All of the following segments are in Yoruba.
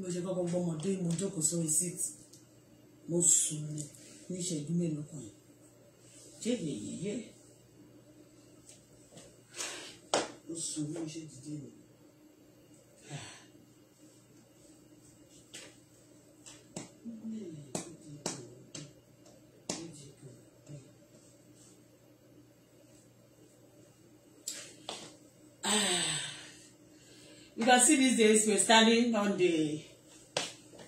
bí mo ṣe kọ́kọ́ gbọ́mọ dé mo jókòó sórí síìtì mo sùn ní ìṣẹ́jú mélòó kan jẹ́yẹ̀ yẹ́yẹ́ mo sùn ní ìṣe dìde mi. Ah. You can see these days we're standing on the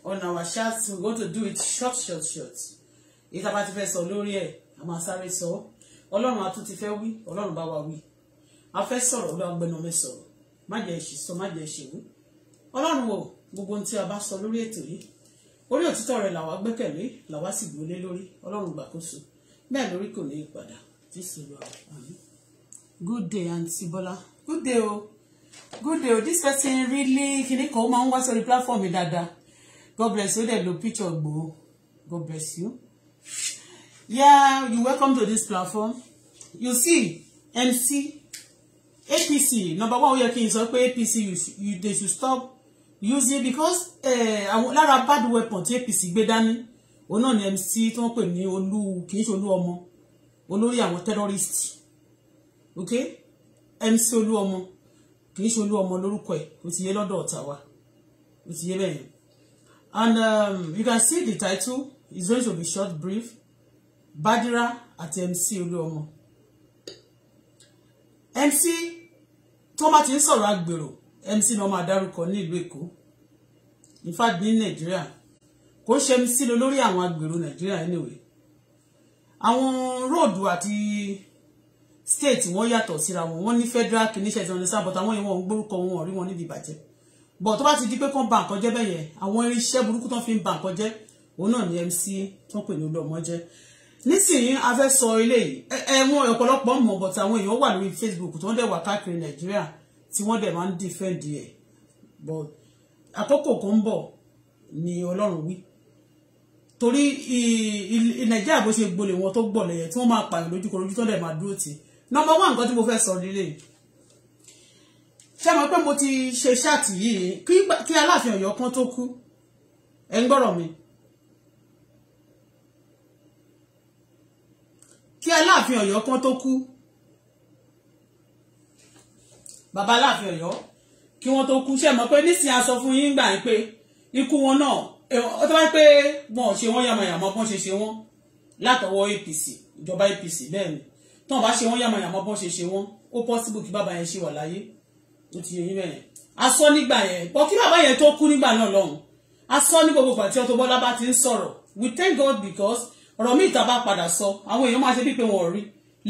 on our chat we want to do it short short short èyí tá a bá ti fẹ́ sọ lórí ẹ̀ a máa sáré sọ ọlọ́run àtún ti fẹ́ wí ọlọ́run bá wa wí a fẹ́ sọ̀rọ̀ ọlọ́run gbẹ́nu mi sọ̀rọ̀ má jẹ́ ẹ̀ṣì sọ má jẹ́ ẹ̀ṣì wí ọlọ́run wò gbogbo ohun tí a bá sọ lórí ètò yìí orí òtítọ́ rẹ̀ làwa gbẹ́kẹ̀lé làwa sì gbólé lórí ọlọ́run gbàkóso bẹ́ẹ̀ lórí kò ní ìpadà tí sọ̀rọ̀ àmì. good day aunty bola good day o good day o this person really kìnnìkan ó máa ń wá sórí platform mi dáadáa God bless you. They look picture go. God bless you. Yeah, you welcome to this platform. You see, MC, APC, number one, we are kí n sọ pé APC, you, you, they should stop using because uh, lára bad weapon tí APC gbé dání, òun náà ni MC tí wọ́n pè ní olú, kì í ṣe olú ọmọ, olórí àwọn terrorist. Okay? MC olú ọmọ, kì í ṣe olú ọmọ lórúkọ ẹ̀, ó ti yé lọ́dọ̀ ọ̀tá wa, ó ti yé bẹ́ẹ̀ And um, you can see the title. It's going to be short, brief. Badira at MC Olúọmọ. MC tó bá ti MC náà máa dárúkọ ní ìlú Èkó. In fact, ní Nàìjíríà. Kò ṣe MC lọ lórí àwọn agbèrò Nàìjíríà anyway. Àwọn róòdù àti state wọ́n yàtọ̀ síra wọn. Wọ́n ní federal kìíní ṣẹ̀tì ọ̀nà sábọ̀tà wọ́n yẹn wọ́n ń gbórúkọ wọn rí wọn níbi ìbàjẹ́ bọ̀ tó bá ti di pé kán ba nǹkan jẹ́ bẹ́ẹ̀ yẹn àwọn irinṣẹ́ burúkú tán fi ń ba nǹkan jẹ́ òun náà ni MC tó ń pè ní olóòmọ jẹ́ nísìnyí a fẹ́ sọ ilé yìí ẹ̀wọ̀n ọ̀pọ̀lọpọ̀ mọ̀ bọ̀ táwọn èèyàn wà lórí Facebook tó ń dẹ̀ wà káàkiri Nàìjíríà tí wọ́n dẹ̀ máa ń defend ẹ̀ bọ̀ àkókò kan ń bọ̀ ni Ọlọ́run wí torí Nàìjíríà bó ṣe gbolè wọn tó gbọ̀lẹ̀ yẹn tí wọ́n máa pààyàn lójúkọ̀ọ́jú tó dẹ̀ máa dúró tì number one nǹkan tí mo fẹ́ sọ nílé yìí ṣé mo pé mo ti ṣe ṣáàtì yìí kí aláàfin Ọ̀yọ́ kan tó kú ẹ ń gbọ́rọ̀ mi kí aláàfin Ọ̀yọ́ kan tó kú bàbá aláàfin Ọ̀yọ́ kí wọ́n tó kú ṣé mo pé nísìnyí aṣọ fún yín gbà ń pé ikú wọn náà ọ tó bá pé wọn ò ṣe wọn yàmọyàmọ bọ́n ṣe ṣe wọn látọwọ́ APC ìjọba APC bẹ́ẹ̀ ni tọ́n bá ṣe wọn yàmọyàmọ bọ́n ṣe ṣe wọn ó pọ́sibù kí bàbá yẹn ṣì wà láyé ó ti yẹ yín bẹ́ẹ̀ yẹn asọ́ nígbà yẹn pọ̀ kí bàbá yẹn tó kú nígbà náà lọ́hùn asọ́ ní gbogbo ìgbà tí Auto Bola bá ti ń sọ̀rọ̀ we thank God because ọ̀rọ̀ míì tá a bá padà sọ àwọn èèyàn máa ṣe bíi pé wọ́n rí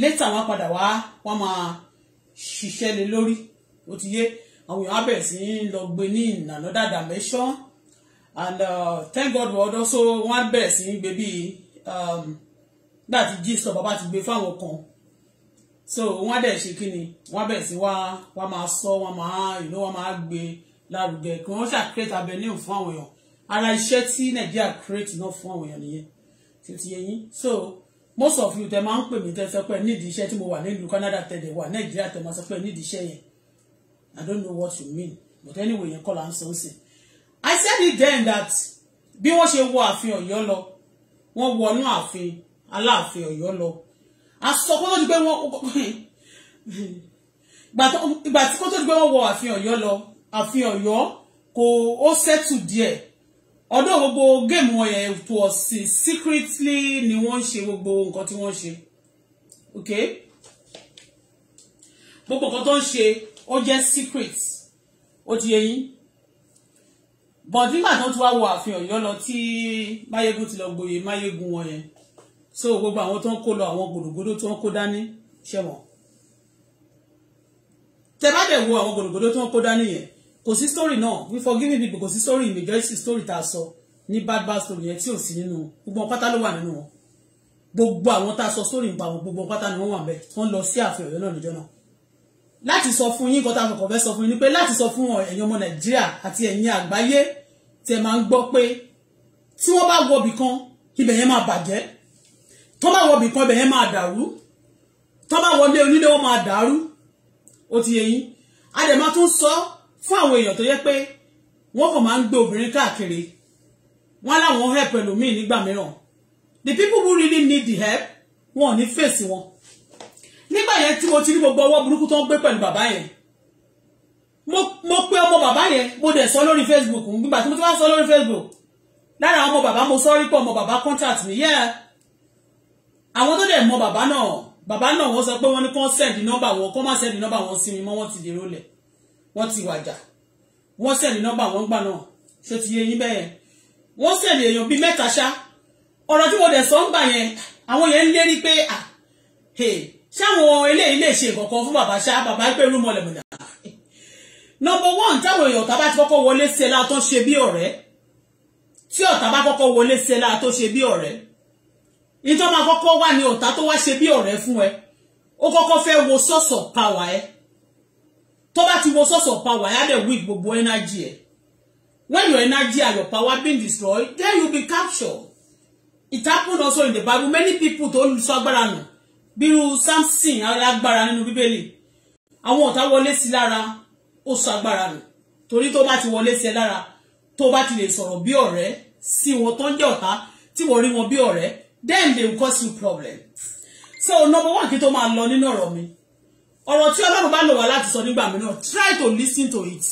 later wọ́n á padà wá wọ́n máa ṣiṣẹ́ lé lórí ó ti yé àwọn èèyàn á sí í lọ gbé ní ìlànà dáadáa mẹ́ṣọ́ and uh, thank God wọ́n also wọ́n á bẹ̀rẹ̀ sí í gbé bíi um, gbà tí gist ọ̀ bàbá ti gbé fáwọn kan so wọ́n dẹ̀ ṣe kí ni wọ́n bẹ̀ sí wá wọ́n máa sọ wọ́n máa ìlú wọ́n máa gbé lárugẹ kí wọ́n ṣáà create avenue fún àwọn èèyàn ara iṣẹ́ tí nàìjíríà create náà fún àwọn èèyàn nìyẹn tí ti so most of you tẹ máa ń pè mí tẹ sọ pé nídìí iṣẹ́ tí mo wà nílùú Canada tẹ wà nàìjíríà tẹ máa sọ pé nídìí iṣẹ́ yẹn I don't know what you mean but anyway yẹn kọ́ là ń sọ ń sìn I said it then that bí wọ́n ṣe wọ ààfin ọ̀yọ́ lọ wọ́n wọnú ààfin aláàfin ọ̀yọ́ lọ àsọpọ̀ tó di pé wọ́n ìgbà tí kò tó di pé wọ́n wọ àfihàn ọ̀yọ́ lọ àfihàn ọ̀yọ́ kò ó sẹ́tù díẹ̀ ọdún gbogbo géèmù wọn yẹn tó ọ̀sìn secretly ni wọ́n ń ṣe gbogbo nǹkan tí wọ́n ṣe ok gbogbo nǹkan tó ń ṣe ó jẹ́ secret ó ti yé yín but nígbà tó tún wá wọ àfihàn ọ̀yọ́ lọ tí máyégún ti lọ gboyè máyégún wọn yẹn so gbogbo àwọn tó ń kó lọ àwọn gbòdògbòdò tó ń kó dání ṣe wọn tẹ bá dẹ̀ wo àwọn gbòdògbòdò tó ń kó dání yẹn kò sí story náà we forgive people kò sí story majority story tá a sọ ní bad bad story yẹn tí ò sí nínú gbogbo pátá ló wà nínú wọn gbogbo àwọn tá a sọ story nípa àwọn gbogbo pátá ni wọ́n wà bẹ́ẹ̀ wọ́n lọ sí ààfin Ọ̀yọ́ náà níjọ́ náà láti sọ fún yín nǹkan tá a kọ́kọ́ fẹ́ sọ fún yín ni pé láti sọ fún ẹ̀yin ọmọ Nàìjíríà àti ẹ̀yin àgbáyé tẹ máa ń gbọ́ pé tí wọ́n bá wọbì kan ibẹ̀ yẹn máa bàjẹ́ tó bá wọ bìkan ibẹ̀ yẹn máa dàrú tó bá wọlé onílé wọn máa dàrú ó ti yẹ yín a dẹ̀ máa tún sọ fún àwọn èèyàn tó yẹ pé wọ́n kàn máa ń gbé obìnrin káàkiri wọ́n láwọn help ẹlòmíì nígbà mìíràn the people who really need the help wọn ò ní fèsì wọn nígbà yẹn tí mo ti rí gbogbo ọwọ́ burúkú tó ń gbé pẹ̀lú bàbá yẹn mo pe ọmọ bàbá yẹn mo dẹ̀ sọ lórí facebook nígbà tí mo ti wá sọ lórí facebook lára àwọn ọmọ bàbá mo sọ rí pé ọmọ bàbá contact mi yẹ́ yeah àwọn tó dẹ̀ mọ bàbá náà bàbá náà wọ́n sọ pé wọ́n ní kán send nọ́mbà wọn kán má send nọ́mbà wọn sí mi mọ́ wọ́n ti dèrò lẹ̀ wọ́n ti wàjà wọ́n send nọ́mbà wọn gbà náà ṣé ti yé yín bẹ́ẹ̀ wọ́n send èèyàn bíi mẹ́ta ṣá ọ̀rọ̀ tí mo dẹ̀ sọ ń gbà yẹn àwọn yẹn ń lérí pé à ṣáwọn eléyìí lè ṣe nǹkan kan fún bàbá ṣá bàbá pé rú mọ́lẹ̀ mọ́lẹ̀ nọ́mbà one táwọn èèyàn ọ̀tá bá ti kọ́kọ́ wọlé sí ẹ láà tó ṣe bí ọ̀rẹ́ tí ọ̀tá bá kọ́kọ́ wọlé sí ẹ láà tó ṣe bí ọ̀rẹ́ ìjọ máa kọ́kọ́ wà ní ọ̀tá tó wá ṣe bí ọ̀rẹ́ fún ẹ ó kọ́kọ́ fẹ́ wo source of ẹ tó bá ti wo source of ẹ á dẹ̀ wí gbogbo energy ẹ when your energy and your power being destroyed then you be captured it happened also in the Bible many people tó sọ agbára nù bírú Samson alágbára nínú bíbélì àwọn ọ̀tá wọlé sí lára ó sọ agbára nù torí tó bá ti wọlé sí ẹ lára tó bá ti lè sọ̀rọ̀ bí ọ̀rẹ́ sí wọn tó ń jẹ́ ọ̀tá tí wọ́n rí wọn bí ọ̀rẹ́ then they will cause you problem so number one kí tó máa lọ nínú ọ̀rọ̀ mi ọ̀rọ̀ tí ọlọ́run bá lò wá láti sọ nígbà mìíràn try to listen to it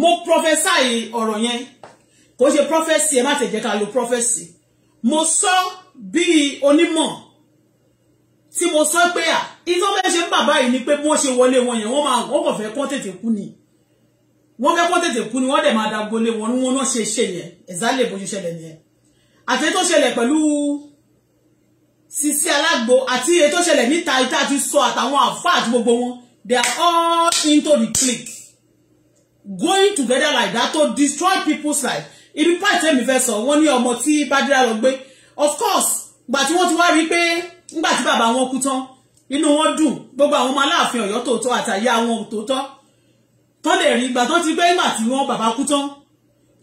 mo prophesy ọ̀rọ̀ yẹn kò ṣe prophesy ẹ má tẹ̀ jẹ́ ká lo prophesy mo sọ bíi onímọ̀ tí mo sọ pé à ìtọ́ bẹ́ẹ̀ ṣe ń bàbá yìí ni pé bí wọ́n ṣe wọlé wọn yẹn wọ́n máa wọ́n kàn fẹ́ kán tètè kú ni wọ́n fẹ́ kán tètè kú ni wọ́n dẹ̀ máa dagbolé wọn ni wọ́n ṣe ṣe yẹn ẹ̀zálẹ̀ bó ṣẹlẹ̀ yẹn àti èyí tó ṣẹlẹ̀ pẹ̀lú sisi alágbo àti èyí tó ṣẹlẹ̀ níta ìta àti sọ àtàwọn àfa àti gbogbo wọn they are all into the clique going together like that to destroy people's life ibi pàtẹ́ mi fẹ́ sọ wọ́n ní ọmọ tí bádìrà lọ gbé of course gbà tí wọ́n ti wá rí i pé ńgbà tí bàbá wọn kú tán inú wọn dùn gbogbo àwọn ọmọ aláàfin Ọ̀yọ́ tòótọ́ àtàyà wọn tòótọ́ tọ́lẹ̀ rí ìgbà tó ti gbé ìgbà tí wọ́n bàbá kú tán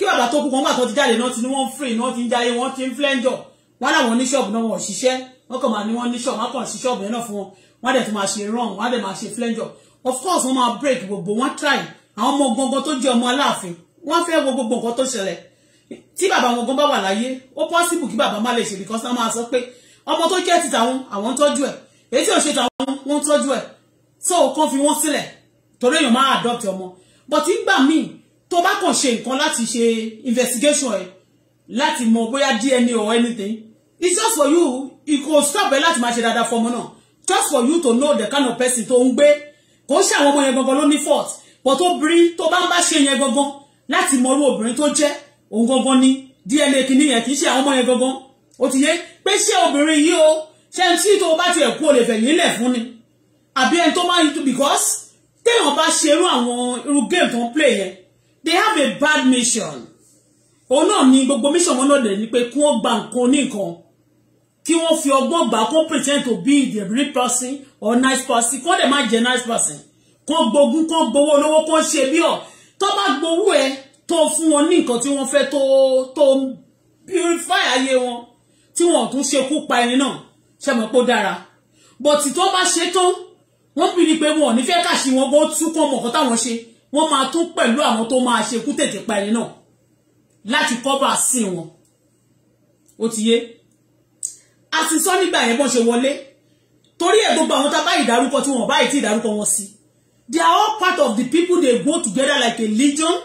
kí bàbá tó kú kan bàtọ́ ti jáde náà ti ní wọ́n ń free náà ti ń jáyé wọ́n ti ń flẹ́ńjọ̀ wọ́n láwọn ní ṣọ́ọ̀bù náà wọ́n ṣiṣẹ́ wọ́n kàn máa ní wọ́n ní ṣọ́ọ̀bù wọ́n kàn sí ṣọ́ọ̀bù yẹn náà fún wọn wọ́n dẹ̀ tún máa ṣe run wọ́n dẹ̀ máa ṣe flẹ́ńjọ̀ of course wọ́n máa break gbogbo wọ́n try àwọn ọmọ gangan tó jẹ́ ọmọ aláàfin wọ́n fẹ́ wo gbogbo nǹkan tó ṣẹlẹ̀ tí bàbá wọn gan bá wà láyé ó possible kí bàbá má lè ṣe because wọ́n máa sọ pé ọmọ tó jẹ́ ti tàwọn àwọn tọ́jú ẹ̀ èyí tí ò ṣe tàwọn wọ́n tọ́jú ẹ̀ so kàn fi wọ́n sílẹ̀ torí èèyàn máa adopt ọmọ but nígbà míì tó bá kàn ṣe nǹkan láti ṣe investigation ẹ láti mọ bóyá DNA or anything it's just for you It kò stop ẹ láti máa ṣe dáadáa fọmọ náà just for you to know the kind of person tó ń gbé kò ń ṣe àwọn ọmọ yẹn gangan ló ní fault but obìnrin tó bá ń bá ṣe yẹn gangan láti mọ irú obìnrin tó jẹ́ òun gangan ní DNA kìíní yẹn kì í ṣe àwọn ọmọ yẹn gangan ó ti yé pé ṣé obìnrin yìí o ṣe ń tí tó bá tiẹ̀ kú o lè fẹ̀yìn lẹ̀ fún ni àbí ẹni tó máa ń because téèyàn bá ṣe irú àwọn irú game tó ń play yẹn they have a bad mission òun náà ni gbogbo mission wọn náà dẹ̀ ni pé kí wọ́n gba nǹkan ní nǹkan kí wọ́n fi ọgbọ́n gbà kó pretend to be the real person or nice person Ko dẹ̀ má jẹ́ nice person Ko gbógun ko gbowó lówó ko ṣe bí ọ̀ tó bá gbowó ẹ tó fún wọn ní nǹkan tí wọ́n fẹ́ tó tó purify aye wọn Ti wọn ò tún ṣekú pa ẹni náà ṣe But ti ó dára bọ̀tì tó bá ṣe tán wọ́n pinni pé wọn ò ní fẹ́ kàṣì wọn bó tú kọ́ mọ̀ọ́kọ́ táwọn ṣe wọ́n máa tún pẹ̀lú àwọn tó máa ṣekú tètè pa ẹni náà láti kọ́bà sí wọn ó ti yé àsìsọ́ nígbà yẹn bọ́n ṣe wọlé torí ẹ̀ gbogbo àwọn tá ìdárúkọ tí wọ́n bá tí ìdárúkọ wọn sí they are all part of the people they go together like a legion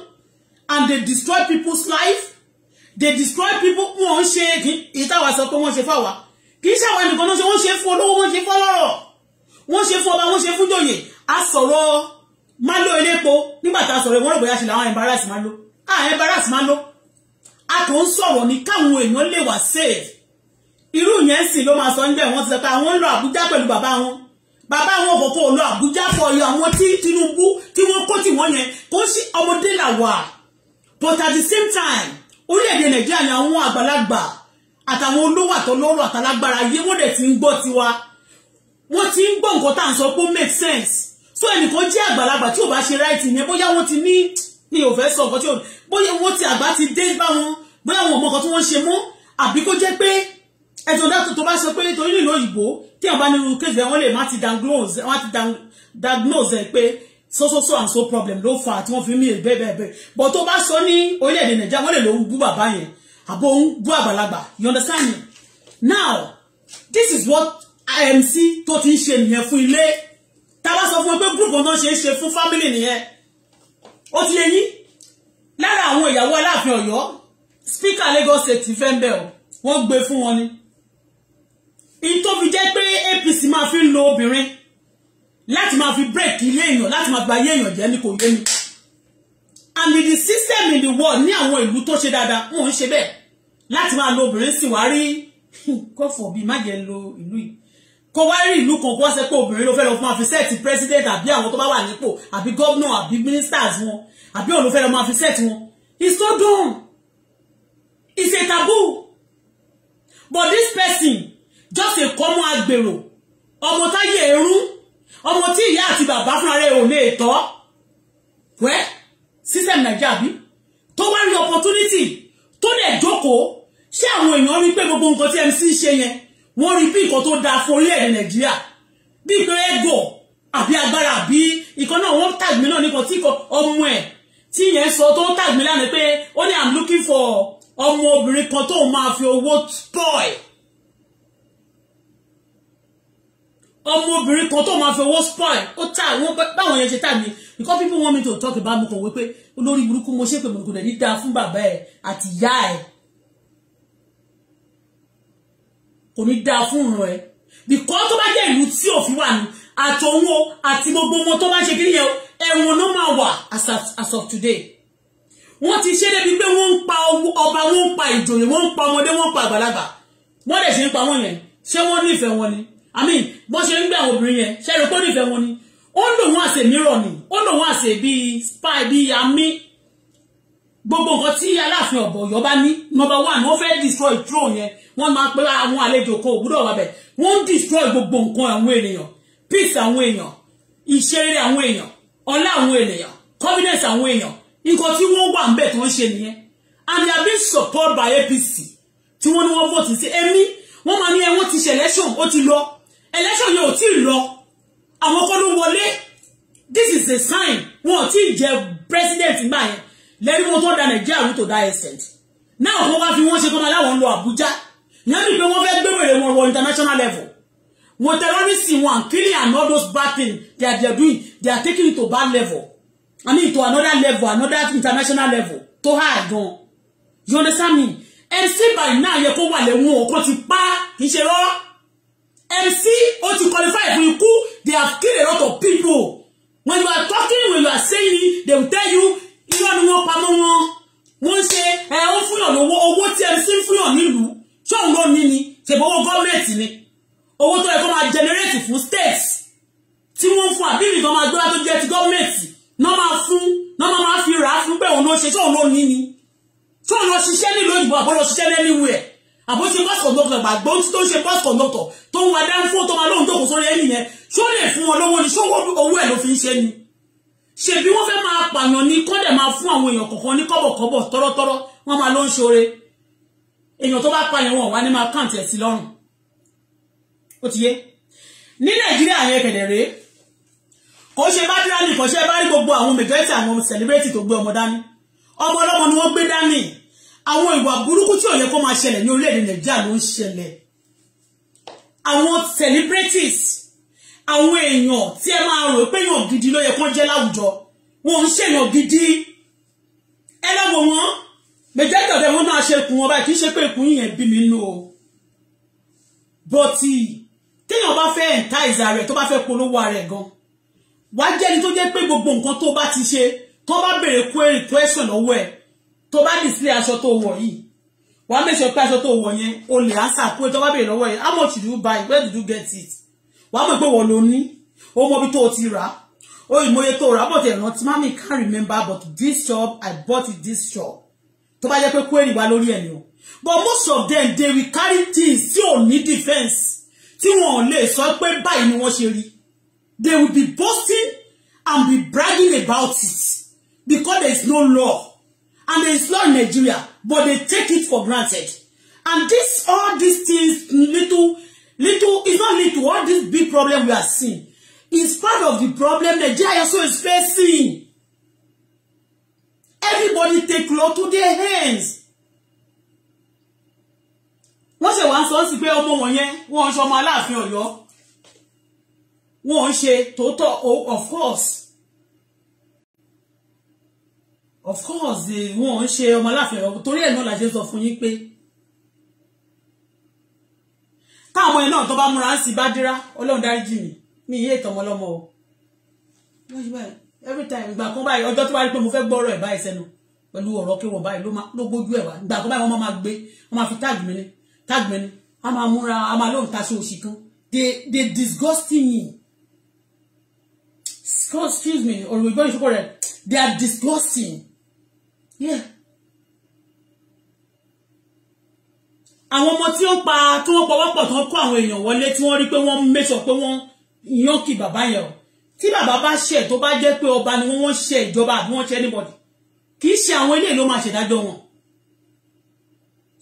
and they destroy people's life they destroy people wọ́n ń ṣe ìtawà sọ pé wọ́n ṣe fáwa kì í ṣàwọn ẹnìkan náà ṣe wọ́n ṣe fún olówó wọ́n ṣe fún ọlọ́rọ̀ wọ́n ṣe fún ọba wọ́n ṣe fún jòyè a Malo elépo nígbà tá a sọ̀rọ̀ ìwọ́n rògbòyà ṣe làwọn embarrass Malo ah embarrass Malo a kò ń sọ̀rọ̀ ní káwọn èèyàn lè wà safe irú yẹn sì ló máa sọ níbẹ̀ wọ́n ti sọ pé àwọn ń lọ Àbújá pẹ̀lú bàbá wọn bàbá wọn kòkó lọ Àbújá fọ iye àwọn tí Tinubu tí wọ́n kó tì wọ́n yẹn kó sí ọmọdé là wà but at the same time orílẹ̀-èdè Nàìjíríà ni àwọn àgbàlagbà àtàwọn olówó àtọlọ́rọ̀ àtàlágbára ayé wọ́n dẹ̀ ti ń gbọ́ tiwa wọ́n ti ń gbọ́ nǹkan tá à ń sọ pé ó make sense so ẹnìkan jẹ́ àgbàlagbà tí ò bá ṣe ráìtì yẹn bóyá wọ́n ti ní mi ò fẹ́ sọ nǹkan tí ò bóyá wọ́n ti àgbà ti dé bá wọn bóyá wọn ò mọ nǹkan tí wọ́n ṣe mọ́ àbí kó jẹ́ pé ẹ̀sùn dátò tó bá sọ pé nítorí nílò òyìnbó tí àwọn bá ní irú kéde wọn lè má ti diagnose wọn ti diagnose pé so so so and so problem ló fà tí wọ́n fi mí bẹ́ẹ̀ bẹ́ẹ̀ bẹ́ẹ̀ but tó bá sọ ní orílẹ̀-èdè nàìjíríà wọ́n lè lòun bú bàbá yẹn àbò òun bú àgbàlagbà you understand me now this is what IMC tó ti ń ṣe nìyẹn fún ilé wá sọ fún wọn pé group náà ṣe é ṣe fún family nìyẹn ó ti yẹ yín lára àwọn ìyàwó aláàfin Ọ̀yọ́ speaker Lagos state fẹ́ ń bẹ̀ ọ́ wọ́n gbé fún wọn ni in tó fi jẹ́ pé APC máa fi ń lo obìnrin láti máa fi break ilé èèyàn láti máa gba ayé èèyàn jẹ́ ní kò yé mi and the system in the world ní àwọn ìlú tó ṣe dáadáa wọn ò ń ṣe bẹ́ẹ̀ láti máa lo obìnrin sì wá rí kọ́fọ̀ hmm, bíi má jẹ́ lo ìlú yìí kó wá rí ìlú kan kó wá sẹ́ pé obìnrin ló fẹ́ lọ fún àfi sẹ́ẹ̀tì president àbí àwọn tó bá wà nípò àbí gómìnà àbí ministers wọn àbí òun ló fẹ́ lọ máa fi sẹ́ẹ̀tì wọn it's so dumb. He's a taboo but this person just a common agbèrò ọmọ táyé ẹrú ọmọ tí ìyá àti bàbá fúnra rẹ̀ ò lè tọ́ wẹ́ system nàìjíríà bí tó wá rí opportunity tó dẹ̀ jókòó ṣé àwọn èèyàn rí pé gbogbo nǹkan tí mc ń ṣe yẹn wọ́n rí bí nǹkan tó dáa fún orílẹ̀-èdè nàìjíríà bíi pé ego àbí agbára àbí ìkan náà wọ́n tag mi náà nípa tí ọmọ ẹ̀ tí yẹn sọ tó ń tag mi lánàá pé ó ní i'm looking for ọmọ obìnrin kan tó máa fi owó spoil ọmọ obìnrin kan tó máa fi owó spoil ó ta àwọn báwọn yẹn ṣe tà mí because people want me to talk about mi kò wípé olórí burúkú mo ṣépè mo kò dẹ̀ ní dáa fún bàbá ẹ̀ àti ìyá ẹ̀ kò ní dáa fún ìran ẹ because tó bá jẹ́ ìlú tí òfin wà ní àtòun o àti gbogbo wọn tó bá ṣe kiri yẹn ẹ̀wọ̀n ló máa wà as of today wọ́n ti ṣe débi pé wọ́n ń pa ọba wọ́n ń pa ìjòyè wọ́n ń pa ọmọdé wọ́n ń pa àgbàlagbà wọ́n dẹ̀ ṣe ń pa wọ́n yẹn ṣé wọ́n nífẹ̀ẹ́ wọn ni i mean bọ́n ṣe ń gbé àwọn obìnrin yẹn ṣe é rí pé ó nífẹ̀ẹ́ wọn ni ó ń lò wọ́n àṣẹ mìíràn ni ó ń lò wọ́n àṣẹ bíi spy bíi yami gbogbo nǹkan tí aláàfin ọ̀bọ̀ ọ̀yọ́ bá ní nọmba one wọ́n fẹ́ destroy throne yẹn wọ́n máa pé àwọn àlejò kan òwúrọ̀ wà bẹ̀ wọ́n ń destroy gbogbo nǹkan àwọn ènìyàn peace àwọn èèyàn ìṣeré àwọn èèyàn ọlá àwọn ènìyàn confidence àwọn èèyàn nǹkan tí wọ́n wà ń bẹ̀ tó ń ṣe nìyẹn and they are being supported by APC tí wọ́n ní wọ́n vote sí èmi wọ́n máa ní ẹ wọ́n ti ṣe election ó ti lọ election yẹn ò tí ì lọ àwọn kan ló wọlé this is a sign wọn ò tí ì jẹ president gbà yẹn lẹ́rí wọn tó da nàìjíríà rú tó da extent náà wọ́n wá fi wọ́n ṣe kọ́mọ aláwọ̀ ń lọ àbújá yẹn ni pé wọ́n fẹ́ gbé wèrè wọn wọ international level wọ́n terrorism wọn killing and all those bad things they are, doing they are taking it to bad level i mean to another level another international level tó high gan you understand me mc by now yẹ kó wà lẹ́wọ̀n ọkọ ti pa kì í ṣe rọ́ mc ó ti qualify fún ikú they have killed a lot of people when you are talking when you are saying it they will tell you irọ́ ni wọ́n pamọ́ wọn wọ́n ṣe ẹ ó fúnyàn lówó owó tí ẹ sí fúnyàn nílùú ṣóun ló ní ni ṣèbọ̀ owó gọ́ọ̀mẹ̀ntì ni owó tó yẹ kó máa jẹnẹrétì fún state tí wọ́n fún àbílì kan máa gbọ́dá tó jẹ́ ti gọ́ọ̀mẹ̀ntì náà máa fún náà máa fi rà á fún pé òun ló ṣe ṣóun ló ní ni ṣóun ló ṣiṣẹ́ nílùú òyìnbó àbọ̀ ló ṣiṣẹ́ lẹ́níwẹ̀ ṣèbí wọ́n fẹ́ máa pààyàn ní kọ́dẹ̀ máa fún àwọn èèyàn kọ̀ọ̀kan ní kọ́bọ̀kọ́bọ̀ tọ́rọ́tọ́rọ́ wọ́n máa ló ń ṣoore èèyàn tó bá pààyàn wọn wá ní máa kàǹtì ẹ̀ sí lọ́rùn ó ti yé ní nàìjíríà yẹn kẹ̀dẹ̀ rèé kò ṣe bá dúrà ní ìkọ̀ṣẹ́ bá rí gbogbo àwọn mẹ̀gẹ́tì àwọn sẹ̀lẹ́bẹ̀tì tó gbé ọmọ dání ọmọ ọlọ́mọ ni wọ́n gbé dání àwọn ìwà burúkú tí ò yẹ kó máa ṣẹlẹ̀ ní orílẹ̀-èdè nàìjíríà ló ń ṣẹlẹ̀ àwọn celebrities àwọn èèyàn tí ẹ máa rò pé èèyàn gidi ló yẹ kán jẹ́ láwùjọ wọn ń ṣèyàn gidi ẹ lọ́wọ́ wọn méjèèjì ọ̀dẹ wọn máa ṣe ikùn wọn báyìí kì í ṣe pé ikùn yìnyẹn bí mi nù o bọ́tì eh, téèyàn bá fẹ́ ẹ̀ǹtá ìzà rẹ̀ tó bá fẹ́ polówó ara ẹ̀ gan wàá jẹ́ ẹni tó jẹ́ pé gbogbo nǹkan tó bá ti ṣe tó bá béèrè query question lọ́wọ́ ẹ̀ tó bá display aṣọ tó wọ̀ yìí wàá mẹ́sàn-án pé aṣọ tó wọ̀ yẹn o lè answer query tó bá béèrè lọ́wọ́ ẹ̀ how much do you buy where did you get it wàá mọ̀ pé wọ́n ló ní ó mọ bí tó o ti rà á ó ìmọye tó rà á bọ̀ tẹ̀ rántí mami can't remember but this shop I bought it this shop tó bá jẹ́ pé kúrẹ́rì wá lórí ẹ̀ ni o but most of them they will carry things tí ò ní defence tí wọn ò so sọ pé báyìí ni wọ́n ṣe rí they will be boasting and be bragging about it because there is no law and there is law in Nigeria but they take it for granted and this all these things little Little, it's not little. What this big problem we are seeing is part of the problem Nigeria also is facing. Everybody take law to their hands. Wọ́n ṣe wá ń sọ sí pé ọmọ wọ̀nyẹn wọ́n ń ṣe ọmọ aláàfin ọ̀yọ́. Wọ́n ń ṣe tòótọ́ of course. Of course eh, wọ́n ń ṣe ọmọ aláàfin ọ̀yọ́ torí ẹ̀ náà la fún yín pé. táwọn ọmọ yẹn náà tó bá múra ń sì bá dira ọlọ́run dáríjì mi mi yé ìtọ́mọ lọ́mọ o every time ìgbà kan báyìí ọjọ́ tó bá rí pé mo fẹ́ gbọ́rọ̀ ẹ̀ báyìí sẹ́nu pẹ̀lú ọ̀rọ̀ kéwọ̀n báyìí ló gbójú ẹ̀ wá ìgbà kan báyìí wọ́n máa gbé wọ́n máa fi táàgì mi ní táàgì mi ní a máa múra a máa lóun taṣọ òṣì kan they they disgusting me excuse me ọ̀rọ̀ ìgbọ́n ìṣòkò rẹ̀ they are disgusting yeah. àwọn ọmọ tí ó ń pa tí wọ́n pọwọ́pọ̀ tó ń kó àwọn èèyàn wọlé tí wọ́n rí pé wọ́n mẹ́sọ̀ pé wọ́n yan kí bàbá yẹn o tí bàbá bá ṣẹ̀ tó bá jẹ́ pé ọba ni wọ́n ṣẹ̀ ìjọba àbí wọ́n ṣẹ̀ anybody kì í ṣe àwọn eléyìí ló máa ṣèdájọ́ wọn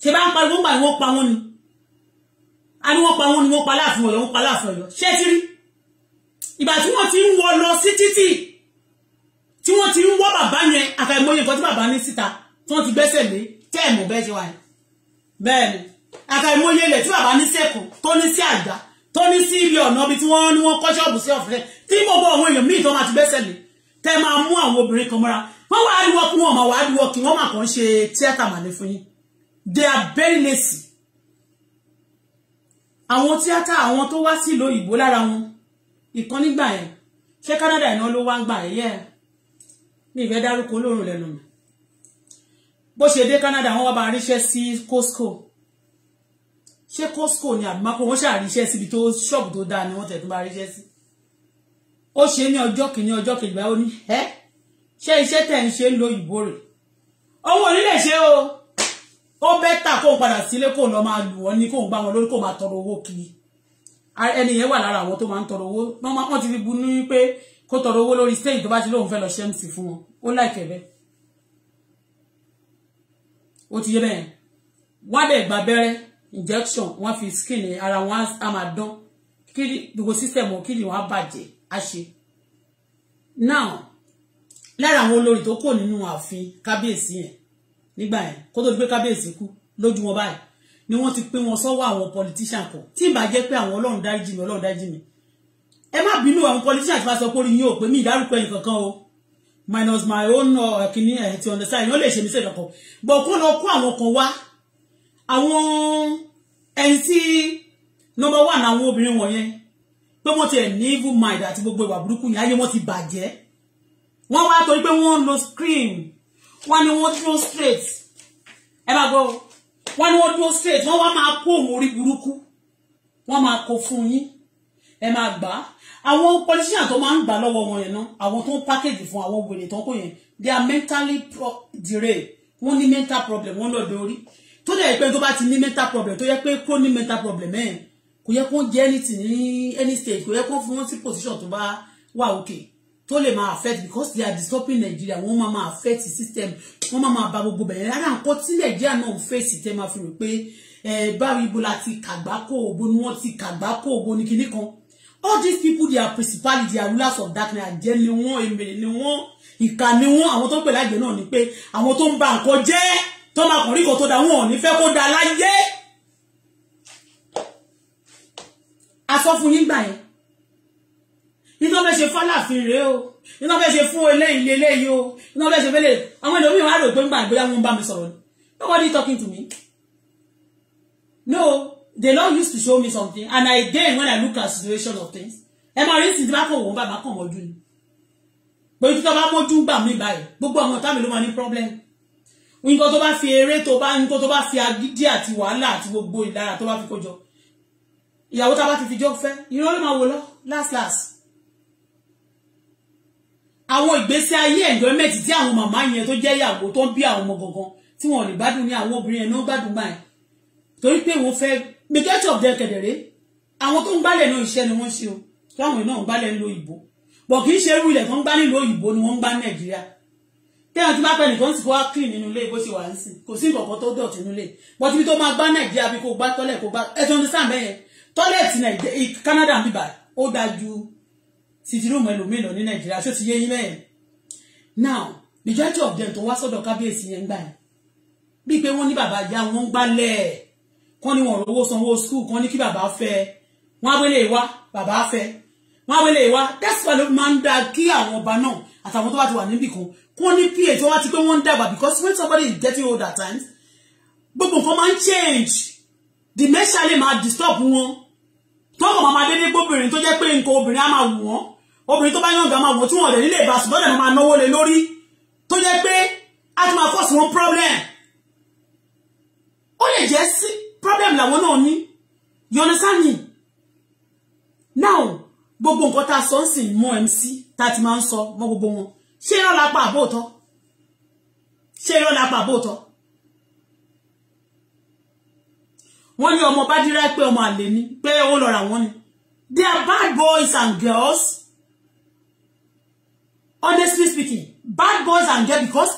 ṣe bá ń pariwo gbà wọ́n pa wọ́n ni a ní wọ́n pa wọ́n ni wọ́n pa láàfin Ọ̀yọ́ wọ́n pa láàfin Ọ̀yọ́ ṣé ti rí ìgbà tí wọ́n ti ń wọ lọ sí títì tí wọ́n ti ń wọ́ bàbá yẹn àfàìmọye nǹkan tí bàbá ní síta tí wọ́n ti gbẹ́sẹ̀ lé tẹ́ẹ̀mù bẹ́ẹ̀ ṣe wà bẹ́ẹ̀ ni àfàìmọye ilẹ̀ tí bàbá ní sẹ́kù tó ní sí àgbà tó ní sí ilé ọ̀nà ibi tí wọ́n ní wọ́n kọ́ ṣọ́ọ̀bù sí ọ̀fẹ́ tí gbogbo àwọn èèyàn míì tó máa ti gbẹ́sẹ̀ lé tẹ́ máa mú àwọn obìnrin kan mọ́ra wọ́n wá ariwo kí wọ́n máa wá ariwo kí wọ́n máa kàn ṣe tíátà màlẹ́ fún yín they are very lazy àwọn tíátà àwọn tó wá sí ìlú òyìnbó lára wọn ìkan nígbà yẹn ṣé Canada iná ló wá ń gbà yẹ mi ìfẹ́ dárúkọ olóòrùn lẹ́nu mi bó ṣe dé Canada wọ́n wá bá ríṣẹ́ sí Costco ṣé Costco ni àbí Makro wọ́n ṣàríṣẹ́ síbi tó ṣọ́ọ̀bù tó dáa ni wọ́n tẹ̀ tó bá ríṣẹ́ sí ó ṣe ní ọjọ́ kìíní ọjọ́ kejì báyìí ó ní ẹ́ ṣé iṣẹ́ tẹ̀ ń ṣe ń lo ìbò rẹ̀ owó onílẹ̀ ṣe o ó bẹ́tà kó o padà sílé kó o lọ máa lù wọ́n ní kó o gbá wọn lórí kó o máa tọrọ owó kiri ẹni yẹn wà lára àwọn tó máa ń tọrọ owó wọ́n ti fi bu ní pé kó tọrọ owó lórí stage tó bá ti lóun fẹ́ lọ ṣe MC fún wọn ó láìkẹ́ bẹ́ẹ̀ ó ti yé bẹ́ẹ̀ wọ́n á bẹ́rẹ́ injection wọ́n fi skin ara wọn á máa dán kíni gbogbo system wọn kíni wọn á bàjẹ́ á ṣe now lára àwọn olórí tó kò nínú ààfin kábíyèsí yẹn nígbà yẹn kó tó di kábíyèsí kú lójú wọn báyìí ni wọ́n ti pín wọn sọ́wọ́ àwọn politician kan tí ìbá jẹ́ pé àwọn ọlọ́run dáríjì mi ọlọ́run dáríjì mi ẹ má bínú àwọn politician tí wọ́n sọ pé orí yín ò pé mí ìdárúkọ ẹnì kankan o minus my own uh, kìnìún ẹ̀ ti ọ̀nà sáyẹn ó lè ṣe mí sẹ́yìn kankan bọ̀ kó lọ kó àwọn kan wá àwọn ẹni tí number one àwọn obìnrin wọ̀nyẹn pé wọ́n ti ẹ̀ ní evil mind àti gbogbo ìwà burúkú yẹn ayé wọn ti bàjẹ́ wọ́n wá torí pé wọ́n lo screen wọ́n ní wọ́n dúró straight ẹ bá gbọ́ wọ́n ní wọ́n dúró straight wọ́n wá máa kó òun orí burúkú wọ́n máa kó fún yín ẹ máa gbà á àwọn politician tó máa ń gbà lọ́wọ́ wọn yẹn náà àwọn tó ń package fún àwọn obìnrin tó ń kó yẹn they are mentally derailed wọ́n ní mental problem wọ́n lọ́dọ̀ orí tó dẹ̀ pé tó bá ti ní mental problem tó yẹ pé kó ní mental problem ẹ̀ eh, kò yẹ kó jẹ́ anything ní any stage kò yẹ kó fún wọn sí position tó bá wà òkè tó lè máa affect because they are disturbing Nigeria wọ́n máa máa affect system wọ́n máa máa ba gbogbo bẹ̀rẹ̀ rárá nǹkan tí Nigeria náà ń fèsì tẹ́ máa fi rò pé eh, báwo ibo la ti kàgbákò ògbó ni wọ́n ti kàgbákò ògbó ni kinní kan all these people their principality, their rulers of darkness àjẹ́ ni wọ́n èmèrè ni wọ́n ìkà ni wọ́n àwọn tó ń pè lájẹ́ náà ni pé àwọn tó ń ba nǹkan jẹ́ tó máa kàn rí kan tó da wọn ò ní fẹ́ kó da láyé a sọ fún yín gbà yẹn iná fẹ́ ṣe fálàfin rèé o iná fẹ́ ṣe fún eléyìí eléyìí o iná fẹ́ ṣe fẹ́lẹ̀ àwọn ènìyàn wà rò pé ń gbà ìgbéyàwó ń bá mi sọ̀rọ̀ ni nobody talking to me no the Lord used to show me something and I again when I look at situation of things ẹ máa rí sí ti bá kàn wọ́n bàbá kàn wọ́n dùn ni pé títọ́ bá mójú gbà mí báyìí gbogbo àwọn ọ̀tá mi ní problem nǹkan tó bá fi eré tó bá nǹkan tó bá fi agídí àti wàhálà àti gbogbo ìlara tó bá fi kójọ ìyàwó tá a bá ti fijọ́ fẹ́ irọ́ ló máa wò lọ last last àwọn ìgbésí ayé enjoyment tí àwọn màmá yẹn tó jẹ́ ìyàwó tó ń bí àwọn ọmọ gangan tí wọn ò lè gbádùn ní àwọn obìnrin yẹn ló ń gbádùn gbà ẹ̀ torí pé wọ́n fẹ́ majority of them kẹ̀dẹ̀rẹ́ àwọn tó ń gbálẹ̀ náà iṣẹ́ ni wọ́n ṣe o táwọn náà ń gbálẹ̀ ń lo ìbò bọ̀ kì í ṣe irú ilẹ̀ tó ń gbá nílùú òyìnbó ni wọ́n ń gbá Nàìjíríà téèyàn ti bá pẹ́ nìkan sì kó wá clean nínú ilé bó ṣe wà ń sìn kò sí nǹkan tó dọ̀tí nínú ilé but ibi tó máa gbá nàìjíríà bí kò gbá tọ́lẹ̀ kò gbá ẹ̀sùn ti sàn bẹ́yẹn tọ́lẹ̀tì nàìjíríà Canada bíbà ó dáa ju sitirumu ẹlòmíì lọ ní nàìjíríà ṣó ti yé yín mẹ́yẹn now majority of them tó wá sọ́dọ̀ kábíyèsí yẹn gbà yẹn bíi pé wọ́n ní bàbá ya wọ́n ń gbálẹ̀ kán ní wọn rówó sanwó school kán ní kí bàbá fẹ́ wọ́n á wẹ́lẹ̀ e wá bàbá fẹ́ wọ́n á wẹ́lẹ̀ e wá that's why ló máa ń da kí àwọn ọba náà àtàwọn tó bá ti wà níbì kan kún ní pa tó wá ti pé wọ́n ń dàgbà because when somebody is getting older, at times gbogbo nǹkan máa ń change the measure lè máa disturb wọn tọ́kọ̀ máa máa dédé gbóbìnrin tó jẹ́ pé nǹkan obìnrin á máa wù wọ́n obìnrin tó bá yànga máa wù wọ́n tí wọ́n lè nílé ìbásùn lọ́dẹ̀ máa náwó lé lórí tó jẹ́ pé á ti máa cause wọn problem ó lè jẹ́ sí problem làwọn náà ní you understand me now gbogbo nǹkan tá a sọ ń sìn mọ mc tá a ti máa ń sọ mọ gbogbo wọn ṣé irọ́ la pa àbóòtọ́ ṣé irọ́ la pa àbóòtọ́ wọ́n ní ọmọ bá dírá pé ọmọ àlè ni pé ó lọ́ra wọn ni they are bad boys and girls honestly speaking bad boys and girls because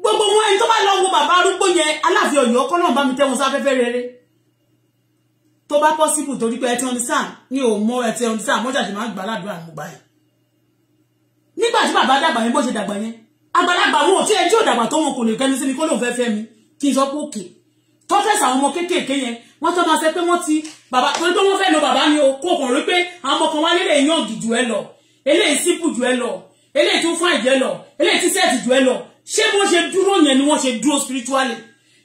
gbogbo wọn ẹni tó bá lọ wo bàbá arúgbó yẹn aláàfin Ọ̀yọ́ kọ́ náà bá mi tẹ́ wọn sáfẹ́fẹ́ rere tó bá possible torí pé ẹ ti understand ní o mọ ẹ ti understand mọ́jà ṣe máa ń gbà ládùúrà mo gbà yẹn nígbà tí bàbá dàgbà yẹn bó ṣe dàgbà yẹn àgbàlagbà wọn ò tí ẹ tí ò dàgbà tó wọn kò lè kẹnu sí mi kó lóun fẹ́ fẹ́ mi kí n sọ pé òkè tọ́tẹ̀sì àwọn ọmọ kéékèèké yẹn wọ́n tọ́ máa ṣe pé wọ́n ti bàbá torí pé wọ́n fẹ́ lo bàbá ni o kó kàn rí pé àwọn ọmọ kan wá nílé yàn jù ẹ lọ eléyìí sípù jù ẹ lọ eléyìí tún fún ẹ̀jẹ̀ lọ eléyìí tí sẹ́ẹ̀tì jù ẹ lọ ṣé bó ṣe dúró yẹn ni wọ́n ṣe dúró spiritually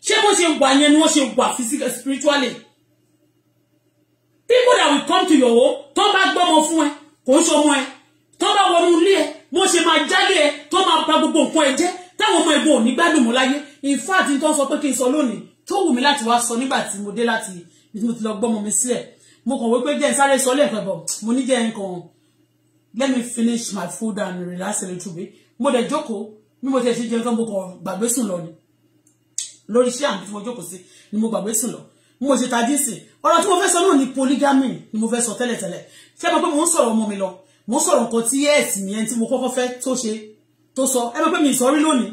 ṣé bó ṣe wà yẹn ni wọ́n ṣe wà physically spiritually people that will come to your home tó bá gbọ́mọ fún ẹ kò ń ṣọmọ ẹ tó bá wọnú ilé ẹ bó ṣe máa jálé ẹ tó máa bà gbogbo nǹkan ẹ jẹ́ táwọn ọmọ ẹ̀gbọ́n ò ní gbádùn mọ́ láyé in fact n tó sọ pé kí n sọ lónìí tó wù mí láti wá sọ nígbà tí mo dé láti mo ti lọ gbọ́mọ mi sílẹ̀ mo kàn wípé jẹ́ n sáré sọ lẹ́ẹ̀kan bọ̀ mo ní jẹ́ nǹkan let me finish my food and relax a little bit mo dẹ̀ jókòó bí mo ti ẹ̀ ṣe jẹun kan mo kàn gbàgbé sùn lọ ni lórí iṣẹ́ àǹtí mo jókòó sí ni mo gbàgbé sùn lọ mo ṣe tají sí ọ̀rọ̀ tí mo fẹ́ sọ náà ni polygamy ni mo fẹ́ sọ tẹ́lẹ̀tẹ́lẹ̀ ṣé mo pé mo ń sọ̀rọ̀ ọmọ mi lọ mo ń sọ̀rọ̀ nǹkan tí ẹ̀sìn yẹn tí mo kọ́kọ́ fẹ́ tó ṣe tó sọ ẹ mọ̀ pé mi ìsọ̀rí lónìí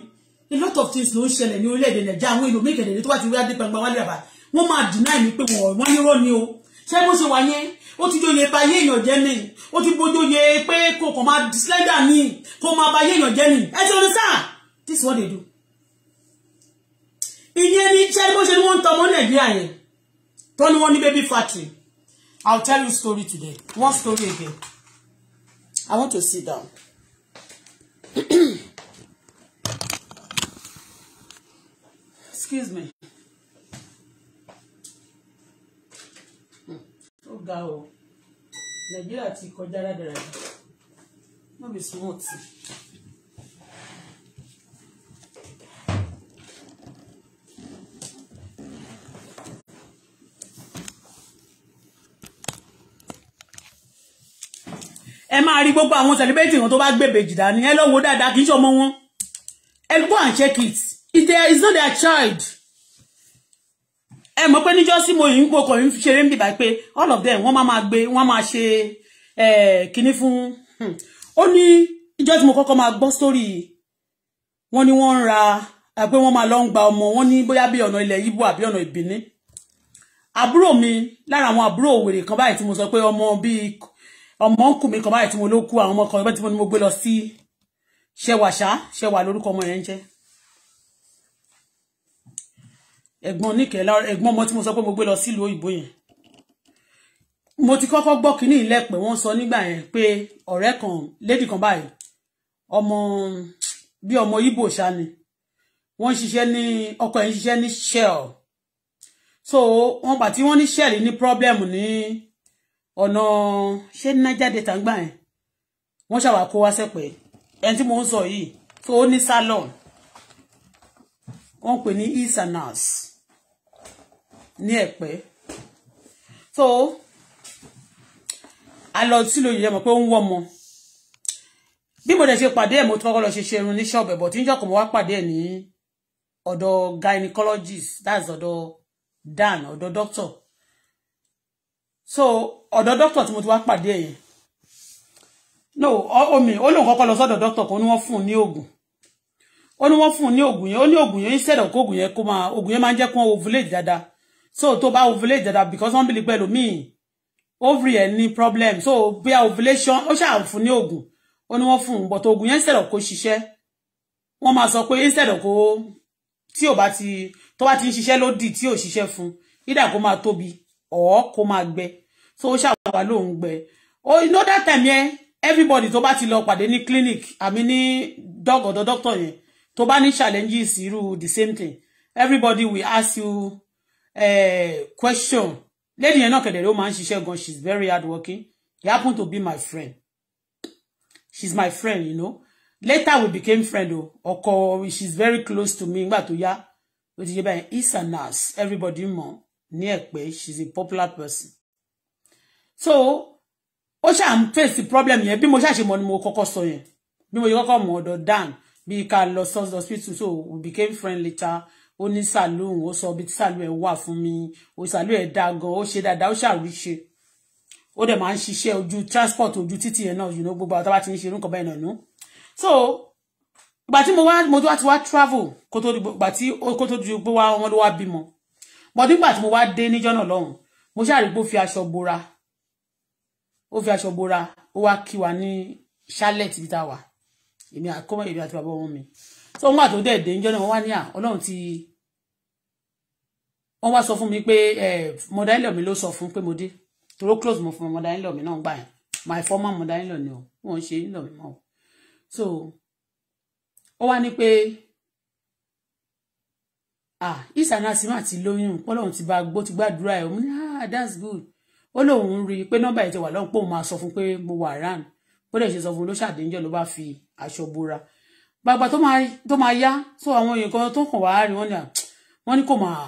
a lot of things ló ń ṣẹlẹ̀ ní orílẹ̀-èdè nàìjíríà àwọn èlò méjèèjì tó bá ti wí adé pẹ̀lú wálé àbá wọ́n máa deny mi pé wọ́n wọ́n nírọ́ ni o ṣé bó ṣe wà yẹn ó ti jóye ba ayé èèyàn jẹ́ ni ó ti bójóye pé kò kàn máa slender ni kò máa ba ayé èèyàn jẹ́ ni ẹ ti understand this is what they do ìyẹn ni ṣé bó ṣe ni wọ́n ń tọmọ nàìjíríà yẹn tó ní wọ́n baby factory I'll tell you story today one story again i want to sit down. excuse me. Hmm. Oh ga o nàìjíríà ti kọjá rádaràdà no be small ẹ máa rí gbogbo àwọn celebrity wọn tó bá gbé bèjì dání ẹ lọ wo dáadáa kì í ṣe ọmọ wọn ẹ go and check it if there is not their child ẹ mọ̀ pé níjọ́ sí mo yìí ń gbókọ̀ yìí ń ṣeré ń bìbà pé all of them wọ́n máa gbé wọ́n máa ṣe kinní fún hmm. ó ní ìjọ́ tí mo kọ́kọ́ máa gbọ́ sórí wọ́n ní wọ́n ń ra pé wọ́n máa lọ ń gba ọmọ wọ́n ní bóyá bí ọ̀nà ilẹ̀ Yíbò àbí ọ̀nà Ìbíní àbúrò mi lára àwọn àbúrò òwèrè kan báyìí tí mo sọ pé ọmọ bíi ọmọ ń kù mí kan báyìí tí mo ló kú àwọn ọmọ kan ẹgbẹ́ tí mo ní mo gbé lọ sí ṣẹwàṣá ṣẹwà lórúkọ ọmọ yẹn ń jẹ́ ẹ̀gbọ́n níkẹ̀ ẹ̀gbọ́n ọmọ tí mo sọ pé mo gbé lọ sílùú òyìnbó yẹn mo ti kọ́kọ́ gbọ́ kínní ìlẹ́pẹ̀ wọ́n sọ nígbà yẹn pé ọ̀rẹ́ kan lédì kan báyìí ọmọ bí ọmọ Ìgbò ṣá ni wọ́n ń ṣiṣẹ́ ní ọkọ ẹ̀ ń ṣiṣẹ́ ní shell so wọ́n gbà tí wọ́n ní shell ní problem ní. Ni ọ̀nà ṣé Niger Delta gbà yẹn wọ́n ṣàwà kó wá sẹ́pẹ̀ ẹni tí mo ń sọ yìí tó ní salon wọ́n pè ní isanas ní ẹ̀pẹ́ tó a lọ sí lóyè mọ̀ pé ó ń wọ́ ọmọ bí mo dẹ̀ ṣe pàdé ẹ̀ mo tún kọ́kọ́ lọ ṣe ṣe irun ní ṣọ́ọ̀bù ẹ̀bọ̀ tí ń jọ́kọ̀ mo wá pàdé ẹ̀ ní ọ̀dọ̀ gynecologist that's ọ̀dọ̀ dan ọ̀dọ̀ doctor so ọ̀dọ̀ doctor tí mo ti wá pàdé ẹ̀ no omi ó lóun kọ́kọ́ lọ sọ́dọ̀ doctor kan ó ní wọ́n fún un ní oògùn ó ní wọ́n fún un ní oògùn yẹn ó ní oògùn yẹn instead of kó oògùn yẹn kó máa oògùn yẹn máa ń jẹ́ kó wọn ovulate dáadáa so tó bá ovulate dáadáa because wọ́n bìlí pẹ̀lú míì ovary ẹ̀ ní problem so bí i ovulation ó ṣáà fún ní oògùn ó ní wọ́n fún un but oògùn yẹn instead of kó ṣiṣẹ́ wọ́n máa sọ pé instead of kó tí ò bá ti tó bá ti ń ṣiṣẹ́ lódì tí ò ṣiṣẹ́ fún ìdá kó máa tóbi ọ̀ọ́ kó máa gbẹ so ó ṣàwà lóhùn gbẹ o oh, iná that time yẹn everybody tó bá ti lọ pàdé ní clinic àmì ní dog ọ̀dọ̀ doctor yẹn tó bá ní challenges irú the same thing everybody will ask you uh, question lady yẹn náà kẹ̀dẹ̀ ló máa ń ṣiṣẹ́ gan she is very hardworking he happen to be my friend She's my friend you know later we became friend o oh. ọkọ she is very close to me nígbà tó yá ó ti yé báyìí is a nurse everybody mọ̀ ní Ẹ̀pẹ́ she a popular person so ó ṣáà ń face problem yẹn bí mo ṣáà ṣe mọ̀ ni mo kọ́kọ́ sọ yẹn bí mo ṣe kọ́kọ́ mọ̀ ọ̀dọ̀ dan bí ká lọ sọ́ọ̀sì hospital so we became friend later ó ní saloon ó sọ ibi saloon ẹ̀ wà fún mi ó saloon ẹ̀ dáa gan da ṣe dáadáa ó ṣàríṣe ó dẹ̀ máa ń ṣiṣẹ́ ojú transport ojú títì yẹn náà you know gbogbo àwọn tó bá ti run ṣe irú nǹkan bẹ́ẹ̀ so ìgbà tí mo wa mo wá ti wá travel kó tó ìgbà o kó tó ju pé wá wọn ló wá bímọ but nígbà tí mo wa dé ni náà lọ́hùn mo ṣáà rí pé ó fi aṣọ bora ó fi aṣọ bora ó wá kí wa ní charlotte bí tá a wà èmi àkọ́mọ èmi àti bàbá ọmọ mi tó ń wà tó dẹ̀ dé níjọ́ náà wọ́n wá ní à ọlọ́run ti wọ́n wá sọ fún mi pé mọ̀dá ìlọ̀ mi ló sọ fún pé mo dé toró close mo fún mọ̀dá ìlọ̀ mi náà gbà yẹn my former mọ̀dá ìlọ̀ ni o wọ́n ṣe ìlọ̀ mi mọ́ so ó wá ní pé ah His Highness mà ti lóyún pọ́lọ́run ti bá gbó ti gbàdúrà ẹ̀ o ah that's good ó lóun rí i pé nọ́mbà yìí ti wà lọ́hùn pé òun máa sọ fún pé mo wà rán bó dẹ̀ ṣe sọ fún un ló ṣàdéńjọ́ ló bá fi aṣọ bora bàbá tó máa yá tó àwọn èèyàn kan tó kàn wá rí wọn ni wọn ní ah, kò máa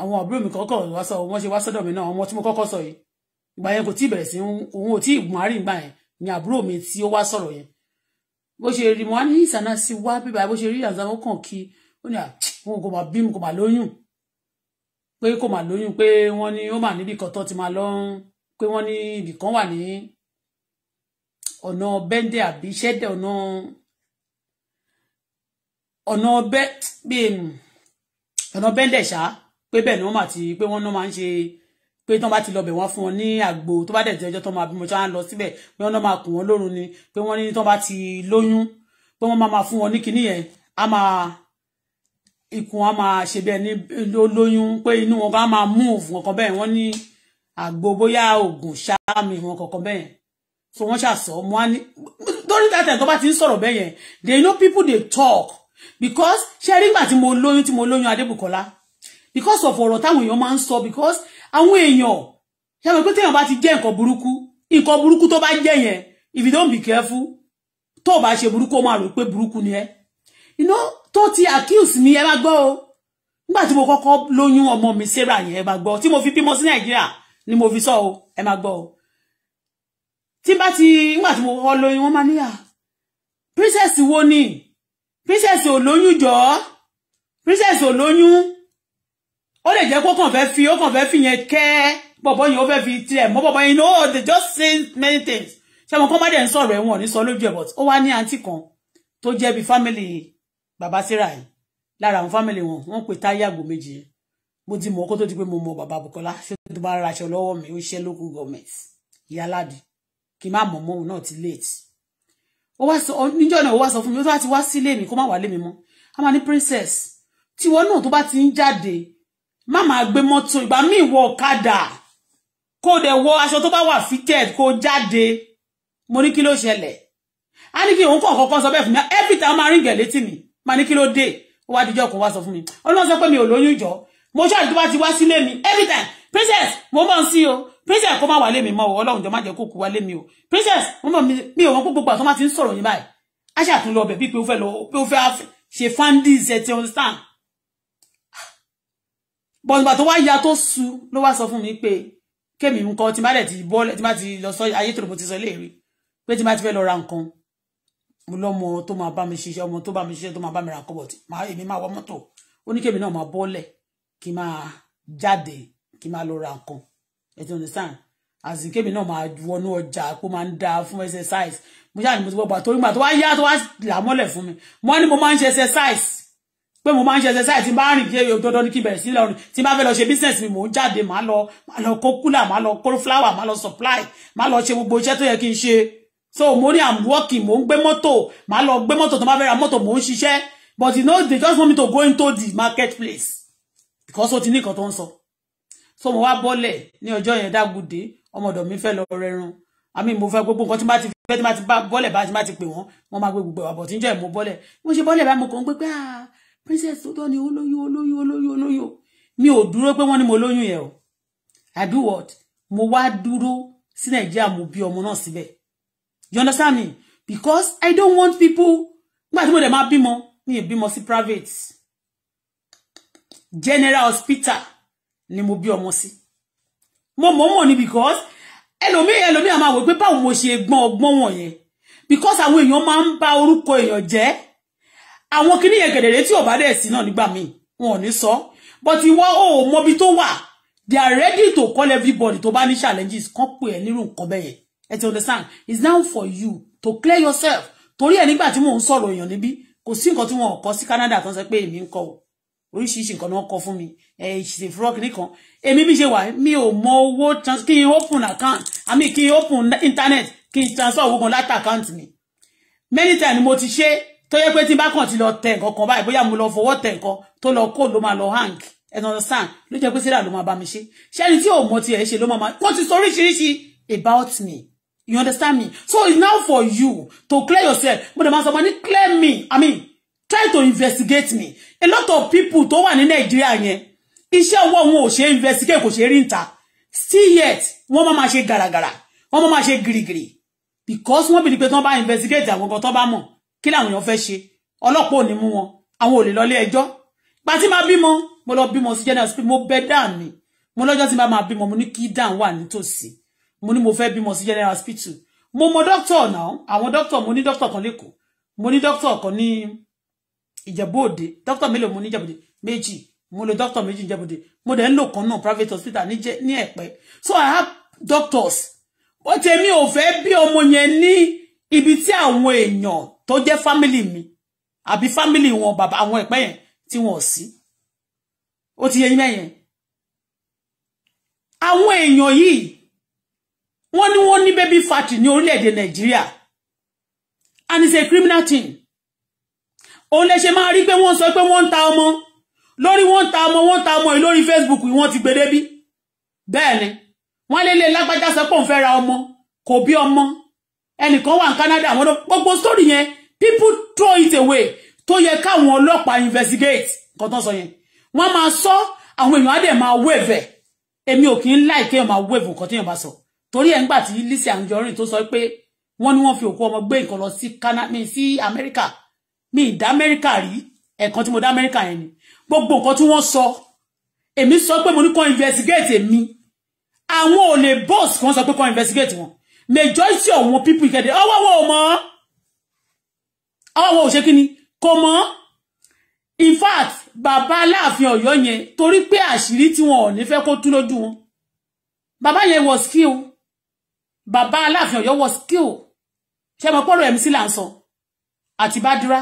àwọn àbúrò mi kọ́kọ́ wá sọ wọn ṣe wá sọ́dọ̀ mi náà ọmọ tí mo kọ́kọ́ sọ yìí ìgbà yẹn kò tí ì bẹ̀rẹ̀ sí òun ò tí ì gùn àárín ìgbà yẹn ni àbúrò mi tí ó wá sọ̀rọ̀ yẹn bó ṣe rí mo ní ìsànà sí wá bíbá bó ṣe rí àzàmọ́ kàn kí ó ní àwọn ah, kò máa bínú kò máa lóyún pé kò mà lóyún pé wọ́n ní ó mà níbì kan tó ti máa lọ ń pé wọ́n ní ibì kan wà ní ọ̀nà bẹ́ńdẹ̀ àbí ṣẹ́dẹ̀ ọ̀nà ọ̀nà bẹ́ bí ọ̀nà bẹ́ńdẹ̀ ṣá pé bẹ́ẹ̀ ni wọ́n mà ti pé wọ́n náà máa ń ṣe pé tán bá ti lọ bẹ̀ wọ́n fún wọn ní àgbo tó bá dẹ̀ tí ọjọ́ máa bímọ tí wọ́n á lọ síbẹ̀ pé wọ́n náà máa kùn wọ́n lórun ni pé wọ́n ní tán bá ti lóyún pé wọ́n máa máa fún wọn ní kinní yẹn á máa ikùn wọn máa ṣe bí ẹni lóyún pé inú wọn bá máa move nǹkan bẹ́ẹ̀ wọ́n ní àgbo bóyá oògùn ṣáàmì wọn kankan bẹ́ẹ̀ so wọ́n ṣàṣọ mo á ní lórí tàtẹ̀ tó bá ti ń sọ̀rọ̀ bẹ́ẹ̀ yẹn they know people dey talk because ṣe rí ìgbà tí mo lóyún tí mo lóyún Adébùkọ́lá because of ọ̀rọ̀ táwọn èèyàn máa ń sọ because àwọn èèyàn ṣe mọ̀ pé téèyàn bá ti jẹ́ nǹkan burúkú nǹkan burúkú tó bá jẹ́ yẹn if you don't be careful tó o bá ṣe burúkú o máa rò pé burúkú ni ẹ́ you know tó ti accuse mi ẹ bá gbọ́ o nígbà tí mo kọ́kọ́ lóyún ọmọ mi Sarah yẹn ẹ bá gbọ́ tí mo fi bímọ sí Nàìjíríà ni mo fi sọ o ẹ má gbọ́ o tí bá ti nígbà tí mo kọ́kọ́ lóyún wọ́n máa níyà ah, princess wo ni princess ò lóyún jọ princess ò lóyún ó lè jẹ́ kó kàn fẹ́ fi ó kàn fẹ́ fi yẹn kẹ́ bọ̀bọ̀ yẹn ó fẹ́ fi tiẹ̀ mọ́ bọ̀bọ̀ yẹn no they just say many things ṣé àwọn kan bá dẹ̀ ń sọ̀rọ̀ ẹ̀wọ̀n ní sọ lójú ẹ̀ but ó wá ní àǹtí kan tó jẹ́ bí family bàbá Sarah yìí lára àwọn fámìlì wọn wọ́n pè táyà àgbò méjì yẹn mo ti mọ̀ kó tó ti pé mo mọ̀ bàbá Bùkọ́lá ṣé tó bá raṣọ lọ́wọ́ mi ó ṣe local government ìyálàdì kí n má mọ̀ mọ́ òun náà ti late ó wá sọ níjọ́ náà ó wá sọ fún mi ó ti wá sílé mi kó má wà lé mi mọ́ a máa ní princess tiwọ náà tó bá ti ń jáde má máa gbé mọ́tò ìgbà míì wọ ọ̀kadà kó o dẹ̀ wọ aṣọ tó bá wà fitted kó o jáde mo ní kí ló ṣẹlẹ̀ á ní kí òun kàn sọ bẹ́ẹ̀ fún mi every time máa rí gẹ̀ létí mi màá ní kí ló dé ó wá dijọ́ kan wá sọ fún mi ọlọ́run sọ pé mi ò lóyún ìjọ mo ṣáà tó bá ti wá sílé mi every time princess mo máa ń o princess kó má wà lé mi mọ́ o ọlọ́run jọ má jẹ́ kó kú mi o princess mo mọ̀ mi ò wọ́n gbogbo àtọ́ má ti ń sọ̀rọ̀ yín báyìí a ṣàtún lo bẹ̀ bí pé ó fẹ́ lọ pé ó fẹ́ ṣe fandis ẹ̀ ti understand bọ́n ìgbà tó wá ya tó su ló wá sọ fún mi pé kémi nǹkan ti má dẹ̀ ti bọ́ ti má ti lọ sọ ayé tó lò mo ti sọ léèrè pé tí má ti fẹ́ lọ ra nǹkan mo lọ́mọ tó máa bá mi ṣiṣẹ́ ọmọ tó bá mi ṣiṣẹ́ tó máa bá mi ra kọ́bọ̀tì máa èmi máa wọ mọ́tò ó ní kèmi náà máa bọ́lẹ̀ kí máa jáde kí máa lọ ra nǹkan ẹ̀ tí wọ́n ti náà máa wọnú ọjà kó máa ń da fún exercise mo ṣáà ní mo ti gbọ́ gbà torí gbà tó wá yá tó wá là mọ́lẹ̀ fún mi mo ní mo máa ń ṣe exercise pé mo máa ń ṣe exercise tí n bá rìn kí eyo dandan ní kí n bẹ̀rẹ̀ sí lọ́rùn tí n bá fẹ́ lọ ṣe business mi mò ń jáde màá lọ màá lọ kó kúlà màá lọ kó flower màá lọ supply màá lọ ṣe gbogbo iṣẹ́ tó yẹ kí n ṣe so mo ní i'm working mo ń gbé mọ́tò màá lọ gbé mọ́tò tó bá fẹ́ ra mọ́tò mo ń ṣiṣẹ́ but you know they just want me to go into the market place because o ti ní nǹkan tó ń sọ so mo wá bọ́lẹ̀ ní ọjọ́ yẹn dágùdé ọmọdọ̀ mi fẹ́ lọ rẹrun àmì mo fẹ́ gbogbo nǹkan tí bá ti fẹ́ tí bá ti bá bọ́lẹ̀ bá ti bá ti pè wọ́n wọ́n máa gbé gbogbo ẹ̀wà bọ̀ tí ń jẹ́ ìmú bọ́lẹ̀ mo ṣe bọ́lẹ̀ bá mo kàn ń pé pé ah princess tó tọ́ ni olóyún olóyún olóyún olóyún mi ò dúró pé wọ́n ní mo lóyún yẹn o i do what mo wá dúró sí nàìjíríà mo bí ọmọ náà síbẹ̀ you understand me because i don't want people But tí mo dẹ̀ máa bímọ mi ì bímọ sí private general hospital ni mo bí ọmọ sí mo mọ̀ mọ̀ ni because Elomi elomi a máa wò pé báwo mo ṣe gbọ́n ọgbọ́n wọ̀nyẹn because àwọn èèyàn máa ń ba orúkọ èèyàn jẹ́ àwọn kìíní yẹn gẹ̀dẹ̀rẹ̀ tí ò bá dẹ̀ sí náà nígbà míì wọn ò ní sọ but ìwọ ò mọbi tó wa. they are ready to call everybody to bá ní challenges kan pè ẹ́ nírú nǹkan bẹ́yẹn ẹ ti understand it's now for you to clear yourself torí ẹ nígbà tí mò ń sọ̀rọ̀ èèyàn níbí kò sí nǹkan tí wọn ò kọ sí Canada tó ń sọ pé èmi ń kọ o oríṣiríṣi nǹkan ni wọn kọ fún mi ẹ ìṣe frog nìkan èmi bí ṣe wà mi ò mọ owó kí n open account àmì kí n open internet kí n transfer owó kan láti account mi many times mo ti ṣe tó yẹ pé tí n bá kàn ti lọ tẹ nǹkan kan báyìí bóyá mo lọ fọwọ́ tẹ nǹkan tó lọ kó ló máa lọ hang ẹnu understand ló jẹ pé sílà ló máa bá mi ṣe ṣẹ́ni tí ò mọ tiẹ̀ ṣe ló máa wọ́n ti sọ oríṣiríṣi about me You understand me? So it's now for you to clear yourself. But the man somebody clear me. I mean, try to investigate me. A lot of people tó wà ní Nigeria yẹn. Iṣẹ́ ọwọ́ wọn ò ṣe investigate kò she rí nta. Still yet, wọ́n máa ma gara gara, Wọ́n máa ma gri gri. Because wọ́n people don't want to investigate àwọn kan tán bá mọ̀. Kí làwọn èèyàn fẹ́ ṣe? Ọlọ́pàá ò ní mú I'm Àwọn ò lè lọ ilé ẹjọ́. Pàtí máa bímọ. Mo lọ bímọ sí General Spirit. Mo bẹ dáàn ni. Mo lọ́jọ́ tí máa máa bímọ. Mo ní kí dáàn wà nítòsí mo ní mo fẹ́ bímọ sí general hospital mo mọ doctor náà àwọn doctor mo ní doctor kan lẹ́kọ̀ọ́ mo ní doctor kan ní Ìjẹ̀bú Òde doctor mélòó mo ní Ìjẹ̀bú Òde mo lo doctor meji ní Ìjẹ̀bú Òde mo dẹ̀ ń lò kan náà private hospital ní Ẹ̀pẹ́ so I have doctors ó tèmi ò fẹ́ bí ọmọ yẹn ní ibi tí àwọn èèyàn tó jẹ́ family mi àbí family wọn baba àwọn Ẹ̀pẹ́ yẹn tí wọn ò sí ó ti yẹ yín mẹ́yẹn àwọn èèyàn wọ́n ní wọ́n ní baby fat ní orílẹ̀-èdè nàìjíríà and it's a criminal thing òun lè ṣe máa rí pé wọ́n sọ pé wọ́n ń ta ọmọ lórí wọ́n ń ta ọmọ wọ́n ń ta ọmọ yìí lórí facebook wọ́n ti gbèdé bí bẹ́ẹ̀ ni wọ́n lè lè lágbájá sọ pé òun fẹ́ ra ọmọ kò bí ọmọ ẹnìkan wà ní canada àwọn gbogbo story yẹn people throw it away tó yẹ káwọn ọlọ́pàá investigate nǹkan tó sọ yẹn wọ́n máa sọ àwọn èèyàn á dẹ̀ máa wave ẹ̀ èmi ò kì í láì kéèyàn máa wave nǹkan téèyàn bá sọ torí ẹ̀ ńgbà tí Lizzy Anjorin tó sọ pé wọ́n ní wọ́n fi òkú ọmọ gbé nǹkan lọ sí Canada mi sí Amẹ́ríkà mi ìdá Amẹ́ríkà rí ẹ̀kan tí mo dá Amẹ́ríkà yẹn ni gbogbo nǹkan tí wọ́n sọ èmi sọ pé mo ní kàn investigate mi àwọn ò lè boss kan sọ pé kàn investigate wọn majority of wọn people ìkẹ́dẹ̀ ọwọ́ wọn ò mọ̀ ọwọ́ wọn ò ṣe kí ni kò mọ̀ in fact bàbá aláàfin Ọ̀yọ́ yẹn torí pé àṣírí tí wọn ò ní fẹ́ kó tú lójú wọn bàbá yẹn was killed bàbá aláàfin Ọ̀yọ́ was killed ṣe mọ pọrọ ẹmí sí là ń sọ àti bádúrà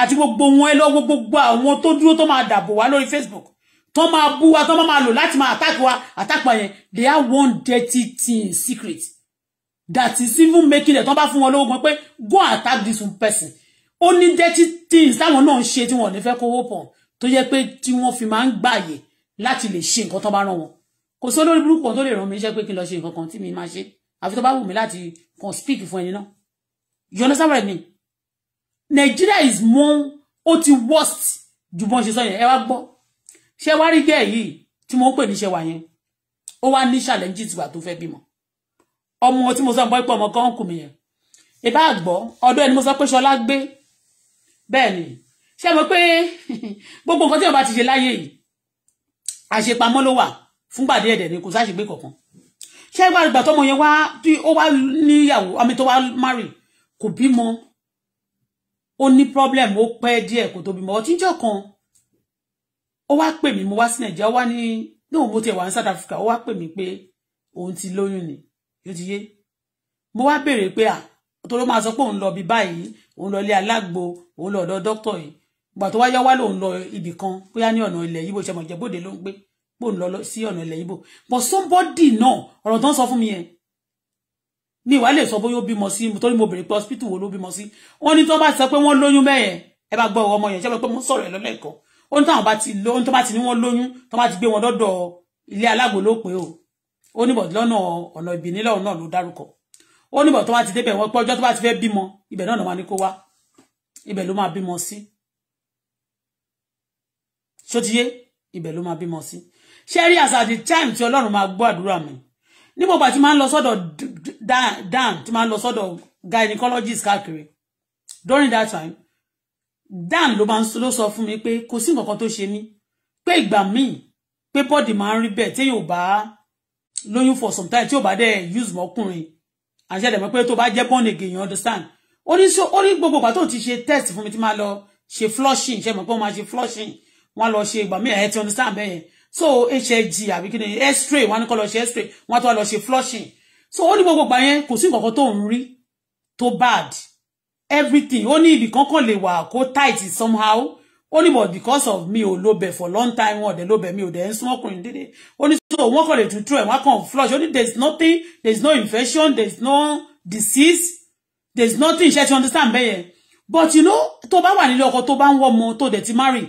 àti gbogbo wọn ẹ lọ́wọ́ gbogbo àwọn tó dúró tó máa dàbò wá lórí Facebook tó máa bú wa tó máa lò láti máa attack wa attack wa yẹn they are one dirty thing secret that is even making it tó bá fún wọn lówó gan go attack this one person Only dirty things that náà no ṣe tí wọn ò ní fẹ́ kówó pọ̀ tó yẹ pé tí wọ́n fi máa ń gbààyè láti lè ṣe nǹkan tó bá rán wọn kò sí olórí burúkú kan tó lè ràn mí iṣẹ́ pé kí n lọ kan tí mi máa ṣe àfi tó bá wù mí láti kàn speak fún ẹni náà you understand what I mean Nigeria is more ó ti worst ju bọ́n ṣe sọ yẹn ẹ wá gbọ́ ṣé wá rí gẹ́ẹ̀ yìí tí mo ń pè ní ṣe wà yẹn ó wá ní challenge tìgbà tó fẹ́ bímọ ọmọ tí mo sọ ń bọ́ ipò ọmọ kan kù mí yẹn ìbá àgbọ̀ ọ̀dọ̀ ẹni mo sọ pé ṣọlá gbé bẹ́ẹ̀ ni ṣé mo pé gbogbo nǹkan tí ọba ti ṣe láyé yìí àṣepamọ́ ló wà fúngbà díẹ̀ dẹ̀ ni kò sáṣegbé kankan ṣé wàá gbà tọmọ yẹn wá bí ó wá níyàwó àmì tó wá márì kò bímọ ó ní problem ó pẹ́ díẹ̀ kò tó bímọ ọtí jọ kan ó wá pè mí mo wá sí nàìjíríà ó wá ní náà mo tiẹ̀ wá ní South Africa ó wá pè mí pé òun ti lóyún ni yóò ti yé mo wá béèrè pé à torí ó máa sọ pé òun lọ bí báyìí òun lọ ilé alágbo òun lọ ọ̀dọ̀ dókítà yìí gbà tó wá yá wá lòun lọ ibì kan bóyá ní ọ̀nà ilẹ̀ yìí bó ṣe mọ̀ jẹ́ bóde ló ń gbé pò ń lọ sí ọ̀nà ilẹ̀ Ìgbò but somebody náà ọ̀rọ̀ tó ń sọ fún mi yẹn mi ìwà lè sọ bóyá ó bímọ sí torí mo bèrè pé hospital wo ló bímọ sí wọ́n ní tó bá sọ pé wọ́n lóyún bẹ́ẹ̀ ẹ bá gbọ́ ọmọ yẹn ṣé pé mo sọ̀rọ̀ ẹ̀ lọ́lẹ́kọ̀ọ́ ó ní táwọn bá ti lóyún tó bá ti ní wọ́n lóyún tó bá ti gbé wọn dọ́dọ̀ ilé alágbo ló pé o Oni níbọ̀ lọ́nà ọ̀nà ìbíní lọ́run náà ló dárúkọ ó níbọ̀ tó bá ti débẹ̀ wọ́n pé ọjọ́ tó bá ti Ibe bímọ ibẹ̀ náà máa ní kó wá ibẹ̀ ló máa bímọ sí ṣó ti yé ibẹ̀ ló máa bímọ sí ṣẹ́rí as at the time tí ọlọ́run máa gbọ́ àdúrà mi nígbà bá ti máa ń lọ sọ́dọ̀ dan ti máa ń lọ sọ́dọ̀ gynecologist káàkiri during that time dan ló máa ló so fún mi pé kò sí nǹkan kan tó ṣe mí pé ìgbà míì pé bọ́ọ̀dì máa ń rí bẹ́ẹ̀ téèyàn ò for some time tí ò bá dẹ̀ use mọ́kùnrin àṣẹ dẹ̀ mọ́ pé to bá jẹ́ born again you understand ó so ó ní gbogbo ìgbà tó ti ṣe test fún mi tí máa lọ ṣe flushing She mọ̀ pé wọ́n máa flushing wọ́n lọ ṣe ìgbà míì ẹ̀ ti understand bẹ́ẹ̀ yẹn so hfg àbí kí ni x-ray wọn á ní kọ́ lọ ṣe x-ray wọn á tó wá lọ ṣe flushing so ó ní gbogbo gbà yẹn kò sí nǹkan kan tó ń rí tó bad everything ó ní ibì kankan lè wà kó tight somehow ó ní but because of mi ò lóbẹ̀ for long time wọn ò dẹ̀ lóbẹ̀ mi ò dẹ̀ ń sún ọkùnrin ó ní so wọn kàn lè tutù ẹ̀ wọn kàn flush ó ní there is nothing there is no infection there is no disease there is nothing ṣe ti understand bẹ́ẹ̀ yẹn but you know tó bá wà nílé ọkọ tó bá ń wọ́ ọmọ tó dẹ̀ ti marry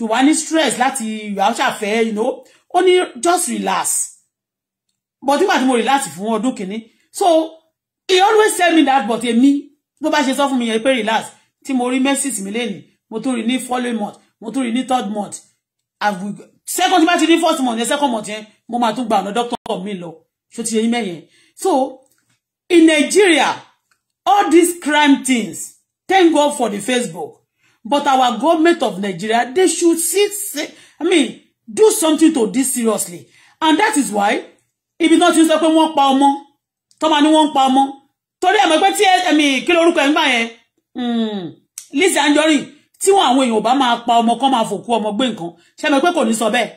you wá ní stress láti you ṣàfẹ́ you know only just relax but nígbà tí mo relax fún ọdún kìíní so he always tell me that but èmi bó bá ṣe sọ fún mi yẹn relax tí mo rí message mi lẹ́nu mo tún rí ní following month mo tún rí ní third month second tí second ti ní first month yẹn second month yẹn mo máa tún gba ọ̀nà doctor mi lọ ṣó ti ṣe yín so in Nigeria all these crime things thank God for the Facebook But our government of Nigeria, they should sit, I mean, do something to this seriously. And that is why, if you not use up one palm, Toma ni wọ́n pa ọmọ. Torí àmọ́ pé I mean, kí lorúkọ ẹ̀ ń gbà yẹn. Hmm, Lizzy Anjorin tí wọn àwọn èèyàn ò bá máa pa ọmọ kan máa fòkú ọmọ gbé nǹkan. Ṣé mo pé kò ní sọ bẹ́ẹ̀?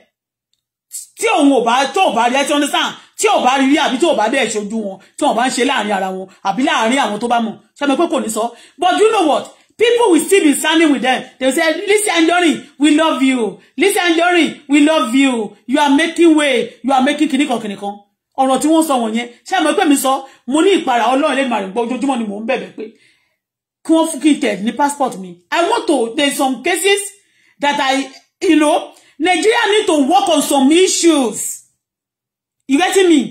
Tí òun ò bá tó ò bá rí ẹ tí wọ́n ní sáà tí ò bá rí rí àbí tí ò bá dẹ̀ ṣojú wọn tí wọ́n bá ń ṣe láàrin ara wọn àbí láàrin àwọn tó bá mọ̀. Ṣé mo pé kò ní sọ? But you know what? People will still be standing with them. They will say, "Listen, Anjorin, we love you. Listen, Anjorin, we love you. You are making way. You are making kìnìkan kìnìkan. Ọ̀rọ̀ tí wọ́n sọ wọ̀nyẹn. Ṣé àmọ́ pé mi sọ, mo ní ìpara ọlọ́run lè màrí gbọ́ ojoojúmọ́ ni mò ń bẹ̀bẹ̀ pé kí wọ́n fún kí n tẹ̀ ní passport mi. I want to, there some cases that I, you know, Nigeria need to work on some issues. You getting me?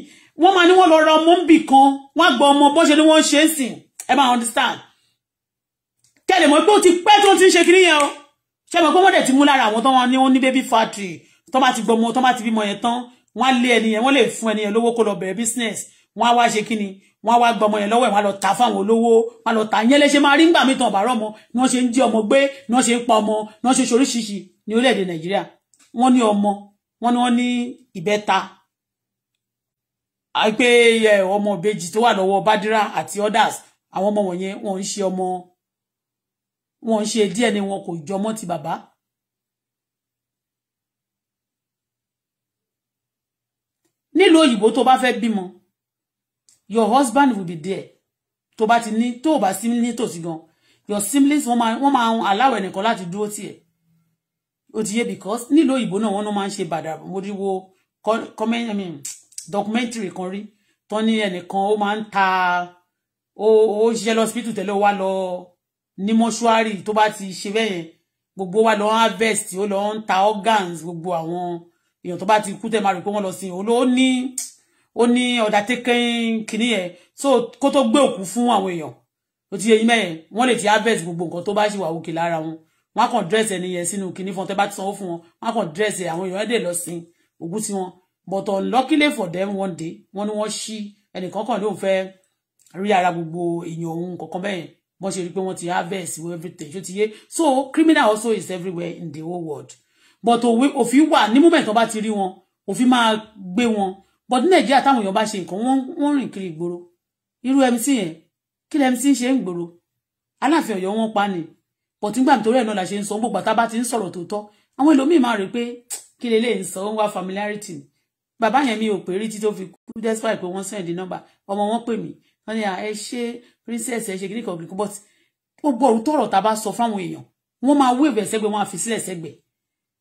Wọ́n máa ní wọ́n lọ ra ọmọ ń bì kan, wọ́n á ọmọ bó ni wọ́n ṣe ń sìn. Ẹ máa understand kẹ́lẹ̀ mọ̀ pé ó ti pẹ́ tó ti ń ṣe kiri yẹn o ṣe mọ̀ pé wọ́n dẹ̀ ti mú lára àwọn tó ní wọn ní baby factory tó bá ti gbọmọ tó bá ti bímọ yẹn tán wọ́n á lé ẹnìyẹn wọ́n lè fún ẹnìyẹn lówó kó lọ bẹ̀rẹ̀ business wọ́n á wá ṣe kí ni wọ́n á wá gbọmọ yẹn lọ́wọ́ ẹ̀ wọ́n á lọ ta fáwọn olówó wọ́n á lọ ta yẹn léṣe máa rí ńgbà mi tan ọ̀bàrọ̀ ọmọ ni wọ́n ṣe ń jí ọmọ gbé ni wọ́n ṣe ń pa ọmọ ni wọ́n ṣe ṣoríṣiṣi ní orílẹ̀-èdè nàìjíríà wọ́n ní ọmọ wọ́n ní wọ́n ní ìbẹ́ta pé ọmọ ìbejì tó wà lọ́wọ́ bádírà àti others àwọn ọmọ wọ̀nyẹn wọ́n ń ṣe ọmọ wọ́n ṣe díẹ̀ ni wọn kò jọmọ́ ti bàbá nílùú òyìnbó tó bá fẹ́ bímọ your husband will be there tó bá ti ní tó bá sí ní tòsí gan your siblings wọ́n máa wọ́n máa aláwọ̀ ẹnìkan láti dúró tiẹ̀ ó ti yé because nílùú òyìnbó náà wọ́n máa ń ṣe bàdà mo wo comment I mean documentary kan rí tán ní ẹnìkan ó máa ń ta ó ó ṣiṣẹ́ lọ́sibítù tẹ́lẹ̀ wá lọ́ọ́ ní mọ́ṣúárì tó bá ti ṣe bẹ́ẹ̀ yẹn gbogbo wa lọ harvest ó lọ ń ta organs gbogbo àwọn èèyàn tó bá ti kú tẹ̀ máa rò pé wọ́n lọ sí òun ló ní ó ní ọ̀dà tẹ́kẹ́yìn kìíní yẹn so kó tó gbé òkú fún àwọn èèyàn ó ti yẹyin mẹ́yẹn wọ́n lè ti harvest gbogbo nǹkan tó bá ṣì wà òkè lára wọn wọ́n á kàn dress ẹni yẹn sínú kìíní fún ọ tẹ́ bá ti sanwó fún wọn wọ́n á kàn dress ẹ àwọn èèyàn ẹ̀ dẹ̀ lọ sí òkú tí wọn but unluckily for them one day wọ́n ní wọ́n ṣí ẹnìkan kàn lóun fẹ́ rí ara gbogbo èèyàn òun kọ̀ọ̀kan bẹ́yẹn wọ́n ṣe rí pé wọ́n ti harvest everything ṣó ti yé so criminal also is everywhere in the whole world but òfin wà ní moment tó bá ti rí wọn òfin máa gbé wọn but ní nàìjíríà táwọn èèyàn bá ṣe nǹkan wọ́n rìn kiri ìgboro irú mc yẹn kí lẹ mc ń ṣe ń gboro aláàfin Ọ̀yọ́ wọn pa ni but nígbà nítorí ẹ̀ náà la ṣe ń sọ gbogbo àtà bá ti ń sọ̀rọ̀ tó tọ́ àwọn ẹlòmíín máa rè pé kí lè lè ń sọ ń wá familiarity bàbá yẹn mi ò pè rí tí tó fi kú despite pé wọ́n send the number ọmọ wọn pè mí wọ́n ní ṣe princess ẹ ṣe kìíní kan kìíní kan but gbogbo ohun tọrọ tá a bá sọ fáwọn èèyàn wọ́n máa wéèvẹ̀ sẹ́gbẹ̀ wọ́n á fi sílẹ̀ sẹ́gbẹ̀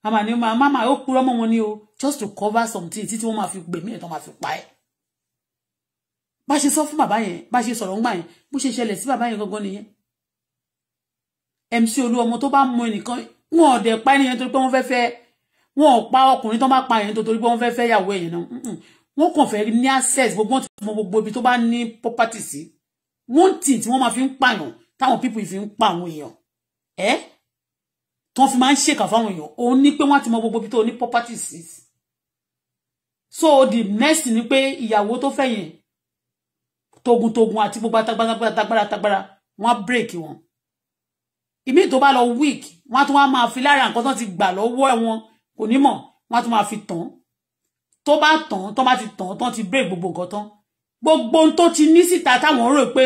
àmà ni màmá ó purọ́ mọ́ wọn ni o just to cover something títí wọ́n máa fi gbẹ̀mí ẹ̀ tán máa fi pa ẹ́ bá ṣe sọ fún bàbá yẹn bá ṣe sọ̀rọ̀ ńgbà yẹn bó ṣe ṣẹlẹ̀ sí bàbá yẹn gangan nìyẹn MC Olúọmọ tó bá mọ ẹnìkan wọn ò dẹ̀ pa ẹnìyẹn torí pé wọ́n fẹ́ fẹ́ wọn ò pa ọkùnrin tó bá pa ẹ̀yẹn tó torí pé wọ́n fẹ́ fẹ́ yàwó ẹ̀yẹn náà wọ́n kàn fẹ́ ní access gbogbo wọn ti mọ gbogbo ibi tó bá ní property sí one thing tí wọ́n máa fi ń pààyàn táwọn people fi ń pa àwọn èèyàn ẹ́ tí wọ́n fi máa ń ṣèkà fáwọn èèyàn òun ní pé ti mọ gbogbo ibi tó ní property sí so the next ni pé ìyàwó tó fẹ́ yẹn togun-togun àti gbogbo atagbára tagbára tagbára wọ́n á break wọn ìmí tó bá lọ weak wọ́n á tún wá máa fi lára nǹkan tó ti gbà lọ́wọ́ wọn kò ní mọ̀ wọ́n á tún fi tàn tó bá tàn tán bá ti tàn tán ti break gbogbo nǹkan tán gbogbo tó ti ní síta táwọn rò pé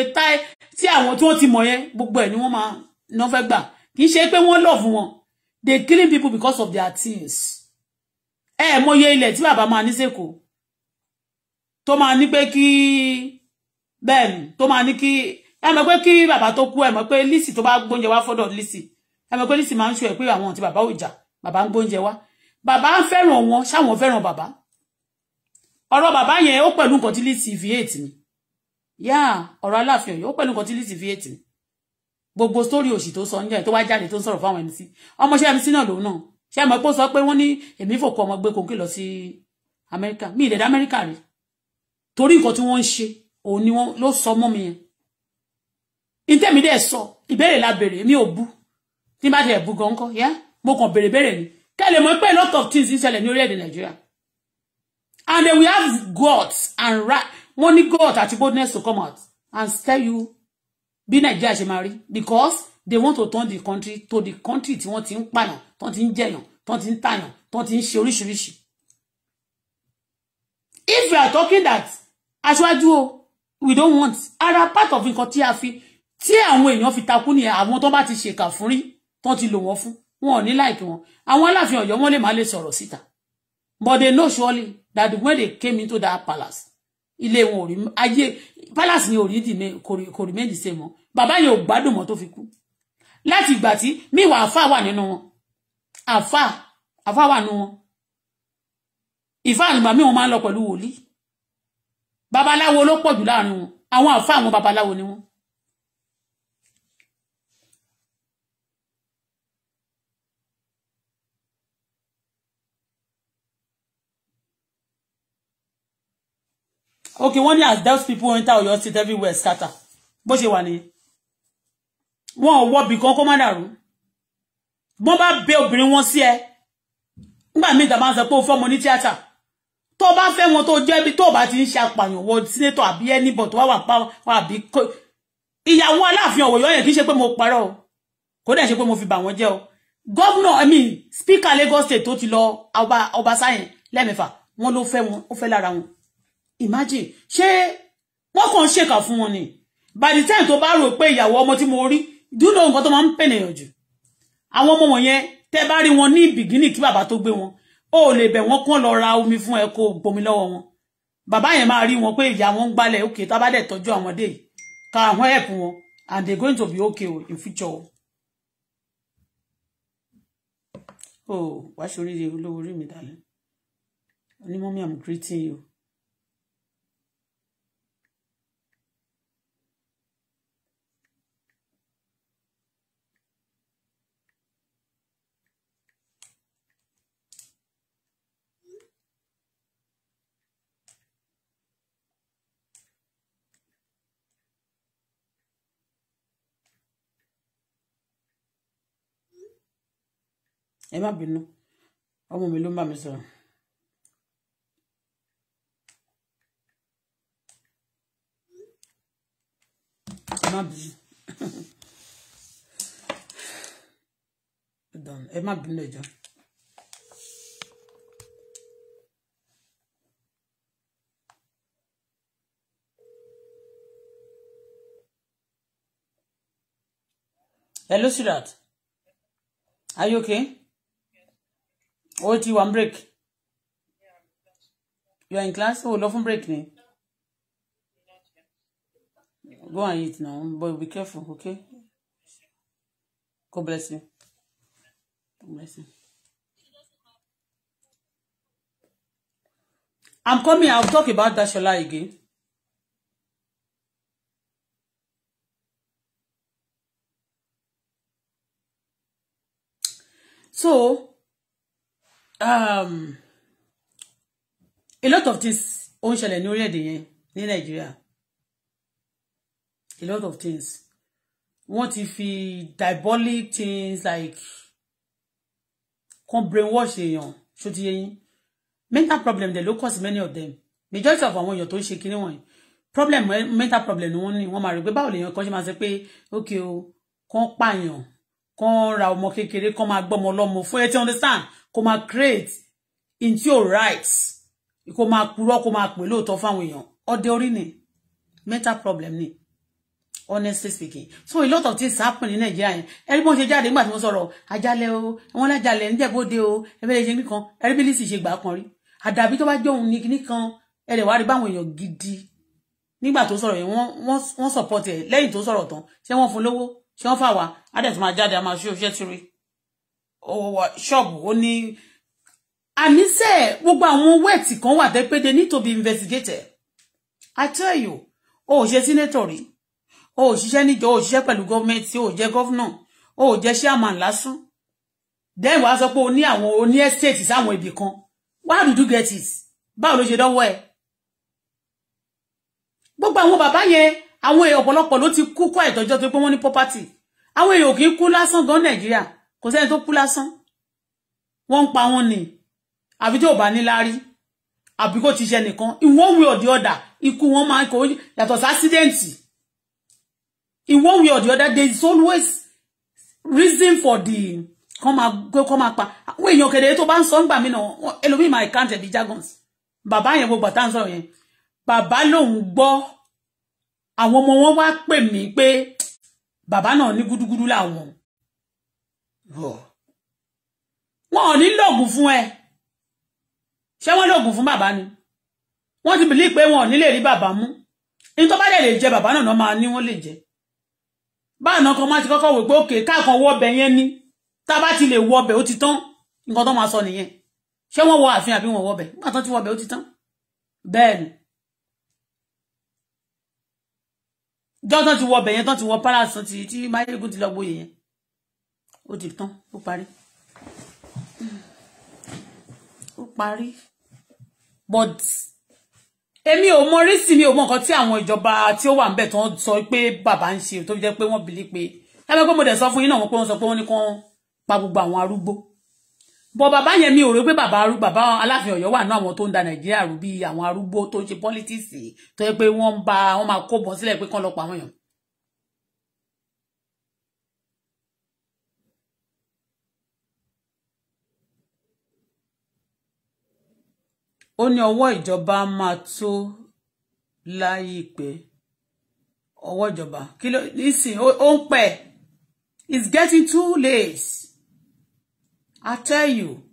tí àwọn tí wọ́n ti mọ̀ yẹn gbogbo ẹ̀ ni wọ́n máa ná fẹ́ gbà kì í ṣe pé wọ́n love wọn they killing people because of their things ẹ ẹ mọye ilẹ̀ tí bàbá máa ní sèkó tó máa ní pé kí bẹ́ẹ̀ tó máa ní kí ẹ mọ̀ pé kí bàbá tó kú ẹ mọ̀ pé Lizzy tó bá gbóúnjẹ wá fọ́dọ̀ Lizzy ẹ mọ̀ pé Lizzy máa ń ṣe ẹ pé àwọn àti bàbá ò jà bàbá ń gbóúnjẹ wá bàbá ń wọn ṣáwọn fẹ́ràn bàbá ọ̀rọ̀ bàbá yẹn ó pẹ̀lú nǹkan tí Lizzy fi hate mi yá ọ̀rọ̀ aláàfin ọ̀yọ́ ó pẹ̀lú nǹkan tí Lizzy fi hate mi gbogbo sórí òsì tó sọ níjẹ́ tó wá jáde tó ń sọ̀rọ̀ fáwọn MC ọmọọṣẹ́ MC náà lòun náà ṣé ẹ mọ̀ pé ó sọ pé wọ́n ní èmi fòkú ọmọ gbé kòkè lọ sí Amẹ́ríkà mi ìdẹ̀dẹ̀ Amẹ́ríkà rí torí nǹkan tí wọ́n ń ṣe òun ni wọ́n ló sọ mọ́ mi yẹn ìtẹ́mi dẹ̀ sọ ìbéèrè la béèrè mi ò bú tí n bá ti ẹ̀ bú gan kọ́ yá mo kàn béèrè béèrè ni kẹ́lẹ̀ mọ̀ pé a lot of things ń ṣẹlẹ̀ ní orílẹ̀-èdè Nàìjíríà and then we have gods and right wọ́n ní god àti boldness to come out and tell you be nàìjíríà ṣe máa because they want to turn the country to the country tí wọ́n ti ń pààyàn tí wọ́n ti ń jẹyàn tí wọ́n ti ń tàyàn tí wọ́n ti ń ṣe oríṣiríṣi. if we are talking that aṣáájú o we don't want ara part of nǹkan tí a fi tí àwọn èèyàn fi takú ni àwọn tó bá ti ṣèkà fún rí tó ti lò wọ́n fún wọn ò ní láìpẹ́ wọn àwọn aláàfin Ọ̀yọ́ wọn lè má lè sọ̀rọ̀ But they know surely that when they came into that palace, ilé wọn ò rí palace ni ori di me kò rí kò rí me di same o. Bàbá yẹn ò gbádùn mọ́ tó fi kú. Láti ìgbà tí mi wà àfà wà nínú wọn. Àfà àfà wà nínú wọn. Ìfà ni ba mi wọn máa lọ pẹ̀lú wòlíì. Babaláwo ló pọ̀jù láàrin wọn. Àwọn àfà àwọn babaláwo ni wọn. okay wọ́n ní as those people enter Ọ̀yọ́ state everywhere scatter bó ṣe wà nìyẹn wọn ò wọbì kan kó má dàrú wọ́n bá bẹ obìnrin wọn sí ẹ nígbà míì tàbá ń sọ pé o fọmọ ní tíátà tó bá fẹ́ wọn tó jẹ́ bí tó bá ti ń ṣe apààyàn wọ sínétọ̀ àbí ẹnìbọ̀ tó wà wà pa wà bí ìyàwó aláàfin ọ̀wọ̀ yọ̀yẹ̀ kì í ṣe pé mo parọ́ o kò dẹ̀ ṣe pé mo fi bà wọ́n jẹ́ o gọ́vnà i mean speaker Lagos state tó ti lọ ọba ọba sáyẹn lẹ́mẹ̀fà wọ́n ló fẹ́ wọn ó fẹ́ lára wọn imagine ṣé wọ́n kàn ṣèkà fún wọn ni by the time tó bá rò pé ìyàwó ọmọ tí mo rí dúró nǹkan tó máa ń pènìyàn jù àwọn ọmọ wọ̀nyẹn tẹ́ bá rí wọn ní ìbìgínì kí bàbá tó gbé wọn ó lè bẹ̀ wọ́n kàn lọ ra omi fún ẹ kó gbomi lọ́wọ́ wọn bàbá yẹn máa rí wọn pé ìyá wọn ń gbálẹ̀ òkè tá bá dẹ̀ tọ́jú àwọn dé yìí ká àwọn help wọn and they going to be okay in future o oh, wá sóríire olówó orí mi dálẹ́ onímọ̀mí i'm greeting you. ẹ má bínú ọmọ mi ló ń bá mi sọ̀rọ̀. ẹ má bínú ẹ Hello, Sirat. Are you okay? Oh, ti wà ń break you are in class Oh, lọ fún break ni go and eat now but be careful okay God bless you God bless you. I'm coming. I'll talk about Dashola again. So, um, a lot of things ó shall ṣẹlẹ̀ ní in Nigeria. a lot of things what if he diabolic things like come brainwash èèyàn Should you mental problem dẹ̀ ló cause many of them majority of àwọn èèyàn tó ń ṣe kinní problem mental problem only. One ní wọ́n máa rí pé báwo lèèyàn kan ṣe máa ṣe pé kan ra ọmọ kékeré kan máa gbọ́mọ lọ́mọ fún ẹ ti understand kó máa create into your rights kó máa purọ́ kó máa pè lóòótọ́ fáwọn èèyàn ọdẹ orí ni mental problem ni honestly speaking so a lot of things happen in Nigeria Everybody yẹn ẹni bí wọ́n ṣe jáde nígbà tí wọ́n sọ̀rọ̀ ajálẹ̀ o wọ́n lájálẹ̀ níjẹ̀bọ́dẹ o ẹbẹ̀ lè ṣe nìkan ẹni bí lè sì ṣe gbà kan rí àdàbí tó bá jẹ́ òun ní nìkan ẹ lè wá rí báwọn èèyàn gidi nígbà tó sọ̀rọ̀ yẹn wọ́n support ẹ̀ lẹ́yìn tó sọ̀rọ̀ tán ṣé wọ́n fún lówó ṣé wọ́n fà wá á dẹ̀ tó máa jáde á máa ṣe oṣẹ́ tiri ṣọ́ọ̀bù ó ní àníṣe gbogbo àwọn wẹ́ẹ̀tì kan wà tẹ́ pé they to be investigated I tell you o ò ṣe senator rí o ò ṣiṣẹ́ níjọ o ò ṣiṣẹ́ pẹ̀lú gọ́ọ̀mẹ̀ntì o ò jẹ́ gọ́fúnà o ò jẹ́ chairman lásán then wàá sọ pé o ní àwọn o ní estate sáwọn ibì kan why did you get it báwo ló ṣe dánwọ́ ẹ gbogbo àwọn bàbá yẹn àwọn èèyàn ọ̀pọ̀lọpọ̀ ló ti kú kọ́ ìtọ́jọ́ tó pé wọ́n ní property àwọn èèyàn ò kí ń kú lásán gan nàìjíríà kò sẹ́ni tó kú lásán wọ́n ń pa wọn ni àbí tí ò bá níláárí àbí kò ti ṣe nìkan in one way or ikú wọn máa kò yàtọ̀ sí ásídẹ́ǹtì in one way or there is always reason for the kọ́ máa gbé kọ́ máa pa àwọn èèyàn kẹ̀dẹ̀ tó bá ń sọ ń gbà mí náà ẹlòmíì máa kàn tẹ̀bí jargons bàbá yẹn gbogbo àtà yẹn bàbá lòun gbọ́ àwọn ọmọ wọn wá pè mí pé bàbá náà ní gúdúgúdú làwọn wọn ò ní lògùn fún ẹ ṣé wọn lògùn fún bàbá ni wọn ti bìlí pé wọn ò ní lè rí bàbá mú ní tó bá dẹ̀ lè jẹ bàbá náà náà máa ní wọn lè jẹ báà náà kan máa ti kọ́kọ́ wò pé òkè káàkan wọbẹ̀ yẹn ni tá a bá ti lè wọbẹ̀ ó ti tán nǹkan tó máa sọ nìyẹn ṣé wọn wọ ààfin àbí wọn wọbẹ̀ nígbà tó ti wọbẹ̀ ó ti tán bẹ́ẹ̀ ni jọ́tàn ti wọ ọbẹ̀ yẹn tán ti wọ palace ti tí máyégún ti lọ gboyè yẹn ó ti tán ó parí ó parí but èmi ò mọ rísì mi ò mọ nǹkan tí àwọn ìjọba tí ó wà ń bẹ̀ tó ń sọ pé bàbá ń ṣe tó fi jẹ́ pé wọ́n bìlí pé ẹ mọ̀ pé mo dẹ̀ sọ fún yín náà wọ́n pé wọ́n sọ pé wọ́n ní kán pa gbogbo àwọn arúgbó bọ bàbá yẹn mi ò rò pé bàbá arú bàbá aláàfin Ọ̀yọ́ wà náà àwọn tó ń da nàìjíríà rú bí àwọn arúgbó tó ń ṣe pọlítíìsì tó yẹ pé wọ́n ń ba wọ́n máa kó bọ́n sílẹ̀ pé kán lọ pa àwọn èèyàn. ó ní ọwọ́ ìjọba máa tó láìpẹ́ ọwọ́ ìjọba kí ló nísìnyí ó ń pẹ́ it's getting too late. I tell you,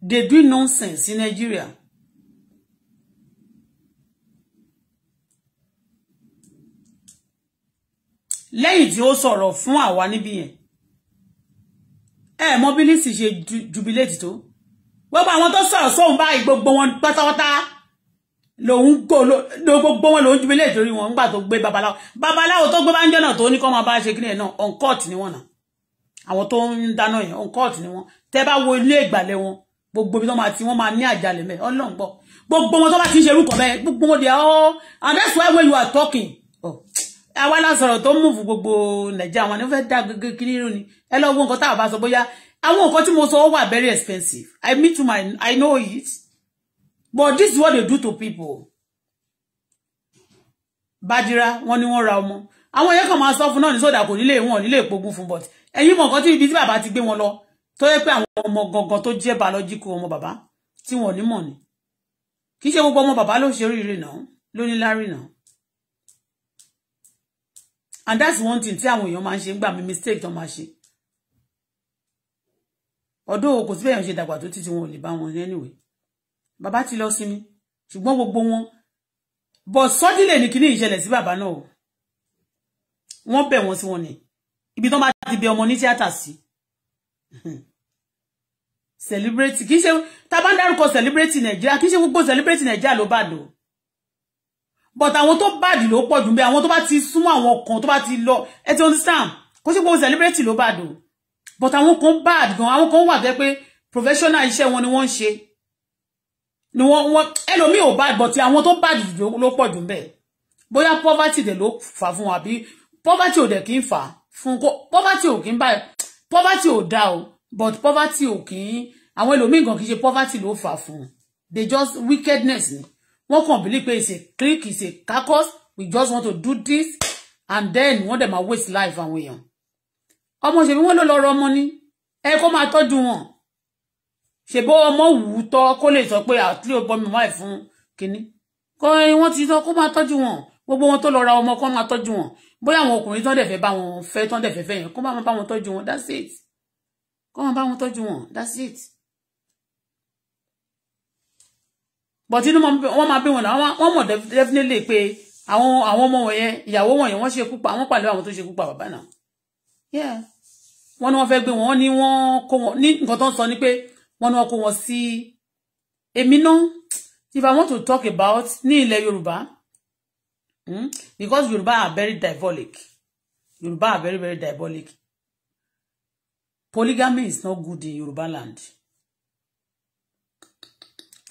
they do nonsense in Nigeria. lẹ́yìn tí ó sọ̀rọ̀ fún àwa níbí yẹn ẹ mọ bí Lizzy ṣe jubilate tó gbogbo àwọn tó sọ̀rọ̀ sóhun báyìí gbogbo wọn pátápátá lòun gbò ló gbogbo wọn lòun jubilate torí wọn nígbà tó gbé babaláwo babaláwo tó gbé báńjọ náà tó ní kọ́ máa bá ṣe kí ni ẹ̀ náà on court ni wọ́n náà àwọn tó ń dáná yẹn on court ni wọ́n tẹ́ bá wo ilé ìgbàlẹ̀ wọn gbogbo ibi tó máa ti wọ́n máa ní àjálẹ̀ mẹ́ ọlọ́run gbọ́ gbogbo wọn tó bá ti ń ṣe irúkọ bẹ́ẹ̀ gbogbo wọn dẹ̀ ọ́ oh, and that's why when you are talking oh, àwa lásọ̀rọ̀ tó ń múfù gbogbo nàìjíríà wọn ni wọ́n fẹ́ dá gbogbo kiri irun ni ẹ lọ wo nǹkan tá a bá sọ bóyá àwọn nǹkan tí mo sọ wà very expensive I meet to my I know it but this is what they do to people Badira wọ́n ní wọ́n ra ọmọ àwọn yẹn kàn máa sọ fún náà ní sódà kò nílé wọn nílé ìpogun fún but ẹ̀yin mọ̀ nǹkan tí ibi tí bàbá ti gbé wọn lọ tó yẹ pé àwọn ọmọ gangan tó jẹ́ biological ọmọ bàbá tí wọn ò ní mọ̀ ni kì í ṣe gbogbo ọmọ bàbá ló ṣe oríire náà ló ní lárí and that's one thing tí àwọn èèyàn máa ń ṣe ń gbà mí mistake tó máa ṣe ọdún òkò tí bẹ́ẹ̀ ṣe dàgbà tó títí wọn ò lè bá wọn anyway bàbá ti lọ sinmi ṣùgbọ́n gbogbo wọn but suddenly ní kíní ìṣẹ̀lẹ̀ sí bàbá náà wọ́n bẹ̀ wọ́n sí wọn ni ibi tó máa ti bẹ ọmọ ní tíátà sí celebrity kì í ṣe tá a dárúkọ celebrity nàìjíríà kì í ṣe gbogbo celebrity nàìjíríà ló bàdó but àwọn tó bàdì ló pọ̀ jù bí àwọn tó bá ti súnmọ́ àwọn kan tó bá ti lọ ẹ ti understand kò sí gbogbo celebrity ló bàdó but àwọn kan bàdì gan àwọn kan wà bẹ́ẹ̀ pé professional iṣẹ́ wọn ni wọ́n ń ṣe ni wọ́n wọ́n ẹlòmíì ò bàdì but àwọn tó bàdì ló pọ̀ jù bẹ́ẹ̀ bóyá poverty dẹ̀ ló fà fún wa bí poverty ò dẹ̀ kí ń fà á fún kó poverty ò kí ń báyìí poverty ò dá o but poverty ò kí ń àwọn ẹlòmíì gan kì í ṣe poverty ló fà fún they just wickedness ni wọ́n kàn believe pé it's a clique it's a carcass we just want to do this and then wọ́n dẹ̀ máa waste life àwọn èèyàn ọmọ ṣèbí wọ́n ló lọ rọ ọmọ ní ẹ kó máa tọ́jú wọn ṣèbó ọmọ wù ú tọ́ kó lè sọ pé àtúlẹ̀ ọgbọ́n mi wáì fún kínní kọ́ ẹ wọ́n ti sọ kó máa tọ́jú wọn gbogbo wọn tó lọ ra ọmọ kó máa tọ́jú wọn bóyá àwọn ọkùnrin tán dẹ̀ fẹ́ bá wọn fẹ́ tán dẹ̀ fẹ́ fẹ́ yẹn kó máa bá wọn tọ́jú wọn that's it kó máa bá wọn tọ́jú wọn that's it. but inú wọn máa bí wọn náà wọn mọ̀ definitely pé àwọn àwọn ọmọ wọn yẹn ìyàwó wọn yẹn wọ́n ṣekú pa àwọn pàlẹ́ àwọn tó ṣekú pa bàbá náà yeah wọ́n ní wọ́n fẹ́ gbé wọn ní wọ́n kó wọn ní nǹkan tó ń sọ ni pé wọ́n ní wọ́n kó wọn sí èmi náà if I want to talk about ní ilẹ̀ Yorùbá Hmm? Because Yoruba are very diabolic. Yoruba are very, very diabolic. Polygamy is not good in Yoruba land.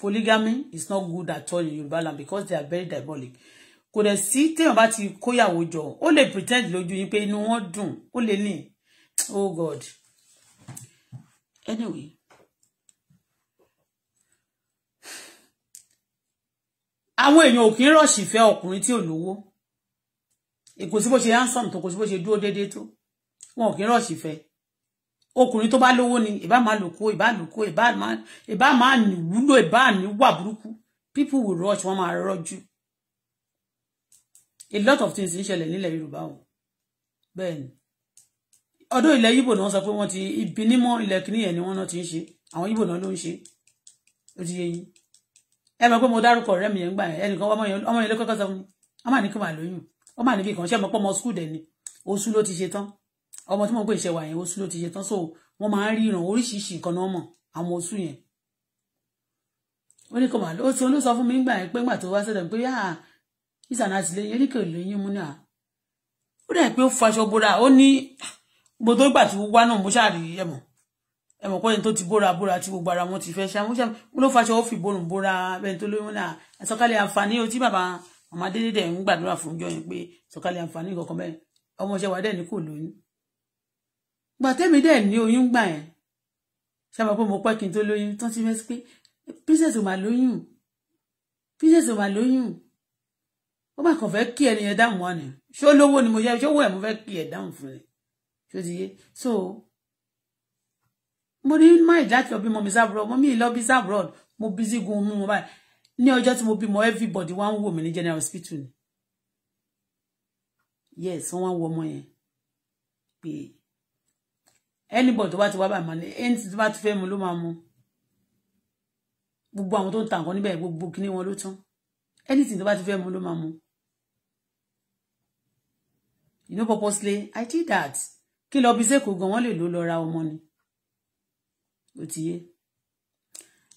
Polygamy is not good at all in Yoruba land because they are very diabolic. Kò dẹ̀ sí téèyàn bá ti kóyàwó jọ, ó pretend lójú yín pé inú wọn dùn, ó Oh God. Anyway. àwọn èèyàn ò kì í rọ̀ṣì fẹ́ ọkùnrin tí ò lówó èkó sí bó ṣe handsome tó kò sí bó ṣe dúró déédéé tó wọn ò kì í rọ̀ṣì fẹ́ ọkùnrin tó bá lówó ni ìbá máa lòkó ìbá lòkó ìbá máa wúlò ìbá ní wà burúkú people will rush wọn máa rọjú a lot of things ń ṣẹlẹ̀ nílẹ̀ Yorùbá o bẹ́ẹ̀ ni ọdún ilẹ̀ Yíbò náà sọ pé wọ́n ti ibi nímọ̀ ilẹ̀ kìnìyàn ni wọ́n náà ti ń ṣe àwọn Yíbò náà ló ń ṣe ó ti yẹ yín ẹ mọ̀ pé mo dárúkọ ọ̀rẹ́ mi yẹn gbà yẹn ẹnìkan ọmọ yẹn ọmọ yẹn ló sọ fún mi ọmọ àníkù mà lóyún ọmọ àníbì kan ṣe mọ̀ pé ọmọ skul dẹ̀ ni oṣù ló ti ṣe tán ọmọ tí mo pè ṣe wà yẹn oṣù ló ti ṣe tán so wọ́n máa ń rí ìràn oríṣiríṣi nǹkan náà mọ̀ àwọn oṣù yẹn ó ní kò mà ló ti olóòsọ fún mi gbà yẹn pé ńgbà tó wá sẹ́dọ̀ pé yá ìsànà àtìlẹ́yìn eríkè lóyún mú náà ó dà pé ó faṣọ bóra ó ní gbogbo ìgbà tí wá náà mo ṣáà rí ẹ̀mọ́ ẹ mọ̀ pẹ́ni tó ti bóra bóra tí gbogbo ara wọn ti fẹ́ ṣá wọn ló fàṣọ ó fi bòrùn bóra bẹ́ẹ̀ tó lóyún náà àsọkalẹ̀ àǹfààní o tí bàbá màmá dédé dẹ̀ ń gbàdúrà fún jọ yẹn pé àsọkalẹ̀ àǹfààní kankan bẹ́ẹ̀ ọmọọṣẹ́ wa dẹ̀ ní kò lóyún gbà tẹ́mi dẹ̀ ní oyún gbà yẹn ṣàbà pé mo pẹ́ kí n tó lóyún tán ti fẹ́ pé princess ò mà lóyún ni ṣó lówó ni mo yẹ ṣó wọ ẹ̀ so mo ní máì láti lọ bímọ mi sábúrò mo mi lọ bí sábúrò mo busy gun mú mo báyìí ní ọjọ́ tí mo bímọ everybody wá ń wò mí general hospital ni yes wọ́n wá ń wo ọmọ yẹn pé anybody tó bá ti wá báyìí mọ́ni ẹni tó bá ti fẹ́ mu ló máa mu gbogbo àwọn tó ń ta nǹkan níbẹ̀ gbogbo kíní wọn ló tán anything to bá ti fẹ́ mu ló máa mu you know purposely i did that kí lọ bí sẹ́kọ̀ọ́ gan wọ́n lè lò lọ ra ọmọ ni ó ti yé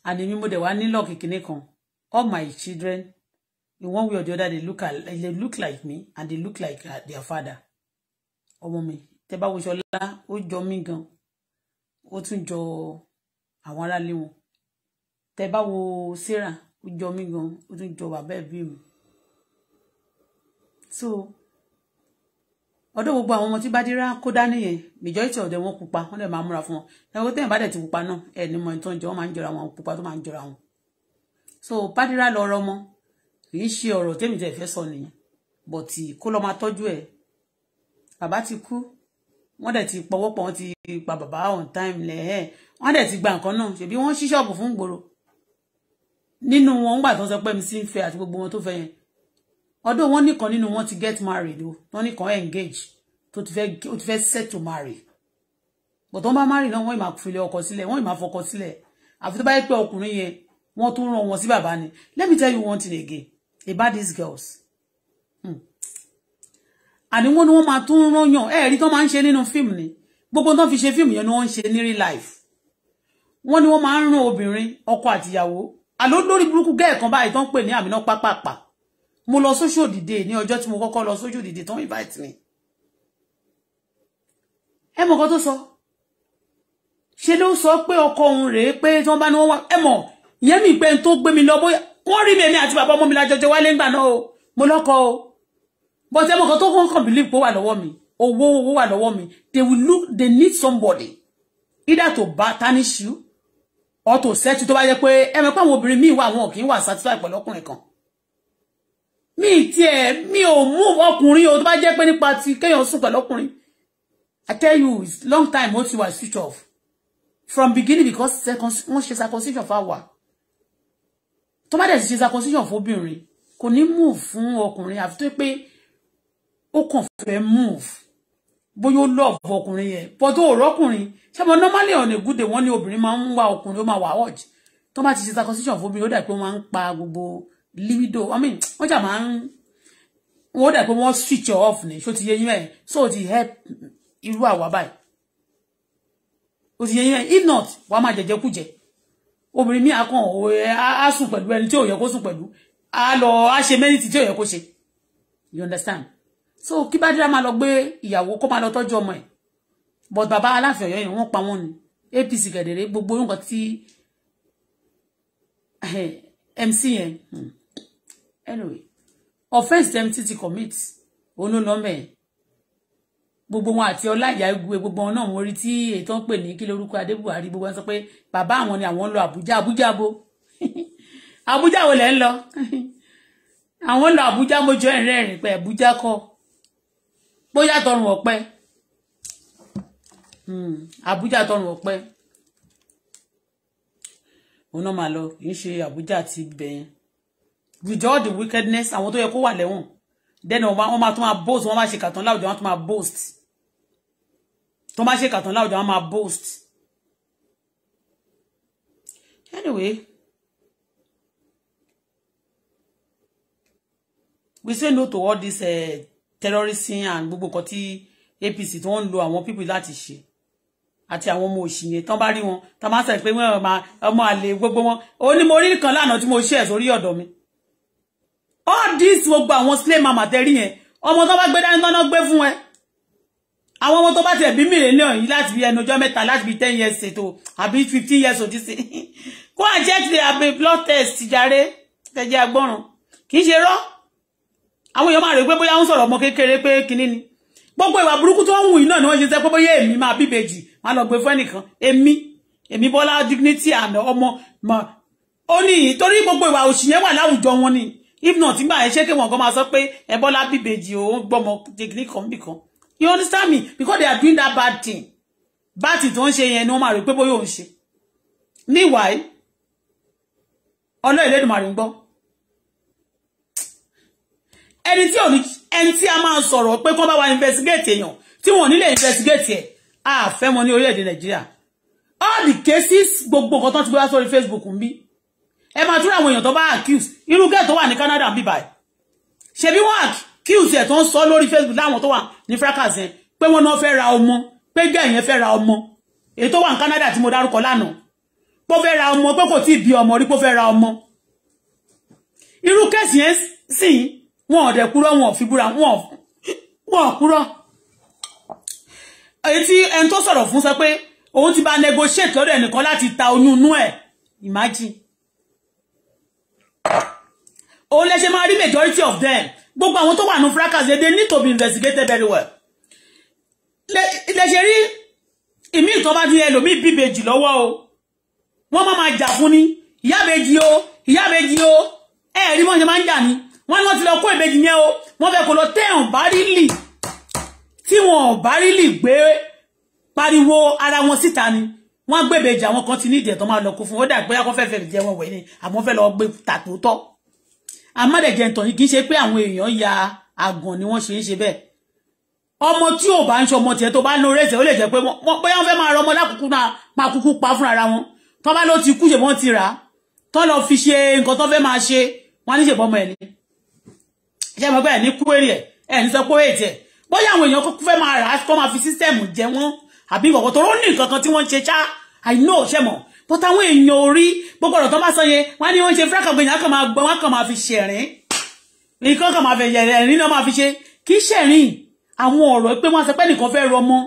and èmi mo dẹ̀ wá nílò kékeré kan all my children in one way or the other they look, at, they look like me and they look like uh, their father ọmọ mi tẹ bá wo Ṣọlá ó jọ mí gan ó tún jọ àwọn aráalé wọn tẹ bá wo Sarah ó jọ mí gan ó tún jọ bàbá ẹbí mi so ọ̀dọ̀ gbogbo àwọn ọmọ tí bádírá kó dání yẹn majority ọ̀dẹ̀ wọn pupa wọn dẹ̀ máa múra fún wọn ẹ̀rọ tẹ̀yìn bá ti pupa náà ẹ̀ ní mọ ẹni tó ń jẹ wọn máa ń jọra wọn pupa tó máa ń jọra wọn. so bádírá lọ rọ mọ kì í ṣe ọ̀rọ̀ tèmi tẹ̀ fẹ́ sọ nìyẹn bọ̀tì kó lọ máa tọ́jú ẹ̀ bàbá ti kú wọ́n dẹ̀ ti pọwọ́pọ̀ wọ́n ti pa bàbá on time lẹ́ẹ̀ wọ́n dẹ̀ ti gba nǹkan náà ṣèbí wọ́n ṣí ṣọ́ọ̀bù fún gbòòrò nínú wọn ń gbà tó ń sọ pé mi sí ń fẹ́ àti gbogbo wọn tó fẹ́ yẹn ọdún wọn nìkan nínú wọn ti get married o wọn nìkan engage tó ti fẹ́ ó ti fẹ́ set to marry but wọn bá marry náà wọn ì máa filẹ̀ ọkọ sílẹ̀ wọn ì máa fọkọ sílẹ̀ àfi tó bá yẹ pé ọkùnrin yẹn wọn tún ràn wọn sí bàbá ni let me tell you one thing again about these girls hmm. àní wọn ni wọn máa tún rányàn ẹ ẹrí tó máa ń ṣe nínú fíìmù ni gbogbo tó fi ṣe fíìmù yẹn ni wọn ń ṣe ní real life wọn ni wọn máa ń rán obìnrin ọkọ àtìyàwó àló lórí burúkú gẹ́ẹ̀ kan báyìí tó ń pè ní àmínà pápápá mo lọ sóṣù òdìdè ní ọjọ́ tí mo kọ́kọ́ lọ sóṣù òdìdè tán invite mi ẹ mọ̀ nǹkan tó sọ ṣe ló sọ pé ọkọ òun rèé pé tí wọ́n bá ní wọ́n wá ẹ mọ̀ ìyẹn mi pé n tó gbé mi lọ bóyá wọ́n rí mi èmi àti bàbá ọmọ mi lájọjọ wálé ńgbà náà o mo lọ́kọ o but ẹ mọ̀ nǹkan tó kàn kàn believe pé ó wà lọ́wọ́ mi owó owó wà lọ́wọ́ mi they will look they need somebody either to tarnish you or to set you tó bá jẹ́ pé ẹ mọ̀ pé àwọn obìnrin míì wà wọn kì í wà satisfied pẹ̀lú ọkùnrin kan mi tiẹ̀ mi ò mú ọkùnrin o tó bá jẹ́ pé nípa ti kéèyàn sùn pẹ̀lú ọkùnrin I tell you it's long time once you wà switch off from beginning because wọ́n ṣe circumcision fáwa tó bá dẹ̀ ti ṣe circumcision fóbìnrin kò ní move fún ọkùnrin àfi tó pé ó kàn fẹ́ move bóyá ó love ọkùnrin yẹn but ó rọ́kùnrin ṣé normally on a good day wọ́n ní obìnrin máa ń wá ọkùnrin ó máa wà watch tó bá ti ṣe circumcision fóbìnrin ó dà pé ó máa ń pa gbogbo libido i mean wọ́n jà máa ń wọ́n dà pé wọ́n switch off ni ṣó ti yé yín ẹ̀ so ti help irú àwa báyìí ó ti yé yín ẹ̀ if not wàá máa jẹjẹ kú jẹ obìnrin mi àkàn òwe á sùn pẹ̀lú ẹni tí ò yẹ kó sùn pẹ̀lú á lọ á ṣe mẹ́rìntì tí ò yẹ kó ṣe you understand so kí bá dídá máa lọ gbé ìyàwó kó máa lọ tọ́jú ọmọ ẹ̀ but bàbá aláfẹ́ ọ̀yọ́ yẹn wọ́n pa wọ́n ni apc gẹ̀dẹ̀rẹ̀ gbogbo nǹkan tí mc yẹn. Hmm anyway offense tẹ́mi títí commit òun ló lọ́ mẹ́ẹ̀ gbogbo wọn àti ọláìyá igwe gbogbo wọn náà wọn rí tí ètò ń pè ní kí lórúkọ adébùhárí gbogbo wọn sọ pé bàbá ni àwọn ń lọ àbújá bo Abuja wo lẹ ń lọ àwọn ń lọ àbújá mojọ ẹ̀rìn ẹ̀rìn pé àbújá kọ bóyá tọrùn ọ̀pẹ hmm, àbújá tọrùn ọ̀pẹ òun náà máa lọ kì ti bẹ̀yẹn with all the wickedness àwọn tó yẹ kó wà lẹ́wọ̀n then wọ́n máa tún máa boast wọ́n máa ṣe kàtàn láwùjọ wọ́n tún máa boast tó máa ṣe kàtàn láwùjọ wọ́n máa boast anyway we say no to all this uh, terrorism and gbogbo nǹkan tí APC tí wọ́n ń lo àwọn people láti ṣe àti àwọn ọmọ òṣì yẹn tán bá rí wọn tá máa ń sọ pé wọn ọmọ àlè gbogbo wọn ó ní mo rí nǹkan lánàá tí mo ṣe ẹ̀ sórí ọ̀dọ̀ mi all this gbogbo àwọn slay mama tẹ́rí yẹn ọmọ tó bá gbé dání tọ́nà gbé fún ẹ àwọn ọmọ tó bá tẹ̀ bí mìíràn náà yìí láti fi ẹnu ọjọ́ mẹ́ta láti fi ten years ètò àbí fifteen years òdì sí kó àjẹ́ ti àbí blood test jàre tẹ̀jẹ̀ agbọ́ràn kì í ṣe rọ́ àwọn èèyàn máa rè pé bóyá ń sọ̀rọ̀ ọmọ kékeré pé kinní ni gbogbo ìwà burúkú tó ń wù yìí náà ni wọ́n ṣe sẹ́ pé bóyá èmi máa bíbejì máa lọ gbé fún ẹnìkan èmi èmi bọ́lá dignity àná ọmọ ó ní torí gbogbo ìwà òṣìyẹn wà láwùjọ wọn ni if not nígbà yẹn ṣé kí wọn kan máa sọ pé ẹ Bọ́lá bíbejì òun gbọ́mọ jẹgìlì kan bì kan you understand me because they are doing that bad thing bad thing tó ń ṣe no ni wọ́n máa rò pé bóyá òun ṣe meanwhile ọlọ́ ìlédùmarè ń gbọ́ ẹni tí òní ẹni tí a máa sọ̀rọ̀ pé kọ́ bá wa investigate èèyàn tí wọ́n nílé investigate ẹ̀ a fẹ́ mọ ní orílẹ̀-èdè Nàìjíríà all the cases gbogbo nǹkan tó ti gbé wá Facebook ń ẹ máa túra àwọn èèyàn tó bá accuse irú gẹ́ẹ̀ tó wà ní Canada ń bíbáyìí ṣebí wọ́n accuse ẹ̀ tó ń sọ lórí Facebook láwọn tó wà ní fracas yẹn pé wọ́n náà fẹ́ ra ọmọ pé gẹ́ẹ̀ yẹn fẹ́ ra ọmọ èyí tó wà ní Canada tí mo dárúkọ lánàá pó fẹ́ ra ọmọ pé kò tí ì bí ọmọ rí pó fẹ́ ra ọmọ irú kẹ́sì yẹn sì wọn ò dẹ̀ kúrò wọn ò fi búra wọn ò kúrò èyí tí ẹni tó sọ̀rọ̀ fún sọ pé òun ti ba negotiate lọ́dọ̀ ẹnìkan láti ta oyún inú ẹ̀ imagine òun lè ṣe máa rí majority of them gbogbo àwọn tó wà ní fracas they need to be investigated very well lè ṣe rí ìmí ìtọ́ bá ti ẹlòmíì bíbejì lọ́wọ́ o wọ́n má máa jà fún ni ìyá bejì o ìyá bejì o ẹ̀ẹ́rí wọ́n ṣe máa ń jà ni wọ́n ní wọ́n ti lọ kó ìbejì yẹn o wọ́n fẹ́ kó lọ tẹ̀hàn bá rí lì tí wọn pariwo ara wọn síta ni wọ́n gbèbèjì àwọn kan ti ní ìdẹ̀ tó máa lọ kó fún ó dà pé akọ́fẹ́ fẹ́ jẹ wọn wẹ̀ ni àmọ́ fẹ́ lọ gbé tà tó tọ́ amádẹ̀jẹ̀ ntọ̀ ni kì í ṣe pé àwọn èèyàn ya àgàn ni wọ́n ṣe ń ṣe bẹ́ẹ̀ ọmọ tí ò bá ń ṣọmọ tiẹ̀ tó bá ń lo rẹ́sẹ̀ ó lè jẹ́ pé bóyá wọ́n fẹ́ máa rọmọ lákòókò náà máa kúkú pa fúnra ara wọn tó bá ló ti kú ṣèbọn ti rà á tó lọ fi ṣe nǹkan tó fẹ́ máa ṣe wọ́n ní ṣèbọn ọmọ ẹ̀ ni ṣe mọ̀ pé ẹ̀ ní kú èrè ẹ̀ ní sọ pé ètì ẹ̀ bóyá àwọn èèyàn kúkú fẹ́ máa rà á máa fi sísẹ́ẹ̀mù jẹ wọ́n àbí ìwọ̀wọ̀ tó rọ́ ní tí wọ́n ń ṣe ṣá i know ṣe mọ̀ but àwọn èèyàn orí gbogbo ọ̀rọ̀ tó bá sọ yẹn wọ́n ní wọ́n ṣe fúrákà gbẹ̀yìn akọ̀ máa gbọ́n akọ̀ máa fi ṣẹ̀rín nǹkan kan máa fẹ̀yẹ̀ ẹ̀rín náà máa fi ṣe kì í àwọn ọ̀rọ̀ pé wọ́n sọ nìkan fẹ́ rọmọ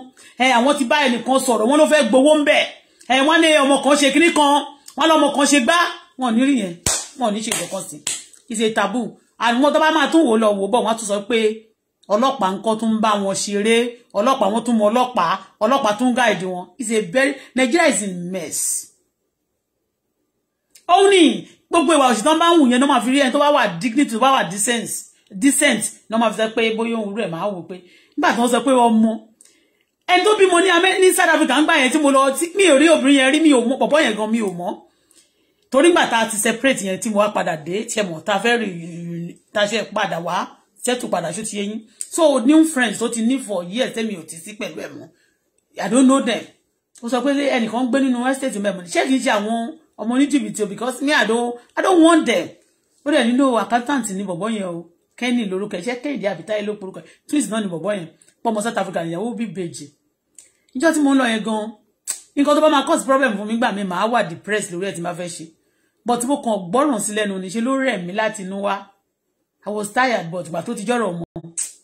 àwọn ti bá ẹnìkan sọ̀rọ̀ wọ́n ló fẹ́ gbowó ń bẹ̀ wọ́n ní ọmọ kan ṣe kíní kan wọ́n lọ́mọ kan ṣe gbá wọn ní rí yẹn wọn ní ṣe ìgbọ̀kan sí it's àwọn tó bá máa tún wò lọ wò bọ̀ wọ́n tún sọ pé ọlọ́pàá nǹkan tún ń bá wọn ṣeré ọlọ́pàá wọn tún mọ ọlọ́pàá ọlọ́pàá tún gáàdì wọn it's a very Nigeria is in mess. òun ni gbogbo ìwà òṣìṣẹ́ tó ń bá wù yẹn ló máa fi rí ẹni tó bá wà dignity tó bá wà decent decent ló máa fi sọ pé bóyá òun rẹ̀ máa wò pé nígbà tó ń sọ pé ọmọ ẹni tó bímọ ní amẹ ní South Africa ń gbà yẹn tí mo lọ tí mi ò rí obìnrin yẹn rí mi ò mọ pọ̀pọ̀ yẹn gan mi ò mọ̀ torí gbà tá a ti separate yẹn tí mo wá padà dé tiẹ̀ mọ̀ tá a fẹ́ rí tá a ṣe padà wá settle padà ṣó ti yé yín so new friends tó ti ní for years tẹ́mi ò ti sí pẹ̀lú ẹ̀ mọ́ i don't know them ó sọ pé ẹnìkan gbé nínú estate mẹ́mọ́ ṣé kìí ṣe àwọn ọmọ ní jìbìtì o because me i don't i don't want them ó dẹ̀ nílò accountant ní bọ̀bọ̀ yẹn o kenny lórúkọ ẹ̀ ṣé kéde àbítáyé ló porúkọ ẹ̀ twins náà ní bọ̀bọ̀ yẹn pọ́mọ south africa nìyàwó bí bèjì níjọ́ tí mo ń lọ yẹn gan nǹkan tó bá máa cause problem fún mi gbà mí màá wà depressed lórí ẹ̀ tí máa fẹ́ ṣe but mo kàn gbọ́ràn sí lẹ́nu níṣe ló rẹ̀ mí láti inú wá I was tired but but tó ti jọ́rọ̀ ọmọ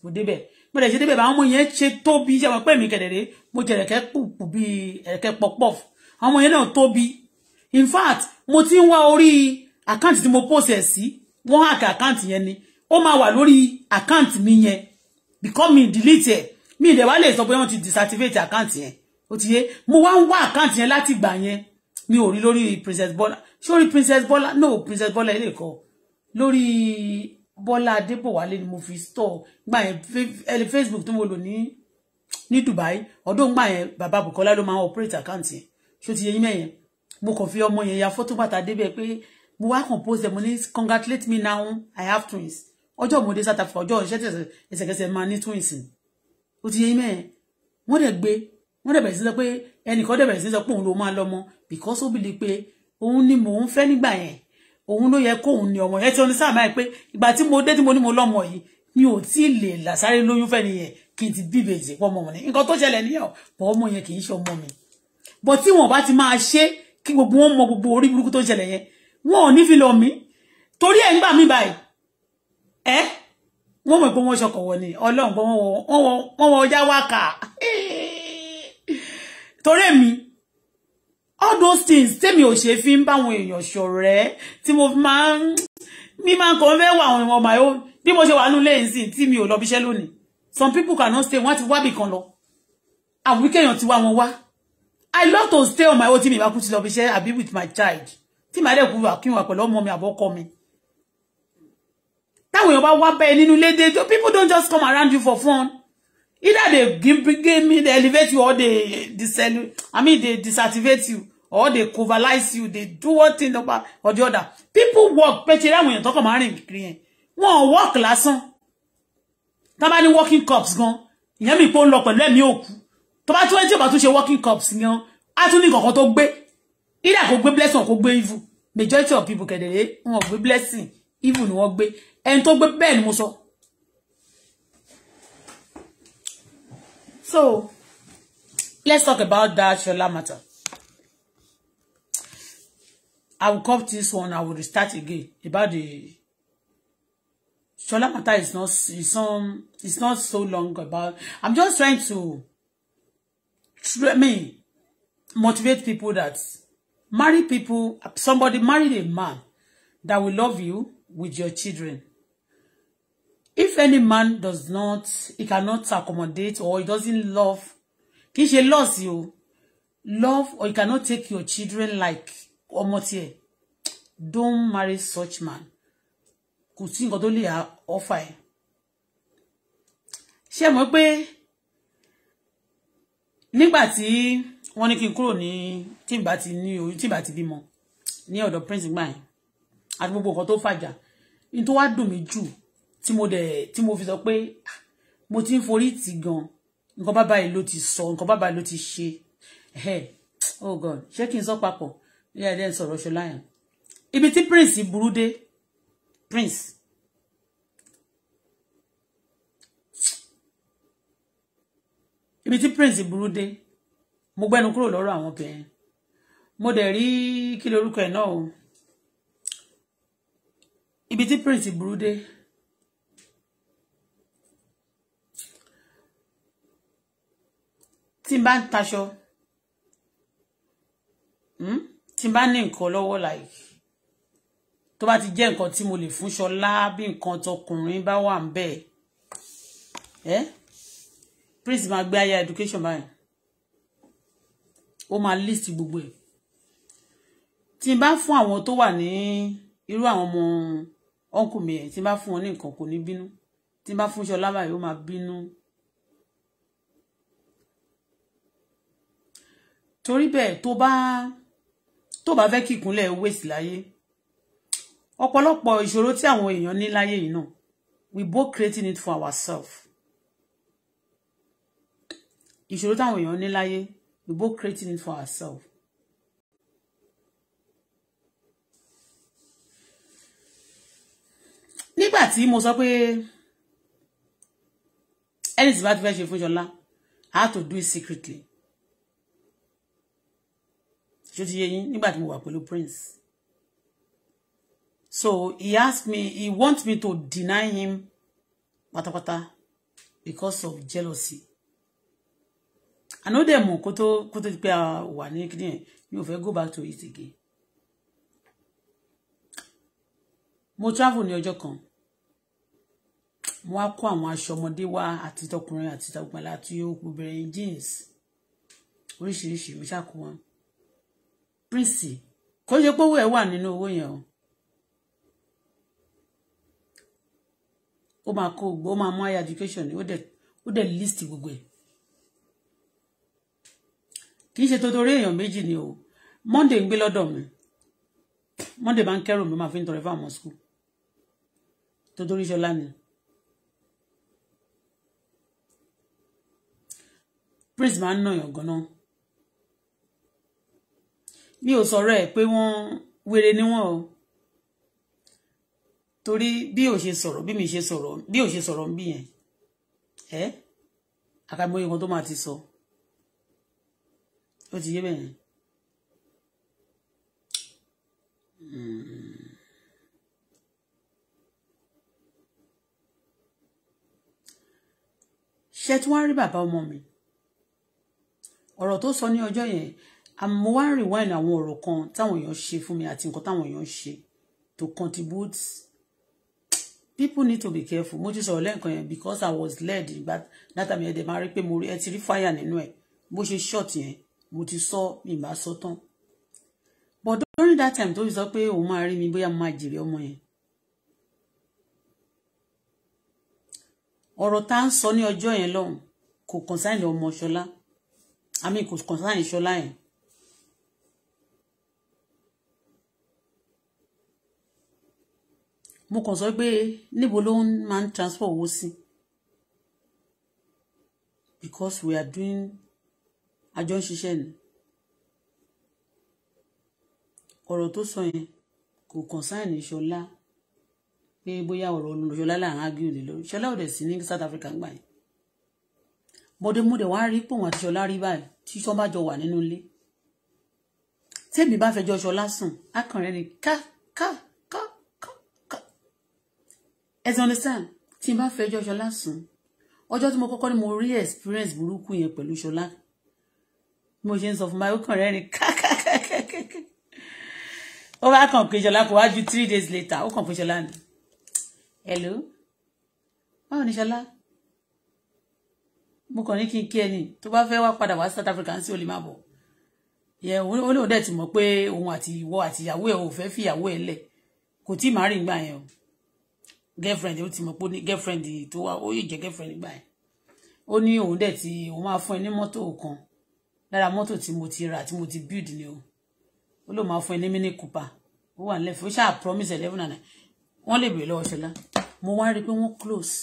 mo débẹ̀ mo dẹ̀ ṣe débẹ̀ bá àwọn ọmọ yẹn ṣe tóbi ṣe àwọn pẹ́ mi kẹ̀dẹ̀rẹ́ mo jẹ ẹ̀kẹ́ pùpù bíi ẹ̀kẹ́ pọ̀pọ̀f àwọn ọmọ yẹn náà tóbi in fact mo ti ń wá orí àkáǹtì tí mo post ẹ̀ sí wọ́n Account àkáǹtì yẹn ni ó máa wà lórí àkáǹtì mi yẹn because me delete ẹ̀ mi ìdẹ̀ wá lè sọ pé wọ́n ti deactivate account yẹn ó ti yé mo wá ń wá àkáǹtì yẹn láti ìgbà yẹn mi ò rí Princess Bola sórí Princess Bola no Princess Bola ilé ìkọ lórí Bọ́lá Adébọ̀wálé ni mo fi store gbà yẹn eh, Facebook tí mo lò ní ní Dubai ọdún gbà yẹn bàbá Bùkọ́lá ló máa ń operate account yẹn ṣó ti yẹ yín mẹ́yẹn mo kàn fi ọmọ yẹn ya fọ́tò bàtà débẹ̀ pé mo wá kàn post ẹ̀ ní congratulate me now I have twins ọjọ́ mo dé South Africa ọjọ́ ìṣẹ́ ẹsẹ̀kẹsẹ̀ máa ní twins ó ti yẹ yín mẹ́yẹn wọ́n dẹ̀ gbé wọ́n dẹ̀ bẹ̀rẹ̀ sí sọ pé ẹnìkan dẹ̀ bẹ̀rẹ̀ sí sọ pé òun ló máa lọ́mọ because ó bìlí pé òun ni mò ń fẹ́ nígbà yẹn òun ló yẹ kóun ní ọmọ yẹn tí oní sáà máa pé ìgbà tí mo dé tí mo ní mo lọ́mọ yìí mi ò tí ì lè làsáré lóyún fẹ́ nìyẹn kí n ti bí ìbejì pọ́ ọmọ mi nǹkan tó ṣẹlẹ̀ níyàn pọ̀ ọmọ yẹn kì í ṣe ọmọ mi bọ̀ tí wọ́n bá ti máa ṣe kí gbogbo wọn mọ gbogbo orí burúkú tó ṣẹlẹ̀ yẹn wọn ò ní fi lọ mí torí ẹ̀ ń gbà mí báyìí ẹ́ wọ́n mọ̀ pé wọ́n ṣọkọ̀ wọ ni ọlọ́run pé wọ́n wọ ọjà wákà torí èmi all those things tèmi ò ṣe fi ń báwọn èèyàn ṣọ̀rẹ́ tí mo máa ń mi máa ń kàn fẹ́ wà àwọn ọmọ ẹ̀hó bí mo ṣe wà nílé yìí sìn tí mi ò lọ bí iṣẹ́ lónìí some people cannot stay wọ́n ti wá bì kan lọ àwọn kéèyàn ti wá wọn wá i love to stay on my own tí mi bá kú ti lọ bí iṣẹ́ àbí with my child tí màá dẹ̀ kú wà kí n wà pẹ̀lú ọmọ mi àbọ́kọ mi táwọn èèyàn bá wá bẹ́ẹ̀ nínú lédè people don't just come around you for fun either they give, give me they elevate you or they disel I mean they deactivate you or they coverize you they do one thing about or the other people work pé ṣe láwọn èèyàn tọkàn máa rìn kiri yẹn wọn work lásán tá bá working cops gone. ìyẹn mi pé lock and let me ẹ̀mí To tó bá tún ẹni tí working cops tún ṣe working cups gan á tún ní kankan tó gbé either kò blessing kò gbé evil majority of people kẹ̀dẹ̀rẹ́ wọn ò gbé blessing Even ni wọ́n And ẹni tó gbé bẹ́ẹ̀ so let's talk about that Shola matter. I will cut this one. I will restart again about the Shola matter is not it's um it's not so long about. I'm just trying to I mean motivate people that marry people. Somebody married a man that will love you with your children. If any man does not, he cannot accommodate or he doesn't love, He í you love or he cannot take your children like ọmọ tiẹ̀ don't marry such man kò sí nǹkan tó lè offer ẹ̀ ṣé mọ̀ pé nígbà tí wọ́n ní kí n kúrò ní tí n bá ti ní oyún tí n bá ti bímọ ní ọ̀dọ̀ prince gbà yẹn àti gbogbo nǹkan tó fàjà ní tó wá dùn mí jù tí mo dẹ̀ tí mo fi sọ pé ah, mo ti ń forí tì gan nǹkan bàbá yìí ló ti sọ nǹkan bàbá yìí ló ti ṣe oh god ṣé kí n sọ papọ̀ ilé ẹ̀dẹ́ ń sọ̀rọ̀ ṣọlá yẹn ibi tí prince burú dé prince ibi tí prince burú dé mo gbẹnu kúrò lọ́rọ̀ àwọn obìnrin mo dẹ̀ rí kí lorúkọ ẹ̀ náà o ibi tí prince burú dé tí n bá ń taṣọ. Hmm? tí n bá ní nǹkan lọ́wọ́ like tó bá ti jẹ́ nǹkan tí mo lè fún Ṣọlá bí nǹkan tọkùnrin bá wà ń bẹ̀ ẹ́ prince máa gbé aya education báyìí o máa list gbogbo ẹ̀ tí n bá fún àwọn tó wà ní irú àwọn ọmọ ọ̀nkù mi ẹ̀ tí n bá fún wọn ní nǹkan kò ní bínú tí n bá fún Ṣọlá báyìí ó máa bínú. torí Ba tó bá fẹ́ kí ìkúnlẹ̀ waste láyé ọ̀pọ̀lọpọ̀ ìṣòro tí àwọn èèyàn ní láyé yìí we both creating it for ourselves ìṣòro táwọn èèyàn ní láyé we both creating it for ourselves. nígbà tí mo sọ pé ẹni tí bá ti fẹ́ ṣe fún I had to do it secretly ṣó ti yé yín nígbà tí mo wà pẹ̀lú prince so he asked me he want me to deny him pátápátá because of jealousy àná dẹ̀ mọ̀ kó tó kó tó ti pé a wà ní kíni yẹn mi ò fẹ́ go back to it again mo travel ní ọjọ́ kan mo wá kó àwọn aṣọ ọmọdé wá àti tọkùnrin àti tọkùnrin àti obìnrin jeans oríṣiríṣi mo ṣàkó wọn prince kò yẹ pé owó ẹ̀ wà nínú owó yẹn o ó máa kó gbó ó máa mú higher education ó dẹ̀ ó dẹ̀ list gbogbo ẹ̀ kì í ṣe torí èèyàn méjì ni o Monday ń gbé lọ́dọ̀ mi Monday máa ń kẹ́rù mi máa fi ń tọrẹ fáwọn school torí ṣọlá ni prince máa ń nàyàn ganan mi ò sọ̀rọ̀ ẹ̀ pé wọ́n wéré níwọ̀n o torí bí ò ṣe sọ̀rọ̀ bí mi ṣe sọ̀rọ̀ bí ò ṣe sọ̀rọ̀ bí yẹn ẹ́ àkàìmọye kan tó máa ti sọ ó ti yé bẹ́ẹ̀ yẹn. tí wọ́n rí bàbá ọmọ mi ọ̀rọ̀ tó sọ ní ọjọ́ yẹn mo wá rewind àwọn ọ̀rọ̀ kan táwọn èèyàn ṣe fún mi àti nǹkan táwọn èèyàn ṣe to contribute people need to be careful mo ti sọ̀rọ̀ lẹ́ǹkan yẹn because I was led ìgbà látàmì ẹ̀dẹ̀ máa rí pé mo rí ẹ ti rí fáyà nínú ẹ̀ bó ṣe short yẹn mo ti sọ mi bá sọ tán but during that time tó fi sọ pé òun máa rí mi bóyá mo máa jèrè ọmọ yẹn ọ̀rọ̀ tá à ń sọ ní ọjọ́ yẹn lọ́hùn kò concern ọmọ ṣọlá àmì kò concern ṣọlá yẹn mo kàn sọ pé níbo ló máa ń transfer owó sí because we are doing àjọ ń ṣiṣẹ́ ni ọ̀rọ̀ tó sọ yẹn kò concern Ṣọlá pé bóyá ọ̀rọ̀ olùṣọlá là ń ágí òde lórí Ṣọlá òde sí ní South Africa ń gbà yẹn bọ́dẹ́múdẹ̀ wá rí pòun àti Ṣọlá rí báyìí tí Ṣọlá bá jọ wà nínú ilé tèmi bá fẹjọ́ Ṣọlá sùn akànrẹ́ ni ká ká as you understand tí n bá fẹjọ́ ṣọlá sùn ọjọ́ tí mo kọ́kọ́ ni mo rí experience burúkú yẹn pẹ̀lú ṣọlá mo ṣe ń sọ fún ma kàn rẹ́rìn kákàkàkàkà three days later ó kàn hello báwo ni ṣọlá mo kàn ní kí n kí South Africa sí olè má bọ̀ yẹn ó lóun dẹ̀ ti mọ̀ pé òun àti ìwọ àti ìyàwó ẹ̀ ò fẹ́ fìyàwó ẹ̀ lẹ̀ kò tí ì má girlfriend ó ti mọ̀ pé ó girlfriend tó wà ó yìí jẹ́ girlfriend nígbà yẹn ó ní òun dẹ̀ ti òun máa fún ẹ ní mọ́tò kan lára mọ́tò tí mo ti rà tí mo ti build ni o ó lóun máa fún ẹ ní mini cooper ó wà nílẹ̀ fún promise eleven and nine wọ́n lè bèrè lọ́wọ́ ṣọlá mo wá rí i pé close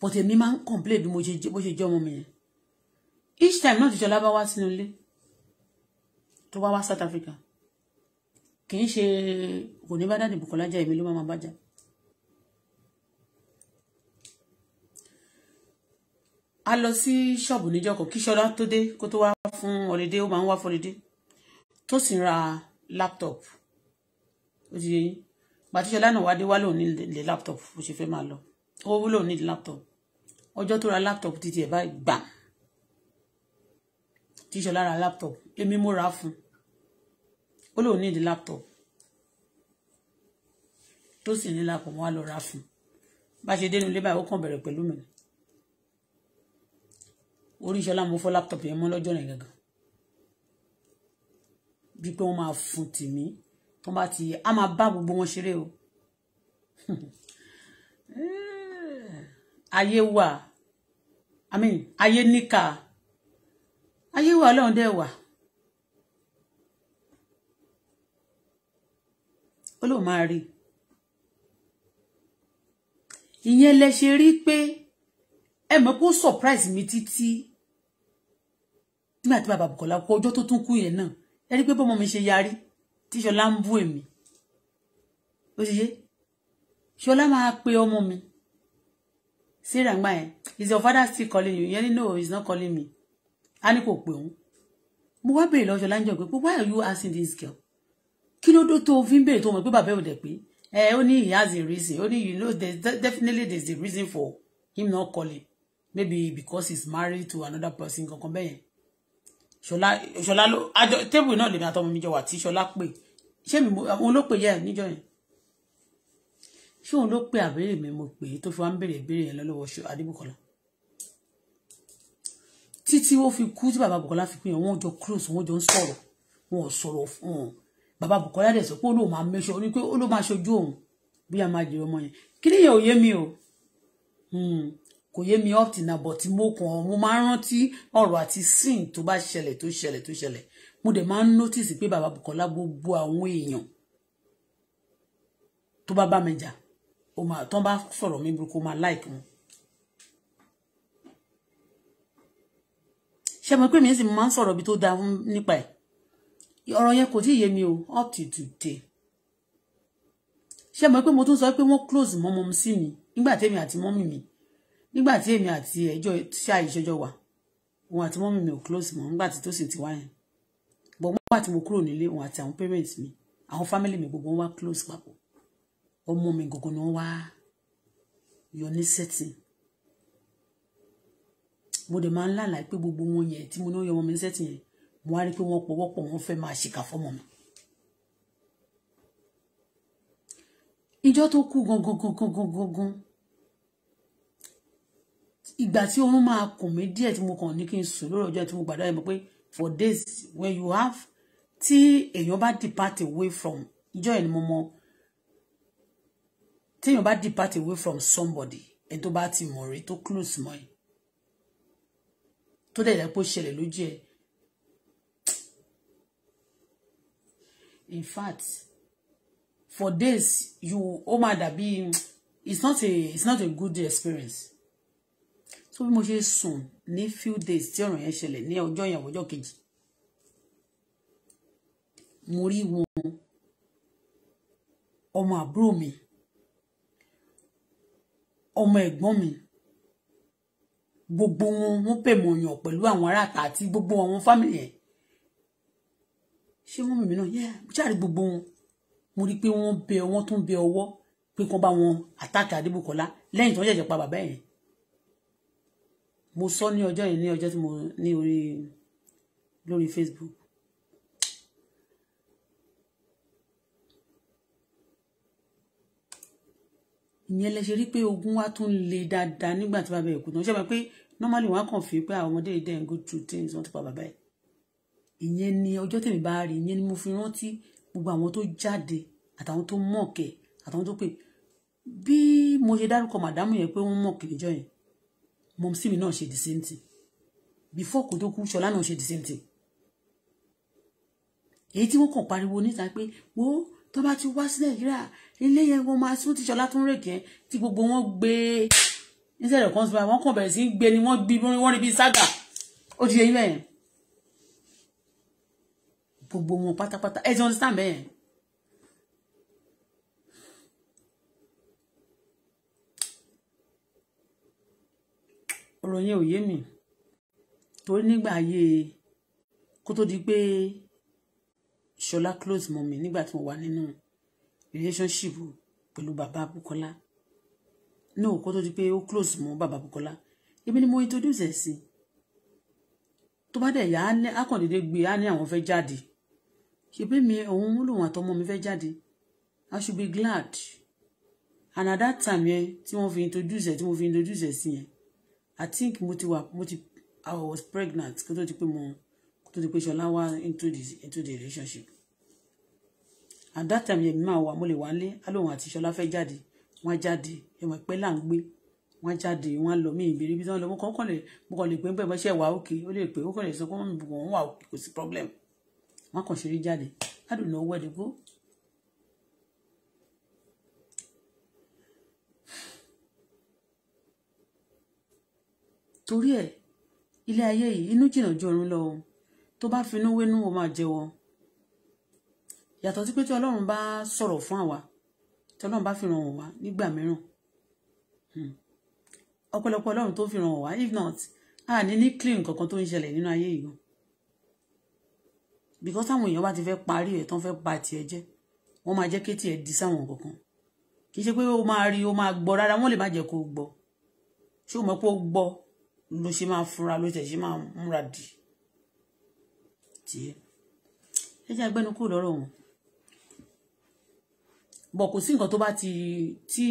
but èmi máa ń complain bí mo ṣe bó ṣe jẹ́ mi each time náà tí ṣọlá bá wá sínú ilé tó bá wá South Africa kì í ṣe kò ní bá dáàdì Bùkọ́lá jà èmi ló máa bá jà a lọ sí ṣọ́ọ̀bù níjọ́ kan kí ṣọ́lá tó dé kó tó wá fún ọ̀lẹ́dẹ́ ó máa ń wá fọ́lẹ́dẹ́ tó sì ra laptop ó ti yẹ yín gbàtí ṣọ́lá náà wá dé wá lòun nílé laptop bó ṣe fẹ́ máa lọ owó lòun nílé laptop ọjọ́ tó ra laptop títí ẹ̀ báyìí gbà tí ṣọ́lá laptop èmi mo ra fún ó lòun nílé laptop tó sì ní laptop wọn á lọ ra fún bá ṣe dénú ilé báyìí ó kàn bẹ̀rẹ̀ pẹ̀lú mi oríṣiọlá mo fọ́ laptop yẹn mọ́ lọ́jọ́ yẹn gangan bí pé wọ́n máa fún tèmi tó bá ti a máa bá gbogbo wọn ṣeré o ayé wà i mean ayé níkà ayé wà ọlọ́run dẹ̀ wà ó lóun máa rí ìyẹn lẹ ṣe rí pé ẹ mọ̀ pé surprise mi Titi. nígbà tí bàbá Bùkọ́lá kú ọjọ́ tó tún kú yẹn náà ẹ rí pé bọ́mọ mi ṣe yarí tí Ṣọlá ń bú èmi ó ṣe yé Ṣọlá máa pe ọmọ mi Sarah gbà yẹn is your father still calling you yẹn ní no he's not calling me a ní kò pè òun mo wá béèrè lọ́jọ́ láńjọ́ pé why are you asking this girl kí ló dé tó o fi ń béèrè tó mọ̀ pé bàbá ò dẹ̀ pé he has a reason Only you know there's definitely there's a reason for him not calling maybe because he's married to another person kankan bẹ́ẹ̀ yẹn ṣọlá ṣọlá ló àjọ tébù náà lèmi àtọmọ mi jọ wà tí ṣọlá pè ṣé mi òun ló pè yẹ níjọ yẹn ṣé òun ló pè àbẹ̀rẹ̀ mi mo pè é tó fi wá ń béèrè ìbéèrè yẹn lọ́wọ́ ṣọ adébùkọ́lá títí ó fi kú tí bàbá Bùkọ́lá fi pín yẹn wọ́n jọ close wọ́n jọ ń sọ̀rọ̀ wọn ò sọ̀rọ̀ fún un bàbá Bùkọ́lá dẹ̀ sọ pé ó lóun máa mẹ́ṣọ́ ní pé ó máa ṣojú òun bí a máa jẹ ọmọ yẹn kí ni yẹn ò mi o hmm kò yé mi up till now but mo kàn mo máa ń rántí ọ̀rọ̀ àti sin tó bá ṣẹlẹ̀ tó ṣẹlẹ̀ tó ṣẹlẹ̀ mo dẹ̀ máa ń notice pé bàbá Bukola gbogbo àwọn èèyàn tó bá bá mi jà ó bá sọ̀rọ̀ mi burúkú máa like wọn. ṣé mo pé mi sì máa ń sọ̀rọ̀ ibi tó dáa nípa ẹ̀ ọ̀rọ̀ yẹn kò tí ì yé mi o up till today ṣé mo pé mo tún sọ pé wọ́n close mọ́ mọ́ sí mi nígbà tẹ́mi àti mọ́mì mi nígbà tí èmi àti ẹjọ́ tí àìṣẹjọ wà òun àti mọ́mí mi ò close mọ́ nígbà tí tó sì ti wá yẹn bọ̀ nígbà tí mo kúrò nílé òun àti àwọn parents mi àwọn family mi gbogbo wọn wá close papọ̀ ọmọ mi gbogbo ni wọ́n wá yọ ní setting mo dẹ̀ máa ń lálàá pé gbogbo wọn yẹn tí mo ní yọ ọmọ mi ní setting yẹn mo wá rí pé wọ́n pọ̀wọ́pọ̀ wọ́n fẹ́ máa ṣìkà fọ́mọ mi. ìjọ tó kú gangan gangan gangan gangan ìgbà tí oorun máa kùn mí díẹ̀ tí mo kàn ní kí n sùn lórí ọjọ́ tí mo gbàdúrà yẹn pé for days when you have tí èèyàn bá depart away from ìjọ ẹ̀ ni mo mọ tí èèyàn bá depart away from somebody ẹni tó bá ti mọ̀ rí tó close mọ́ ẹ̀ tó dẹ̀ dẹ́pọ̀ ṣẹlẹ̀ lójú ẹ̀ in fact for days you ó máa dàbí it's not a it's not a good experience so bí mo ṣe sùn ní few days tí ọ̀ràn yẹn ṣẹlẹ̀ ní ọjọ́ yẹn ọjọ́ kejì mo rí wọn ọmọ àbúrò mi ọmọ ẹ̀gbọ́n mi gbogbo wọn wọn pè mọ yàn pẹ̀lú àwọn aráàtà àti gbogbo àwọn fámìlì yẹn ṣé wọn mìíràn náà yẹ jáde gbogbo wọn mo rí i pé wọn bẹ wọn tún bẹ ọwọ́ pé kán bá wọn àtàkì Adébùkọ́lá lẹ́yìn tí wọn ṣẹ̀ṣẹ̀ pa bàbá yẹn mo sọ ní ọjọ́ yẹn ní ọjọ́ tí mo ní orí lórí Facebook ìyẹn lẹ ṣe rí pé ogun wa tún le dáadáa nígbà tí bàbá ẹ kú tán ṣé pé normally wọn á kàn fi pé àwọn ọmọdé yìí dẹ́n go through things wọn ti pa bàbá ẹ ìyẹn ni ọjọ́ tèmi bá rí ìyẹn ni mo fi rántí gbogbo àwọn tó jáde àtàwọn tó mọ̀ọ́kẹ́ àtàwọn tó pè bí mo ṣe dárúkọ màdámù yẹn pé wọ́n mọ̀ọ́kẹ́ níjọ́ yẹn mọ̀mísí mi náà ṣe the same thing before kò tó kú ṣọlá náà ṣe the same thing èyí tí wọ́n kàn pariwo níta pé wo tó bá ti wá sí nàìjíríà ilé yẹn wọ́n máa tún ti ṣọlá tún rèké tí gbogbo wọn gbé níṣẹ́ rẹ̀ kan sọ àwọn kan bẹ̀rẹ̀ sí í gbé ni wọ́n bí wọ́n rí bí sága ó ti yẹ yín bẹ́ẹ̀ gbogbo wọn pátápátá ẹ ti understand bẹ́ẹ̀ yẹn ọ̀rọ̀ yẹn ò yé mi torí nígbà ayé kó tó di pé Ṣọlá close mọ́ mi nígbà tí mo wà nínú relationship pẹ̀lú bàbá Bukola no kó tó di pé ó close mọ́ bàbá Bukola èmi ni mo introduce ẹ̀ sí tó bá dẹ̀ yá á kàn déédéé gbé á ní àwọn fẹ́ jáde ṣebí mi òun ló àtọmọ mi fẹ́ jáde I should be glad and at that time yẹn tí wọ́n fi introduce ẹ̀ tí mo fi introduce ẹ̀ sí yẹn I think mo ti wà mo ti I was pregnant kó tó di pé mo kó tó di pé Ṣọlá wá into the into the relationship at that time yẹmi máa wà mo lè wà nílé alóhùn àti Ṣọlá fẹ́ jáde wọ́n á jáde ẹmọ pé là ń gbé wọ́n á jáde wọ́n á lọ mí ìbéèrè ibi tí wọ́n lọ mo kàn kàn lè mo kàn lè pé pé ẹmọṣẹ wà òkè ó lè pé ó kàn lè sọ pé wọ́n wà òkè kò sí problem wọ́n kàn ṣeré jáde I don't know where to go torí ẹ̀ ilé ayé yìí inú jìnnà ju ọ̀run lọ o tó bá finú wénú o máa jẹ́wọ́ yàtọ̀ sí pé tí Ọlọ́run bá sọ̀rọ̀ fún àwa tí Ọlọ́run bá fi ràn wọ́n wá nígbà mìíràn hmm, ọ̀pọ̀lọpọ̀ Ọlọ́run tó fi ràn wọ́n wá if not a ní ní clean kankan tó ń ṣẹlẹ̀ nínú ayé yìí because táwọn èèyàn bá ti fẹ́ parí ẹ̀ tán fẹ́ ba tiẹ̀ jẹ́ wọ́n máa jẹ́ kétì ẹ̀ di sáwọn kankan kì í ṣe pé ó máa rí ó máa gbọ́ rárá wọ́n lè má jẹ́ kó gbọ́ ṣé o mọ̀ pé ó gbọ́ ló ṣe máa fúnra ló ṣe ṣe máa múra dì tí ẹ jẹ́ agbẹ́nu kúrò lọ́rọ̀ wọn bọ̀ kò sí nǹkan tó bá ti tí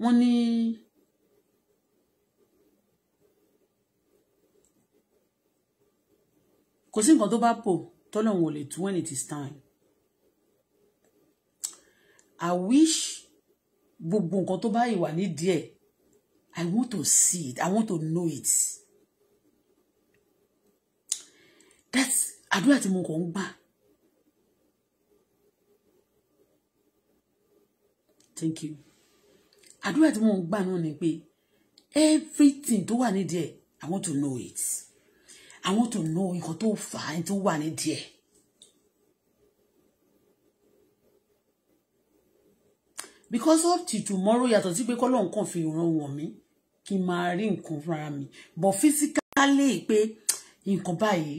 wọ́n ní kò sí nǹkan tó bá pọ̀ tọ́lọ́run ò lè tú when it is time I wish gbogbo nǹkan tó bá ìwà nídìí ẹ̀ I want to see it. I want to know it. That's àdúrà tí mo kàn ń gbà. Thank you. Àdúrà tí mo ń gbà náà ni pé everything tó wà nídìí ẹ̀ I want to know it. I want to know nǹkan tó fà á tó wà nídìí Because up to tomorrow yàtọ̀ sí pé kọ́lọ́ọ̀ kan fi ìran wọ̀n mí kí n máa rí nǹkan fúnra mi bọ̀ physically pé nǹkan báyìí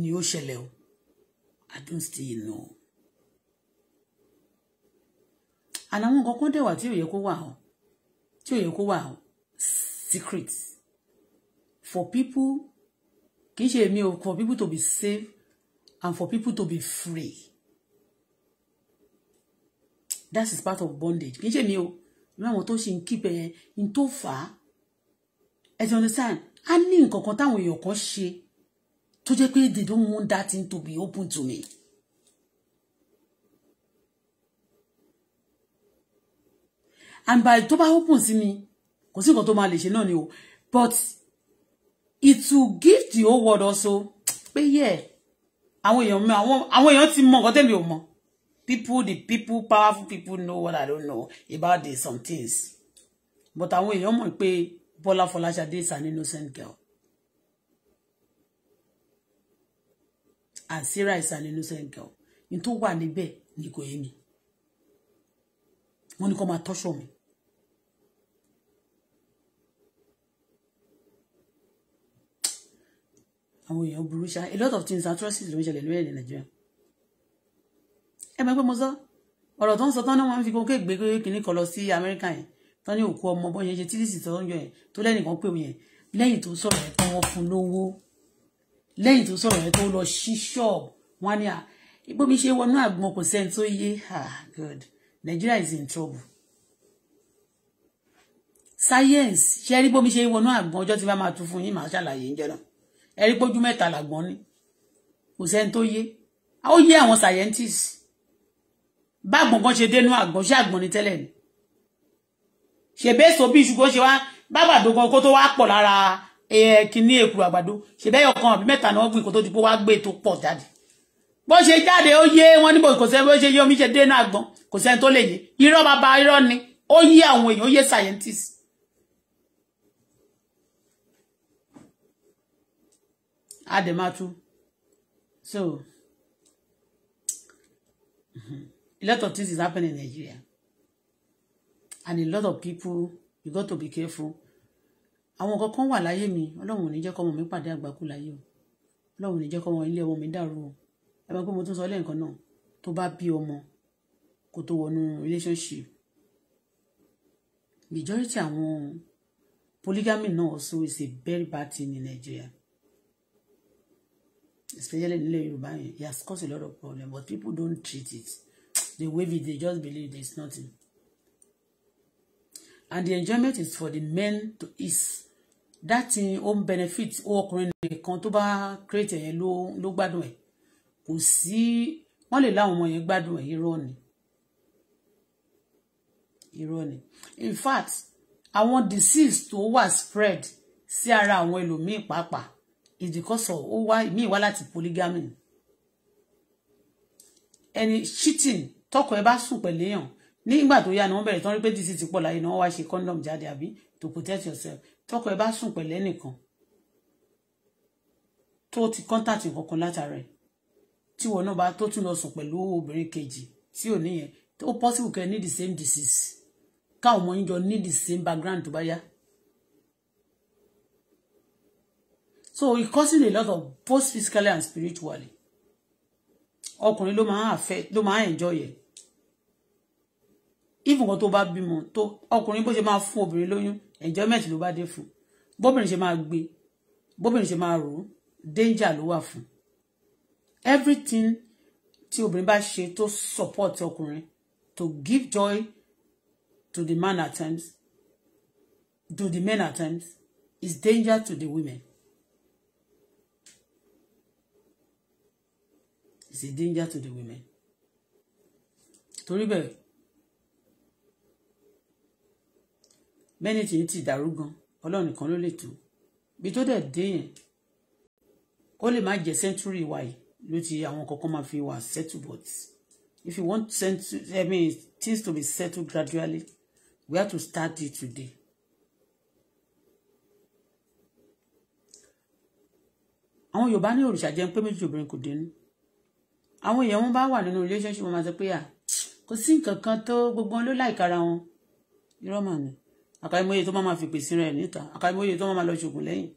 ni ó ṣẹlẹ̀ o I don't still know. and àwọn nǹkan kan dẹ̀ wà tí ò yẹ kó wà o tí ò yẹ kó wà o secret for people kì í ṣe èmi o for people to be safe and for people to be free that is part of bondage kì í ṣe èmi o ìlú àwọn tó ṣe ń kíbẹ̀ yẹn ń tó fà á ẹ ti understand a ní nǹkan kan táwọn èèyàn kan ṣe tó jẹ́ pé they don't want that thing to be open to me. and by tó bá open sí mi kò sí nǹkan tó máa lè ṣe náà ni o but it will give the whole world also pé yẹ àwọn èèyàn mọ àwọn àwọn èèyàn ti mọ nǹkan tẹ́mi ò mọ people the people powerful people know what I don't know about the some things but àwọn èèyàn mọ̀ pé. Bola Folashade is an innocent girl. And Sarah is an innocent girl. Ní tó wà níbẹ̀ ni kò yé mi. Wọ́n ní kó máa tọ́ṣọ̀ mi. Àwọn èèyàn burú A lot of things atrocities ló ń ṣẹlẹ̀ lórí èdè Nàìjíríà. Ẹ mọ̀ pé mo sọ ọ̀rọ̀ tó ń sọ tán náà wọ́n fi kókè gbé kínní kan lọ sí Amẹ́ríkà yẹn tán ní òkú ọmọ bọ́n yẹn ṣe tírísì tó ń yọ ẹ̀ tó lẹ́nìkan pè mí yẹn lẹ́yìn tó sọ̀rọ̀ ẹ̀ tán wọ́n fún lówó lẹ́yìn tó sọ̀rọ̀ ẹ̀ tó lọ sí ṣọ́ọ̀bù wọn ni à ibo mi ṣe wọnú àgbọn kò sẹ́ni tó yé ah good Nigeria is in trouble science ṣe rí bó mi ṣe wọnú àgbọn ọjọ́ tí bá máa tu fún yín màá ṣàlàyé ń jẹ́nà ẹ rí pójú mẹ́ta làgbọ́n ni kò sẹ́ni tó yé ó yé àwọn scientists bá àgbọn kan ṣe dénú àgbọn ṣé àgbọn ni tẹ́lẹ̀ ni ṣèbéso bí iṣu kó ṣe wá bàbàdo gan kó tó wá pọ̀ lára kíní èkuru àgbàdo ṣèbẹ́yọ̀ kan àbí mẹ́ta náà gbìn kó tó di pé wá gbé tó pọ̀ jáde bó ṣe jáde ó yé wọn níbo kò sẹ́ni bó ṣe yé omi ṣe dé náà gbọ́n kò sẹ́ni tó lè yé irọ́ bàbá irọ́ ni ó yé àwọn èèyàn ó yé scientist Adematu so a lot of things is happening in Nigeria and a lot of people you got to be careful àwọn nǹkan kan wà láyé mi ọlọ́run ò ní jẹ́ kọ́ ọmọ mi pàdé àgbákù láyé o ọlọ́run ò ní jẹ́ kọ́ ọmọ ilé ọmọ mi dàrú o ẹ máa pé mo tún sọ lẹ́ẹ̀kan náà tó bá bí ọmọ kó tó wọnú relationship majority àwọn polygamy náà also is a very bad thing in Nigeria especially nílẹ̀ Yorùbá yẹn it has caused a lot of problem but people don't treat it The way they just believe there is nothing and the enjoyment is for the men to ease that thing home benefit ọkùnrin nìkan tó bá create ẹ̀ ló ló gbádùn ẹ̀ kò sí wọ́n lè láwọn ọmọ yẹn gbádùn ẹ̀ irọ́ ni irọ́ ni in fact àwọn disease tó wà spread sí ara àwọn ẹlòmíì pàápàá is because of ó wá ìmíì wá láti polygamy ẹni cheating tọkọ ẹ bá sùn pẹ̀lú èèyàn nígbà tó yá ni wọ́n bẹ̀rẹ̀ tán rí pé dc ti pọ̀ láyé ni wọ́n wá ṣe condom jáde àbí to protect yourself tọkọ ẹ bá sùn pẹ̀lẹ́ nìkan tó ti contact kankan látara ẹ̀ tí wọn náà bá tó tún lọ sùn pẹ̀lú obìnrin kejì tí ò níyẹn ó possible kẹ́ ní the same disease káwọn ọmọ yín jọ ní the same background tó bá yá. so it causing a lot of both physically and spiritually ọkùnrin ló máa ń àfẹ ló máa ń enjoy yẹn even kan tó bá bímọ tó ọkùnrin bó ṣe máa fún obìnrin lóyún enjoyment ló bá dé fún bóbìnrin ṣe máa gbé bóbìnrin ṣe máa rò ó danger ló wà fún everything tí obìnrin bá ṣe tó support ọkùnrin to give joy to the man at times to the men at times is danger to the women is a danger to the women torí bẹ́ẹ̀ many things ti dàrú gan ọlọ́run nìkan ló lè tó bí tó dẹ̀ dé yẹn ó lè má jẹ́ century wa yìí ló ti àwọn kankan máa fi wà settle but if you want century, I mean, things to be settled gradually we have to start it today. àwọn yorùbá ní òrìṣà jẹun pé méjì obìnrin kò dénú àwọn èèyàn wọn bá wà nínú relationship wọn máa sọ pé à kò sí nǹkan kan tó gbogbo wọn ló láìka ara wọn irọ́ màá ní àkàìmọye tó máa ma fìpè sí rẹ níta àkàìmọye tó máa ma lọ ṣògùn lẹ́yìn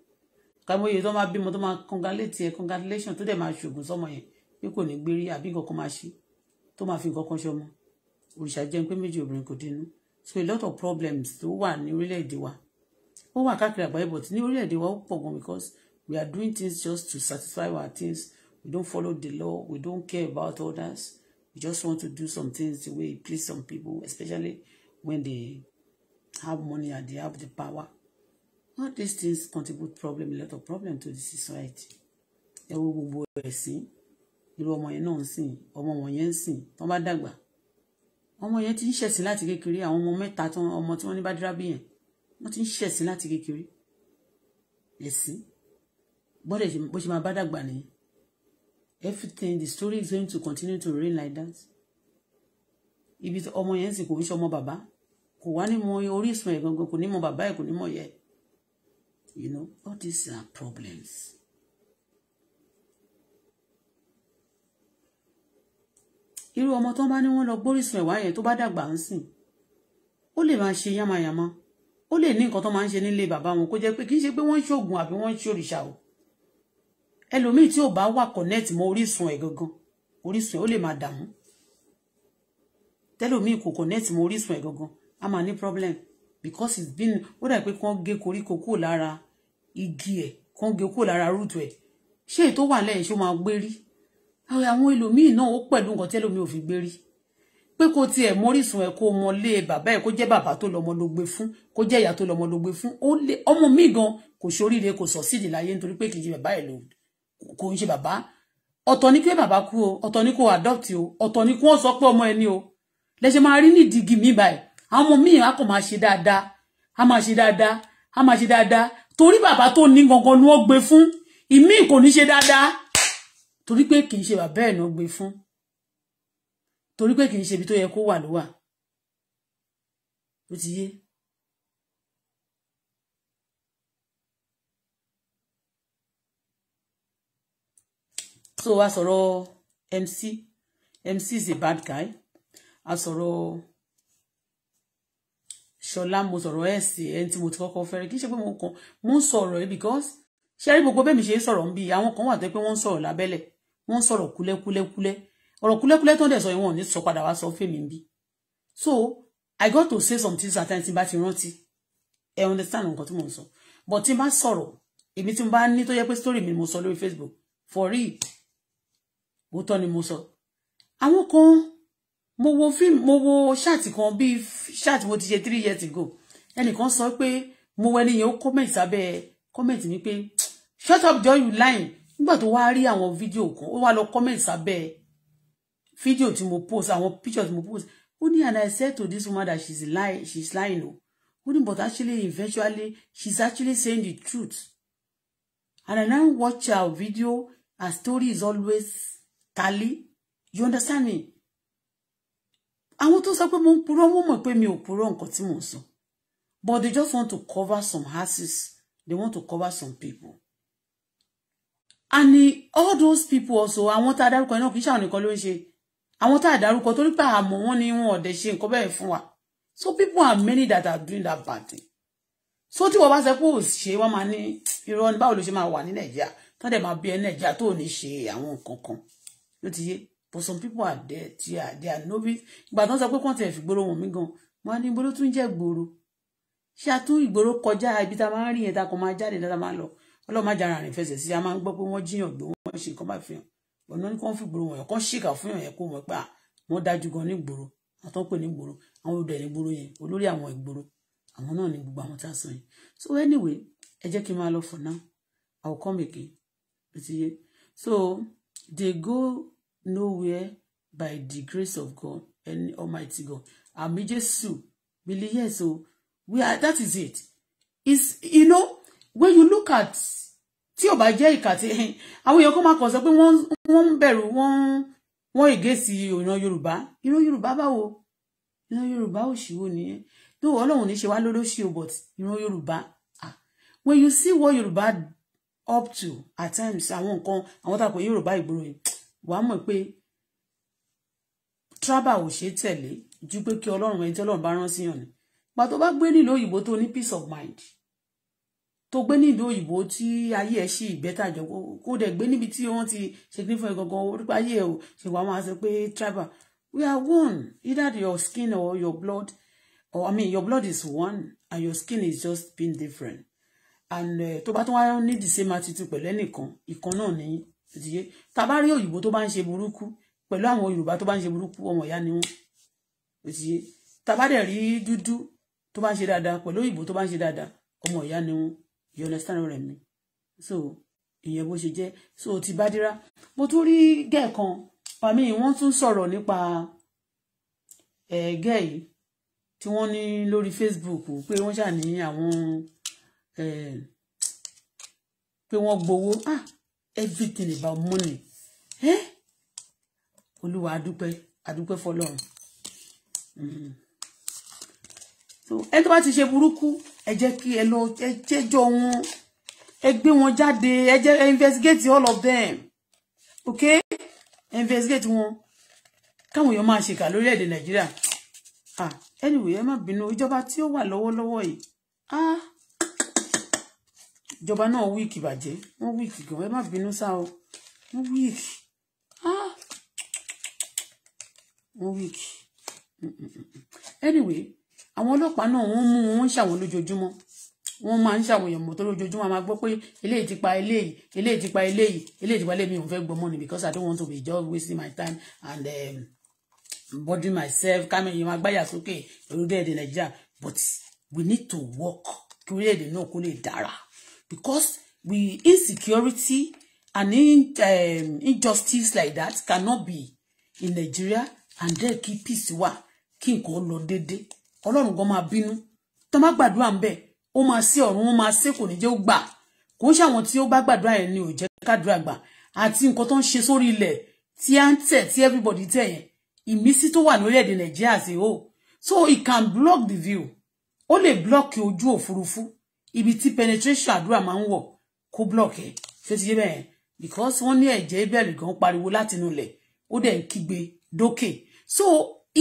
àkàìmọye tó máa bímọ tó máa congratulate ẹ congratulation tó dẹ̀ máa ṣògùn sọmọ yẹn pé kò ní gbérí àbí nǹkan máa ṣe tó máa fi nǹkan kan ṣọmọ òrìṣà jẹun pé méjì obìnrin kò dénú so a lot of problems tó wà ní orílẹ̀-èdè wa ó wà káàkiri àgbáyé but ní orílẹ̀-èdè wa ó pọ̀ gan because we are doing things just to satisfy our things we don't follow the law we don't care about others we just want to do some things the way it please some people especially when they have money and they have the power. All these things contribute problem, a lot of problem to the society. Ẹ wo gbogbo ẹ̀sìn, irú ọmọ yẹn náà ń sìn, ọmọ wọn yẹn ń sìn, tó bá dàgbà. Ọmọ yẹn ti ń ṣẹ̀sìn láti kékeré, àwọn ọmọ mẹ́ta ọmọ tí wọ́n ní Bádírábì yẹn, wọ́n ti ń ṣẹ̀sìn láti kékeré. Ẹ̀sìn, bọ́dẹ̀ bó ṣe máa bá dàgbà nìyẹn. Everything, the story is going to continue to rain like that. Ibi ọmọ yẹn sì kò ń ṣe ọmọ bàbá, kò wá ní mọ orísun ẹ̀ gangan kò ní mọ bàbá ẹ̀ kò ní mọ yẹ you know all these are problems. irú ọmọ tó bá ní wọ́n lọ gbórísun ẹ̀wá yẹn tó bá dàgbà ń sìn ó lè máa ṣe yamayama ó lè ní nǹkan tó máa ń ṣe nílé bàbá wọn kó jẹ́ pé kì í ṣe pé wọ́n ń ṣoògùn àbí wọ́n ń ṣe òrìṣà o ẹlòmíì tí ò bá wà connect mọ́ orísun ẹ̀ gangan orísun ẹ̀ ó lè máa dààmú tẹlòmíì kò connect mọ́ orísun ẹ̀ gangan a máa ní problem because it's been ó dà pé kán gé koríko kúrò lára igi ẹ̀ kán gé kúrò lára rúùtù ẹ̀ ṣé èyí tó wà lẹ́yìn ṣé ó máa gbé rí àwọn ẹlòmíì náà ó pẹ̀lú nǹkan tí ẹlòmíì ò fi gbé rí pé kó tiẹ̀ mọ́rísùn ẹ̀ kó mọlé bàbá ẹ̀ kó jẹ́ bàbá tó lọ́mọ ló gbé fún kó jẹ́ ìyá tó lọ́mọ ló gbé fún ọmọ mi gan kò ṣoríire kò sọ̀sídìí láyé nítorí pé kì í ṣe bàbá ẹ̀ ló kò ń ṣe bàbá ọ̀tọ̀ ni pé bàbá kú o ọ̀tọ̀ ni kó adopt o ọ̀tọ̀ ni kó sọ pé ọmọ ẹ ní o lẹ́sẹ̀ máa rí nídìí mi báyìí àwọn ọmọ míì á kàn máa ṣe dáadáa á máa ṣe dáadáa á máa ṣe dáadáa torí bàbá tó ní gangan ni wọ́n gbé fún ìmíì kò ní ṣe dáadáa torí pé kì í ṣe bàbá ẹ̀ náà gbé fún torí pé kì í ṣe ibi tó yẹ kó wà ló wà ó ti yé. so a sọ̀rọ̀ MC MC is a bad guy a sọ̀rọ̀ ṣọlá mo sọ̀rọ̀ ẹ̀ sí ẹni tí mo ti kọ́kọ́ fẹ́rẹ́ kì í ṣe pé mo kàn mo ń sọ̀rọ̀ ẹ̀ because ṣé rí gbogbo bẹ́ẹ̀ mi ṣe ń sọ̀rọ̀ ń bí àwọn kan wà tó pé wọ́n ń sọ̀rọ̀ lábẹ́lẹ̀ wọ́n ń sọ̀rọ̀ kúlẹ́kúlẹ́kúlẹ́ ọ̀rọ̀ kúlẹ́kúlẹ́ tó ń dẹ̀ sọ ìwọ̀n ní sọ padà wá sọ fèmí ń so i got to say something things at times tí bá ti rántí ẹ understand nǹkan tí mo ń sọ but tí n bá sọ̀rọ̀ èmi tí n bá ní tó yẹ pé story mi mo sọ lórí Facebook for real òótọ́ ni mo sọ àwọn kan mo wo fíìmù mo wo ṣáàtì kan bíi ṣáàtì mo ti ṣe three years ago ẹnìkan sọ pé mo wẹ níyẹn ó comment sábẹ́ comment mi pé shut up joy you lying nígbà tó wá rí àwọn fídíò kan ó wá lọ comment sábẹ́ fídíò tí mo post àwọn picture tí mo post ó ní and I said to this woman that she's lying she's lying o ó ní but actually eventually she's actually saying the truth and I now watch her video her story is always tally you understand me àwọn tó sọ pé mo ń purọ́ wọ́n mọ̀ pé mi ò purọ́ nǹkan tí mò ń sọ but they just want to cover some houses. they want to cover some people and all those people also àwọn tá a dárúkọ iná kì í ṣàwọn nìkan ló ń ṣe àwọn tá a dárúkọ torí pé àmọ́ wọn ni wọn ọ̀dẹ̀ ṣe nǹkan bẹ́ẹ̀ fún wa so people are many that are doing that bad thing so tí wọ́n bá sọ pé ò ṣe wọ́n máa ní irọ́ ni báwo ló ṣe máa wà ní nàìjíríà tọ́dẹ̀ máa bí ẹ nàìjíríà tó ò ní ṣe àwọn nǹkan kan ló ti yé but some people are there they are they are novice ìgbà tó ń sọ pé kàn tẹ̀ fi gbòòrò wọn mí gan wọn á ní gbòòrò tún jẹ́ gbòòrò ṣé a tún ìgbòòrò kọjá ibi tá a máa ń rí yẹn tá a kàn máa jáde tá a máa lọ ọlọ́run má jára rìn fẹsẹ̀ sí a máa ń gbọ́ pé wọ́n jiyàn gbé wọ́n ṣe nǹkan bá fi hàn ọ̀nà ní kàn fi gbòòrò wọn yẹn kàn ṣìkà fún yàn yẹn kó mọ̀ pé wọ́n dájú gan ní gbòòrò àtọ́pẹ́ ní gbòòrò àwọn olùdẹ̀ ní gbòòrò yẹn olórí àwọn ìgbòòrò àwọn náà ní gbogbo àwọn tá a sọ so anyway ẹ jẹ́ kí n máa lọ for now I will come again so they go nowhere by the grace of God and Almighty God àmì Jésù really yes So we are that is it is you know when you look at tí ò bá jẹ́ ìkà tí àwọn èèyàn kan máa kàn sọ pé wọ́n ń bẹ̀rù wọ́n wọ́n ègé sí ìran yorùbá ìran yorùbá báwo ìran yorùbá òṣìwò nìyẹn tó ọlọ́run ní ṣe wá lólóṣì o but you know Yoruba. ah when you see what Yoruba up to at times àwọn nǹkan àwọn tàpọ̀ yorùbá ìgboro yìí wàá mọ̀ pé travel ò ṣe tẹ̀lé ju pé kí ọlọ́run ẹni tí ọlọ́run bá rán sí ni gbà tó bá gbé nílùú òyìnbó tó ní peace of mind tó gbé nílùú òyìnbó tí ayé ẹ ṣì bẹ́tà jọ kó dẹ̀ gbé níbi tí wọ́n ti ṣe kí fún ẹ gangan orí ayé ẹ ò ṣe wàá máa sọ pé we are one either your skin or your blood or I mean your blood is one and your skin is just being different and eh, to bá tún wá need the same attitude pẹ̀lú ẹnìkan ìkan náà nìyí ṣètìyé tàbá rí òyìnbó tó bá ń ṣe burúkú pẹ̀lú àwọn yorùbá tó bá ń ṣe burúkú ọmọ ìyá ni wọ́n ṣètìyé tàbá dẹ̀ rí dúdú tó bá ń ṣe dáadáa pẹ̀lú òyìnbó tó bá ń ṣe dáadáa ọmọ ìyá ni wọ́n you understand rẹ̀ mi so ìyẹn bó ṣe jẹ́ so ti bádírá mo tún rí gẹ́ẹ̀ kan pàmí wọ́n tún sọ̀rọ̀ nípa ẹ̀ẹ́gẹ́ yìí tí wọ́n ní lórí Facebook pé wọ́n ṣà ní àwọn pé wọ́n gbowó ah everything about money eh? Oluwa olúwa adúpẹ́ adúpẹ́ fọ́lọ́run so ẹ tó bá ti ṣe burúkú ẹ jẹ́ kí ẹ lọ ẹ jẹ́jọ́ wọn ẹ gbé wọn jáde ẹ jẹ́ investigate all of them okay investigate wọn káwọn èèyàn máa ṣèkà lórílẹ̀-èdè Nigeria. ah anyway ẹ má bínú ìjọba tí ó wà lọ́wọ́lọ́wọ́ yìí ah ìjọba náà wíìkì bàjẹ́ wọ́n wíìkì gan ẹ má bínú sá o wọ́n wíìkì ah! wọ́n wíìkì anyway àwọn ọlọ́pàá náà wọ́n mú wọn ṣàwọn lójoojúmọ́ wọ́n máa ń ṣàwọn èèyàn mọ́tò lójoojúmọ́ a máa gbọ́ pé eléyìí ti pa eléyìí eléyìí ti pa eléyìí eléyìí ti pa eléyìí mi ò fẹ́ gbọ́ mọ́ni because I don't want to be just wasting my time and um, body myself kámi èèyàn máa gbáyà sókè lórílẹ̀-èdè Nàìjíríà but we need to work kí orílẹ̀-èdè náà kó lè dára because we insecurity and in, um, injustice like that cannot be in Nigeria and then keep peace wà kí nǹkan lọ déédéé Ọlọ́run gan máa bínú tán bá gbàdúrà ń bẹ ó máa sí ọ̀run ó máa sí kò ní jẹ́ ó gbà kò ń ṣe àwọn tí ó bá gbàdúrà yẹn ni ò jẹ́ kádùúrà gbà àti nǹkan tó ń ṣe sórí ilẹ̀ tí à ń tẹ̀ tí everybody tẹ̀ yẹn ìmísí tó wà lórílẹ̀‐èdè Nàìjíríà sí o so it can block the view ó lè block ojú òfurufú ibi tí penetration àdúrà máa ń wọ̀ kó block ẹ̀ ṣé ti yé bẹ́ẹ̀ because wọ́n ní ẹ̀jẹ̀ Abel gan pariwo láti inú ilẹ̀ ó dẹ̀ ń kígbe dókè so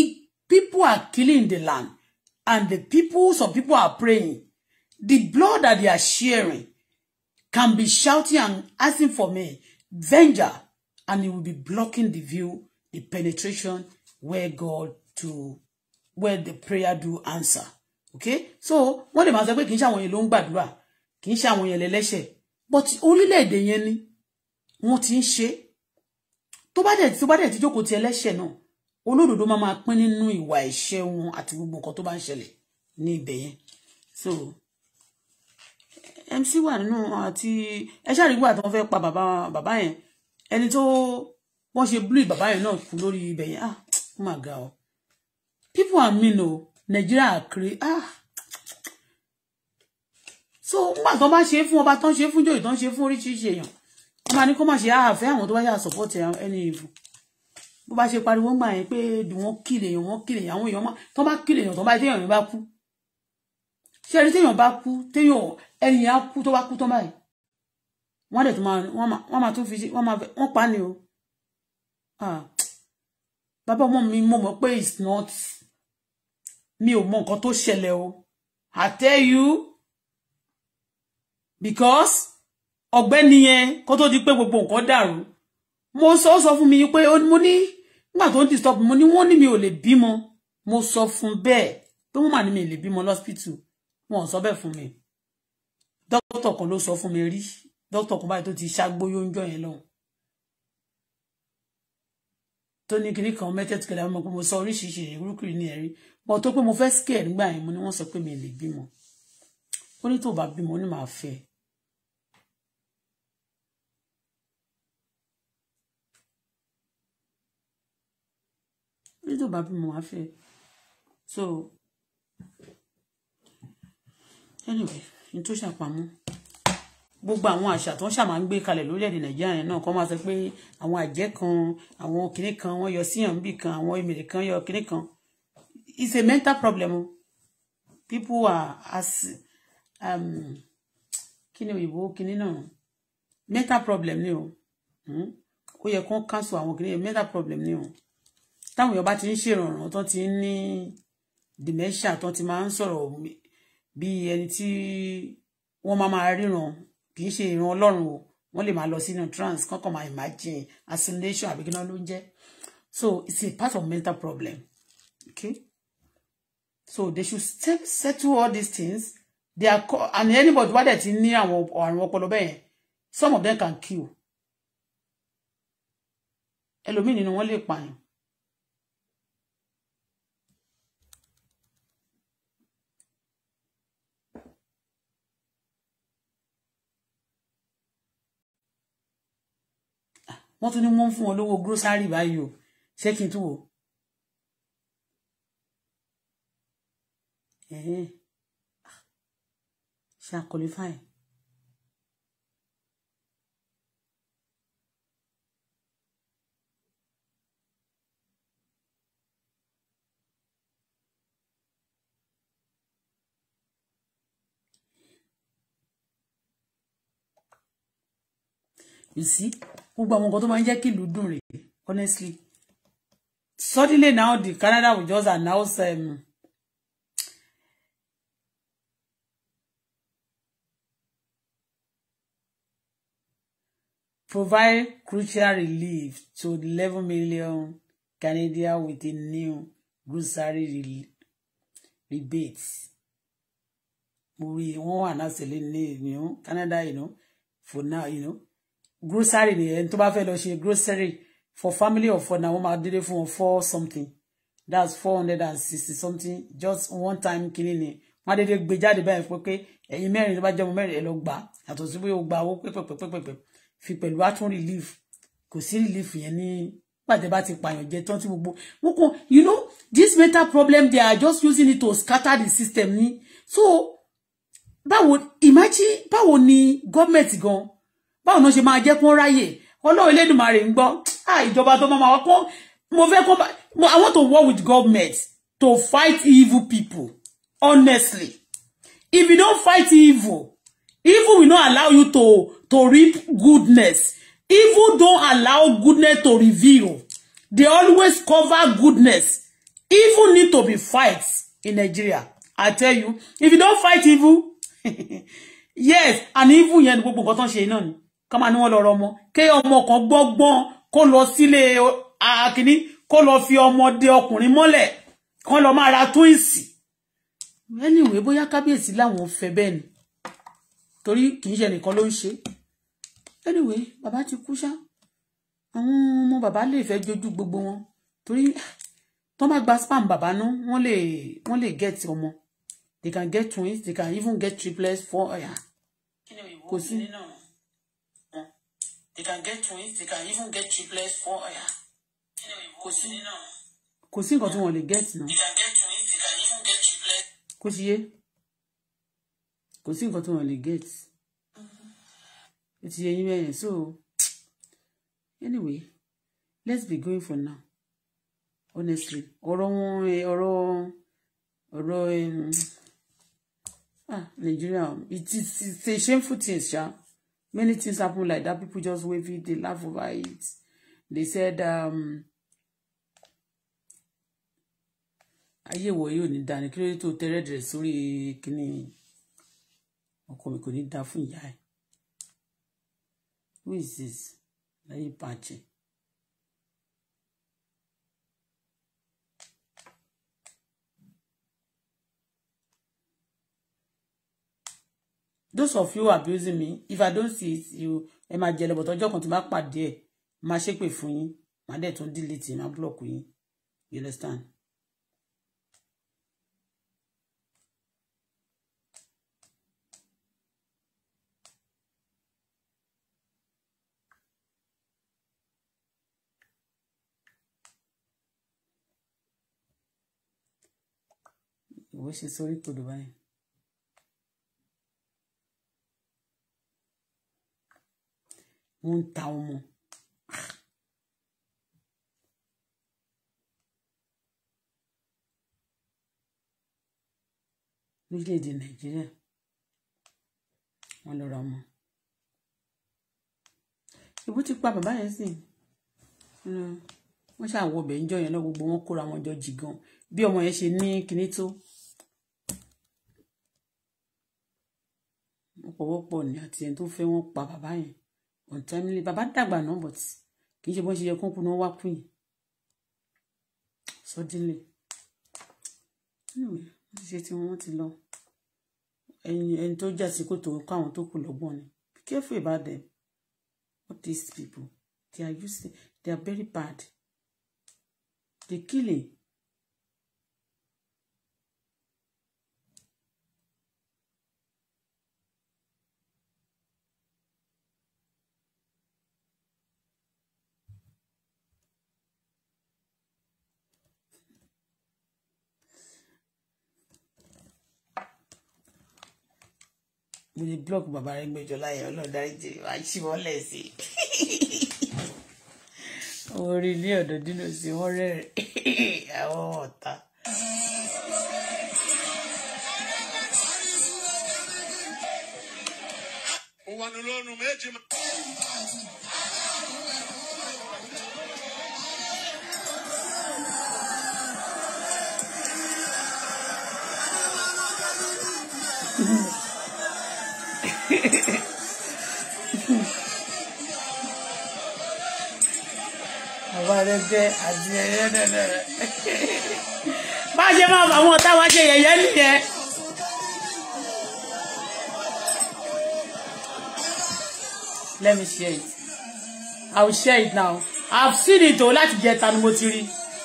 it, people are killing the land and the people some people are praying the blood that they are sharing can be shouting and asking for me vengeance and it will be blocking the view the penetration where God to where the prayer do answer okay so wọ́n lè máa sọ pé kì í ṣe àwọn yẹn ló ń gbàdúrà kì í ṣe àwọn yẹn lẹ́lẹ́ṣẹ̀ but orílẹ̀-èdè yẹn ni wọ́n ti ń ṣe tó bá dẹ̀ tó bá dẹ̀ ti jókòó ti ẹlẹ́ṣẹ̀ náà olódodo máa máa pín nínú ìwà ẹ̀ṣẹ̀ wọn àti gbogbo nǹkan tó bá ń ṣẹlẹ̀ ní ibẹ̀ yẹn so MC wà nínú àti ẹ ṣáàrí gbà tó ń fẹ́ pa bàbá bàbá yẹn ẹni tó wọ́n ṣe blue bàbá yẹn náà kú lórí ibẹ̀ yẹn ah ó mà ga ọ people are mean o. No nàìjíríà kiri ah so nígbà tó bá ṣe fún ọba tó ń ṣe fún jòyè tó ń ṣe fún oríṣiríṣi èèyàn wọn máa ní kó má ṣe àfẹ́ ah, àwọn tó bá ṣe support ẹni ìbò bó bá ṣe pariwo ń gbà yẹn pé wọ́n kìlè èèyàn wọ́n kìlè àwọn èèyàn tó bá kìlè èèyàn tó bá téèyàn yẹn bá kú ṣé ẹni téèyàn bá kú téèyàn ẹni yẹn á kú tó bá kú tán báyìí wọ́n dẹ̀ tó máa wọ́n máa tún fi wọ́n máa wọ́n pa ni o ah. bàbá ọmọ mi mo mọ̀ pé it's not mi ò mọ nǹkan tó ṣẹlẹ̀ o I tell you because ọ̀gbẹ́ni yẹn kó tó di pé gbogbo nǹkan dàrú mo sọ sọ fún mi pé mo ní nígbà tó ń disturb mo ní wọ́n ní mi ò lè bímọ mo sọ fún bẹ́ẹ̀ pé wọ́n mà ní mi ò lè bímọ lọ́spítù wọn ò sọ bẹ́ẹ̀ mi dókítà kan ló sọ fún mi rí dókítà kan báyìí tó ti ṣàgbóyó ń jọ yẹn lọ́hùn tó ní kinní kan mẹ́tẹ̀ẹ̀tì kẹlẹ́ àwọn ọmọ pé mo sọ oríṣiríṣi ìrúkìrì ní ẹ̀rí bọ̀ tó pé mo fẹ́ scare nígbà yẹn mo ní wọ́n sọ pé mi lè bímọ ó ní tó bá bímọ ó ní màá fẹ́ ó ní tó bá bímọ màá fẹ́ so anyway n tó ṣàpamọ́ gbogbo àwọn àṣà tó ń ṣàmà ń gbé kalẹ̀ lórílẹ̀‐èdè nàìjíríà yẹn náà kọ́ máa sọ pé àwọn àjẹ́ kan àwọn kinní kan wọ́n yọ síyàn níbì kan àwọn èmèrè kan yọ kinní it's a mental problem. Oh. People are as um kí ni òyìnbó kí ni náà mental problem ni o. Hmm? Ó yẹ kó cancel àwọn kìnìyàn mental problem ni o. Táwọn èèyàn bá ti ń ṣèrànràn tán ti ń ní dementia tán ti máa ń sọ̀rọ̀ bí ẹni tí wọ́n máa máa ríran kì í ṣe o wọ́n lè máa lọ sínú trance kọ́kàn máa imagine assimilation àbí kíná ló ń so it's a part of mental problem okay so they should step settle all these things they are and anybody wá dẹ̀ ti ní àwọn àrùn ọpọlọ bẹ́ẹ̀ some of them can kill ẹlòmíì nínú wọn lè pààyàn ah, wọ́n tún ní wọ́n ń fún wọn lówó gúrósárì báyìí o ṣé kí n tún ẹ̀hẹ́n ah, ṣá qualify. you see gbogbo àwọn nǹkan tó máa ń jẹ́ kí ìlú dùn rèé honestly suddenly now the Canada will just announce um, provide crucial relief to 11 million Canadians with a new grocery re rebate. We won't announce the name, you know, Canada, you know, for now, you know. Grocery ni ẹni tó bá grocery for family of four now. wọ́n did it for four something that's four hundred and sixty something just one time kiri ni wọ́n á dédé gbé jáde báyìí pé pé ẹ̀yin mẹ́rin tó bá jẹ́ ọmọ mẹ́rin ẹ̀ lọ gbà àtọ̀síbí ó gba owó pẹ́pẹ́pẹ́pẹ́pẹ́ fi pẹ̀lú atún relief kò sí relief yẹn ní pàtẹ́ bá ti pààyàn jẹ tán tí gbogbo wọn you know this mental problem they are just using it to scatter the system ni so báwo imagine báwo ni gọ́ọ̀mẹ̀ntì gan báwo náà ṣe máa jẹ́ kó ráyè ọlọ́run Elédùmarè ń gbọ́ ah ìjọba tó máa wá kó mo fẹ́ kó I want to work with government to fight evil people honestly if you don't fight evil Evil will not allow you to, to reap goodness. Evil don't allow goodness to reveal. They always cover goodness. Evil need to be fight in Nigeria. I tell you, if you don't fight evil, yes, and evil yẹn gbogbo nǹkan tó ń ṣe náà ni. Kọ́ máa ní wọ́n lọ́rọ̀ ọmọ. Ké ọmọ kan gbọ́gbọ́n kó lọ sílé akínní kó lọ fi ọmọdé ọkùnrin mọ́lẹ̀ kán lọ máa ra túwìsì. Anyway, bóyá kábíyèsí láwọn fẹ́ bẹ́ẹ̀ ni torí kì í ṣe nìkan ló ń ṣe anyway bàbá ti kú ṣá àwọn ọmọ bàbá lè fẹ́ jojú gbogbo wọn torí tó bá gba spam bàbá nú wọ́n lè wọ́n lè get ọmọ they can get twins they can even get triplets for ọ̀yà kò sí. they can get twins they can even get triplets four ọ̀yà kò sí kò sí nǹkan tí wọ́n lè get náà kò sí yé kò sí nǹkan tó wọn lè get ó ti yẹ so anyway let's be going for now honestly ọ̀rọ̀ wọn ọ̀rọ̀ ọ̀rọ̀ ah Nigeria it is it's a shameful thing sha many things happen like that people just wave it they laugh over it they said um, ayé ìwọ yóò ní dání kí ló dé tó tẹ́rẹ̀dẹ̀rẹ̀ sórí kìnìún ọkọ mi kò ní dáa fún ìyá ẹ who is this lẹ́yìn pàǹtì. those of you abusing me if i don't see it you ẹ máa jẹ lọ́bọ̀tọ́ ọjọ́ kan tí n bá pàdé ẹ̀ máa ṣépè fún yín màá dẹ̀ tún delete yín máa block yín you understand. ó ṣe sórí kodò báyìí. wọ́n ń ta ọmọ. lórílẹ̀‐èdè nàìjíríà wọ́n lọ ra ọmọ. ìbú ti pa bàbá yẹn sí wọ́n ṣàwọ̀ ọbẹ̀ ń jọ yẹn lọ gbogbo wọn kóra wọn jọ jì gan bí ọmọ yẹn ṣe ní kinní tó pọwọ́pọ̀ ní àti ẹni tó fẹ́ wọ́n pa bàbá yẹn untimely bàbá dàgbà náà but kì í ṣe bọ́n ṣe yẹ kókó náà wá kú yìí suddenly anyway wọ́n ti ṣe tí wọ́n ti lọ ẹni tó jà sí kòtò káwọn tó kù lọ́gbọ́n ni be careful about them all these people they are using they are very bad they killing mo ní block bàbá rẹ gbẹjọ láyé ọlọ́dà ìjẹ wàá ṣì wọ́lẹ̀ sí i wọ́n rí ní ọ̀dọ̀ dínà sí wọ́n rẹ́rìn àwọn ọ̀tá. o wà ní lónìí méjì máa. ọ̀rẹ́dẹ́ àti ẹyẹ dẹ́dẹ́rẹ́ bá ṣe máa bá wọn táwọn ṣe yẹyẹ nìyẹn. Let me share it I will share it now I have seen it o láti jẹ ta ni mo ti rí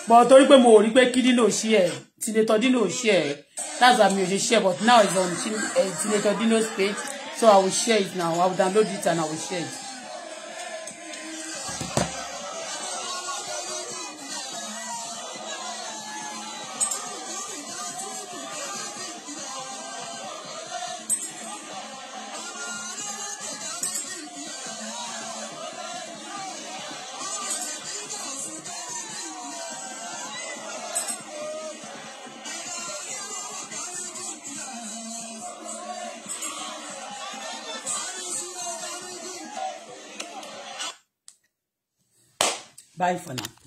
but torí pé mo rí pé kí nínú òṣì ẹ tìlétọ dínú òṣì ẹ that's why mi ò ṣe share but now it's on tìlétọ dínú page so I will share it now I will download it and I will share it. Bye for now.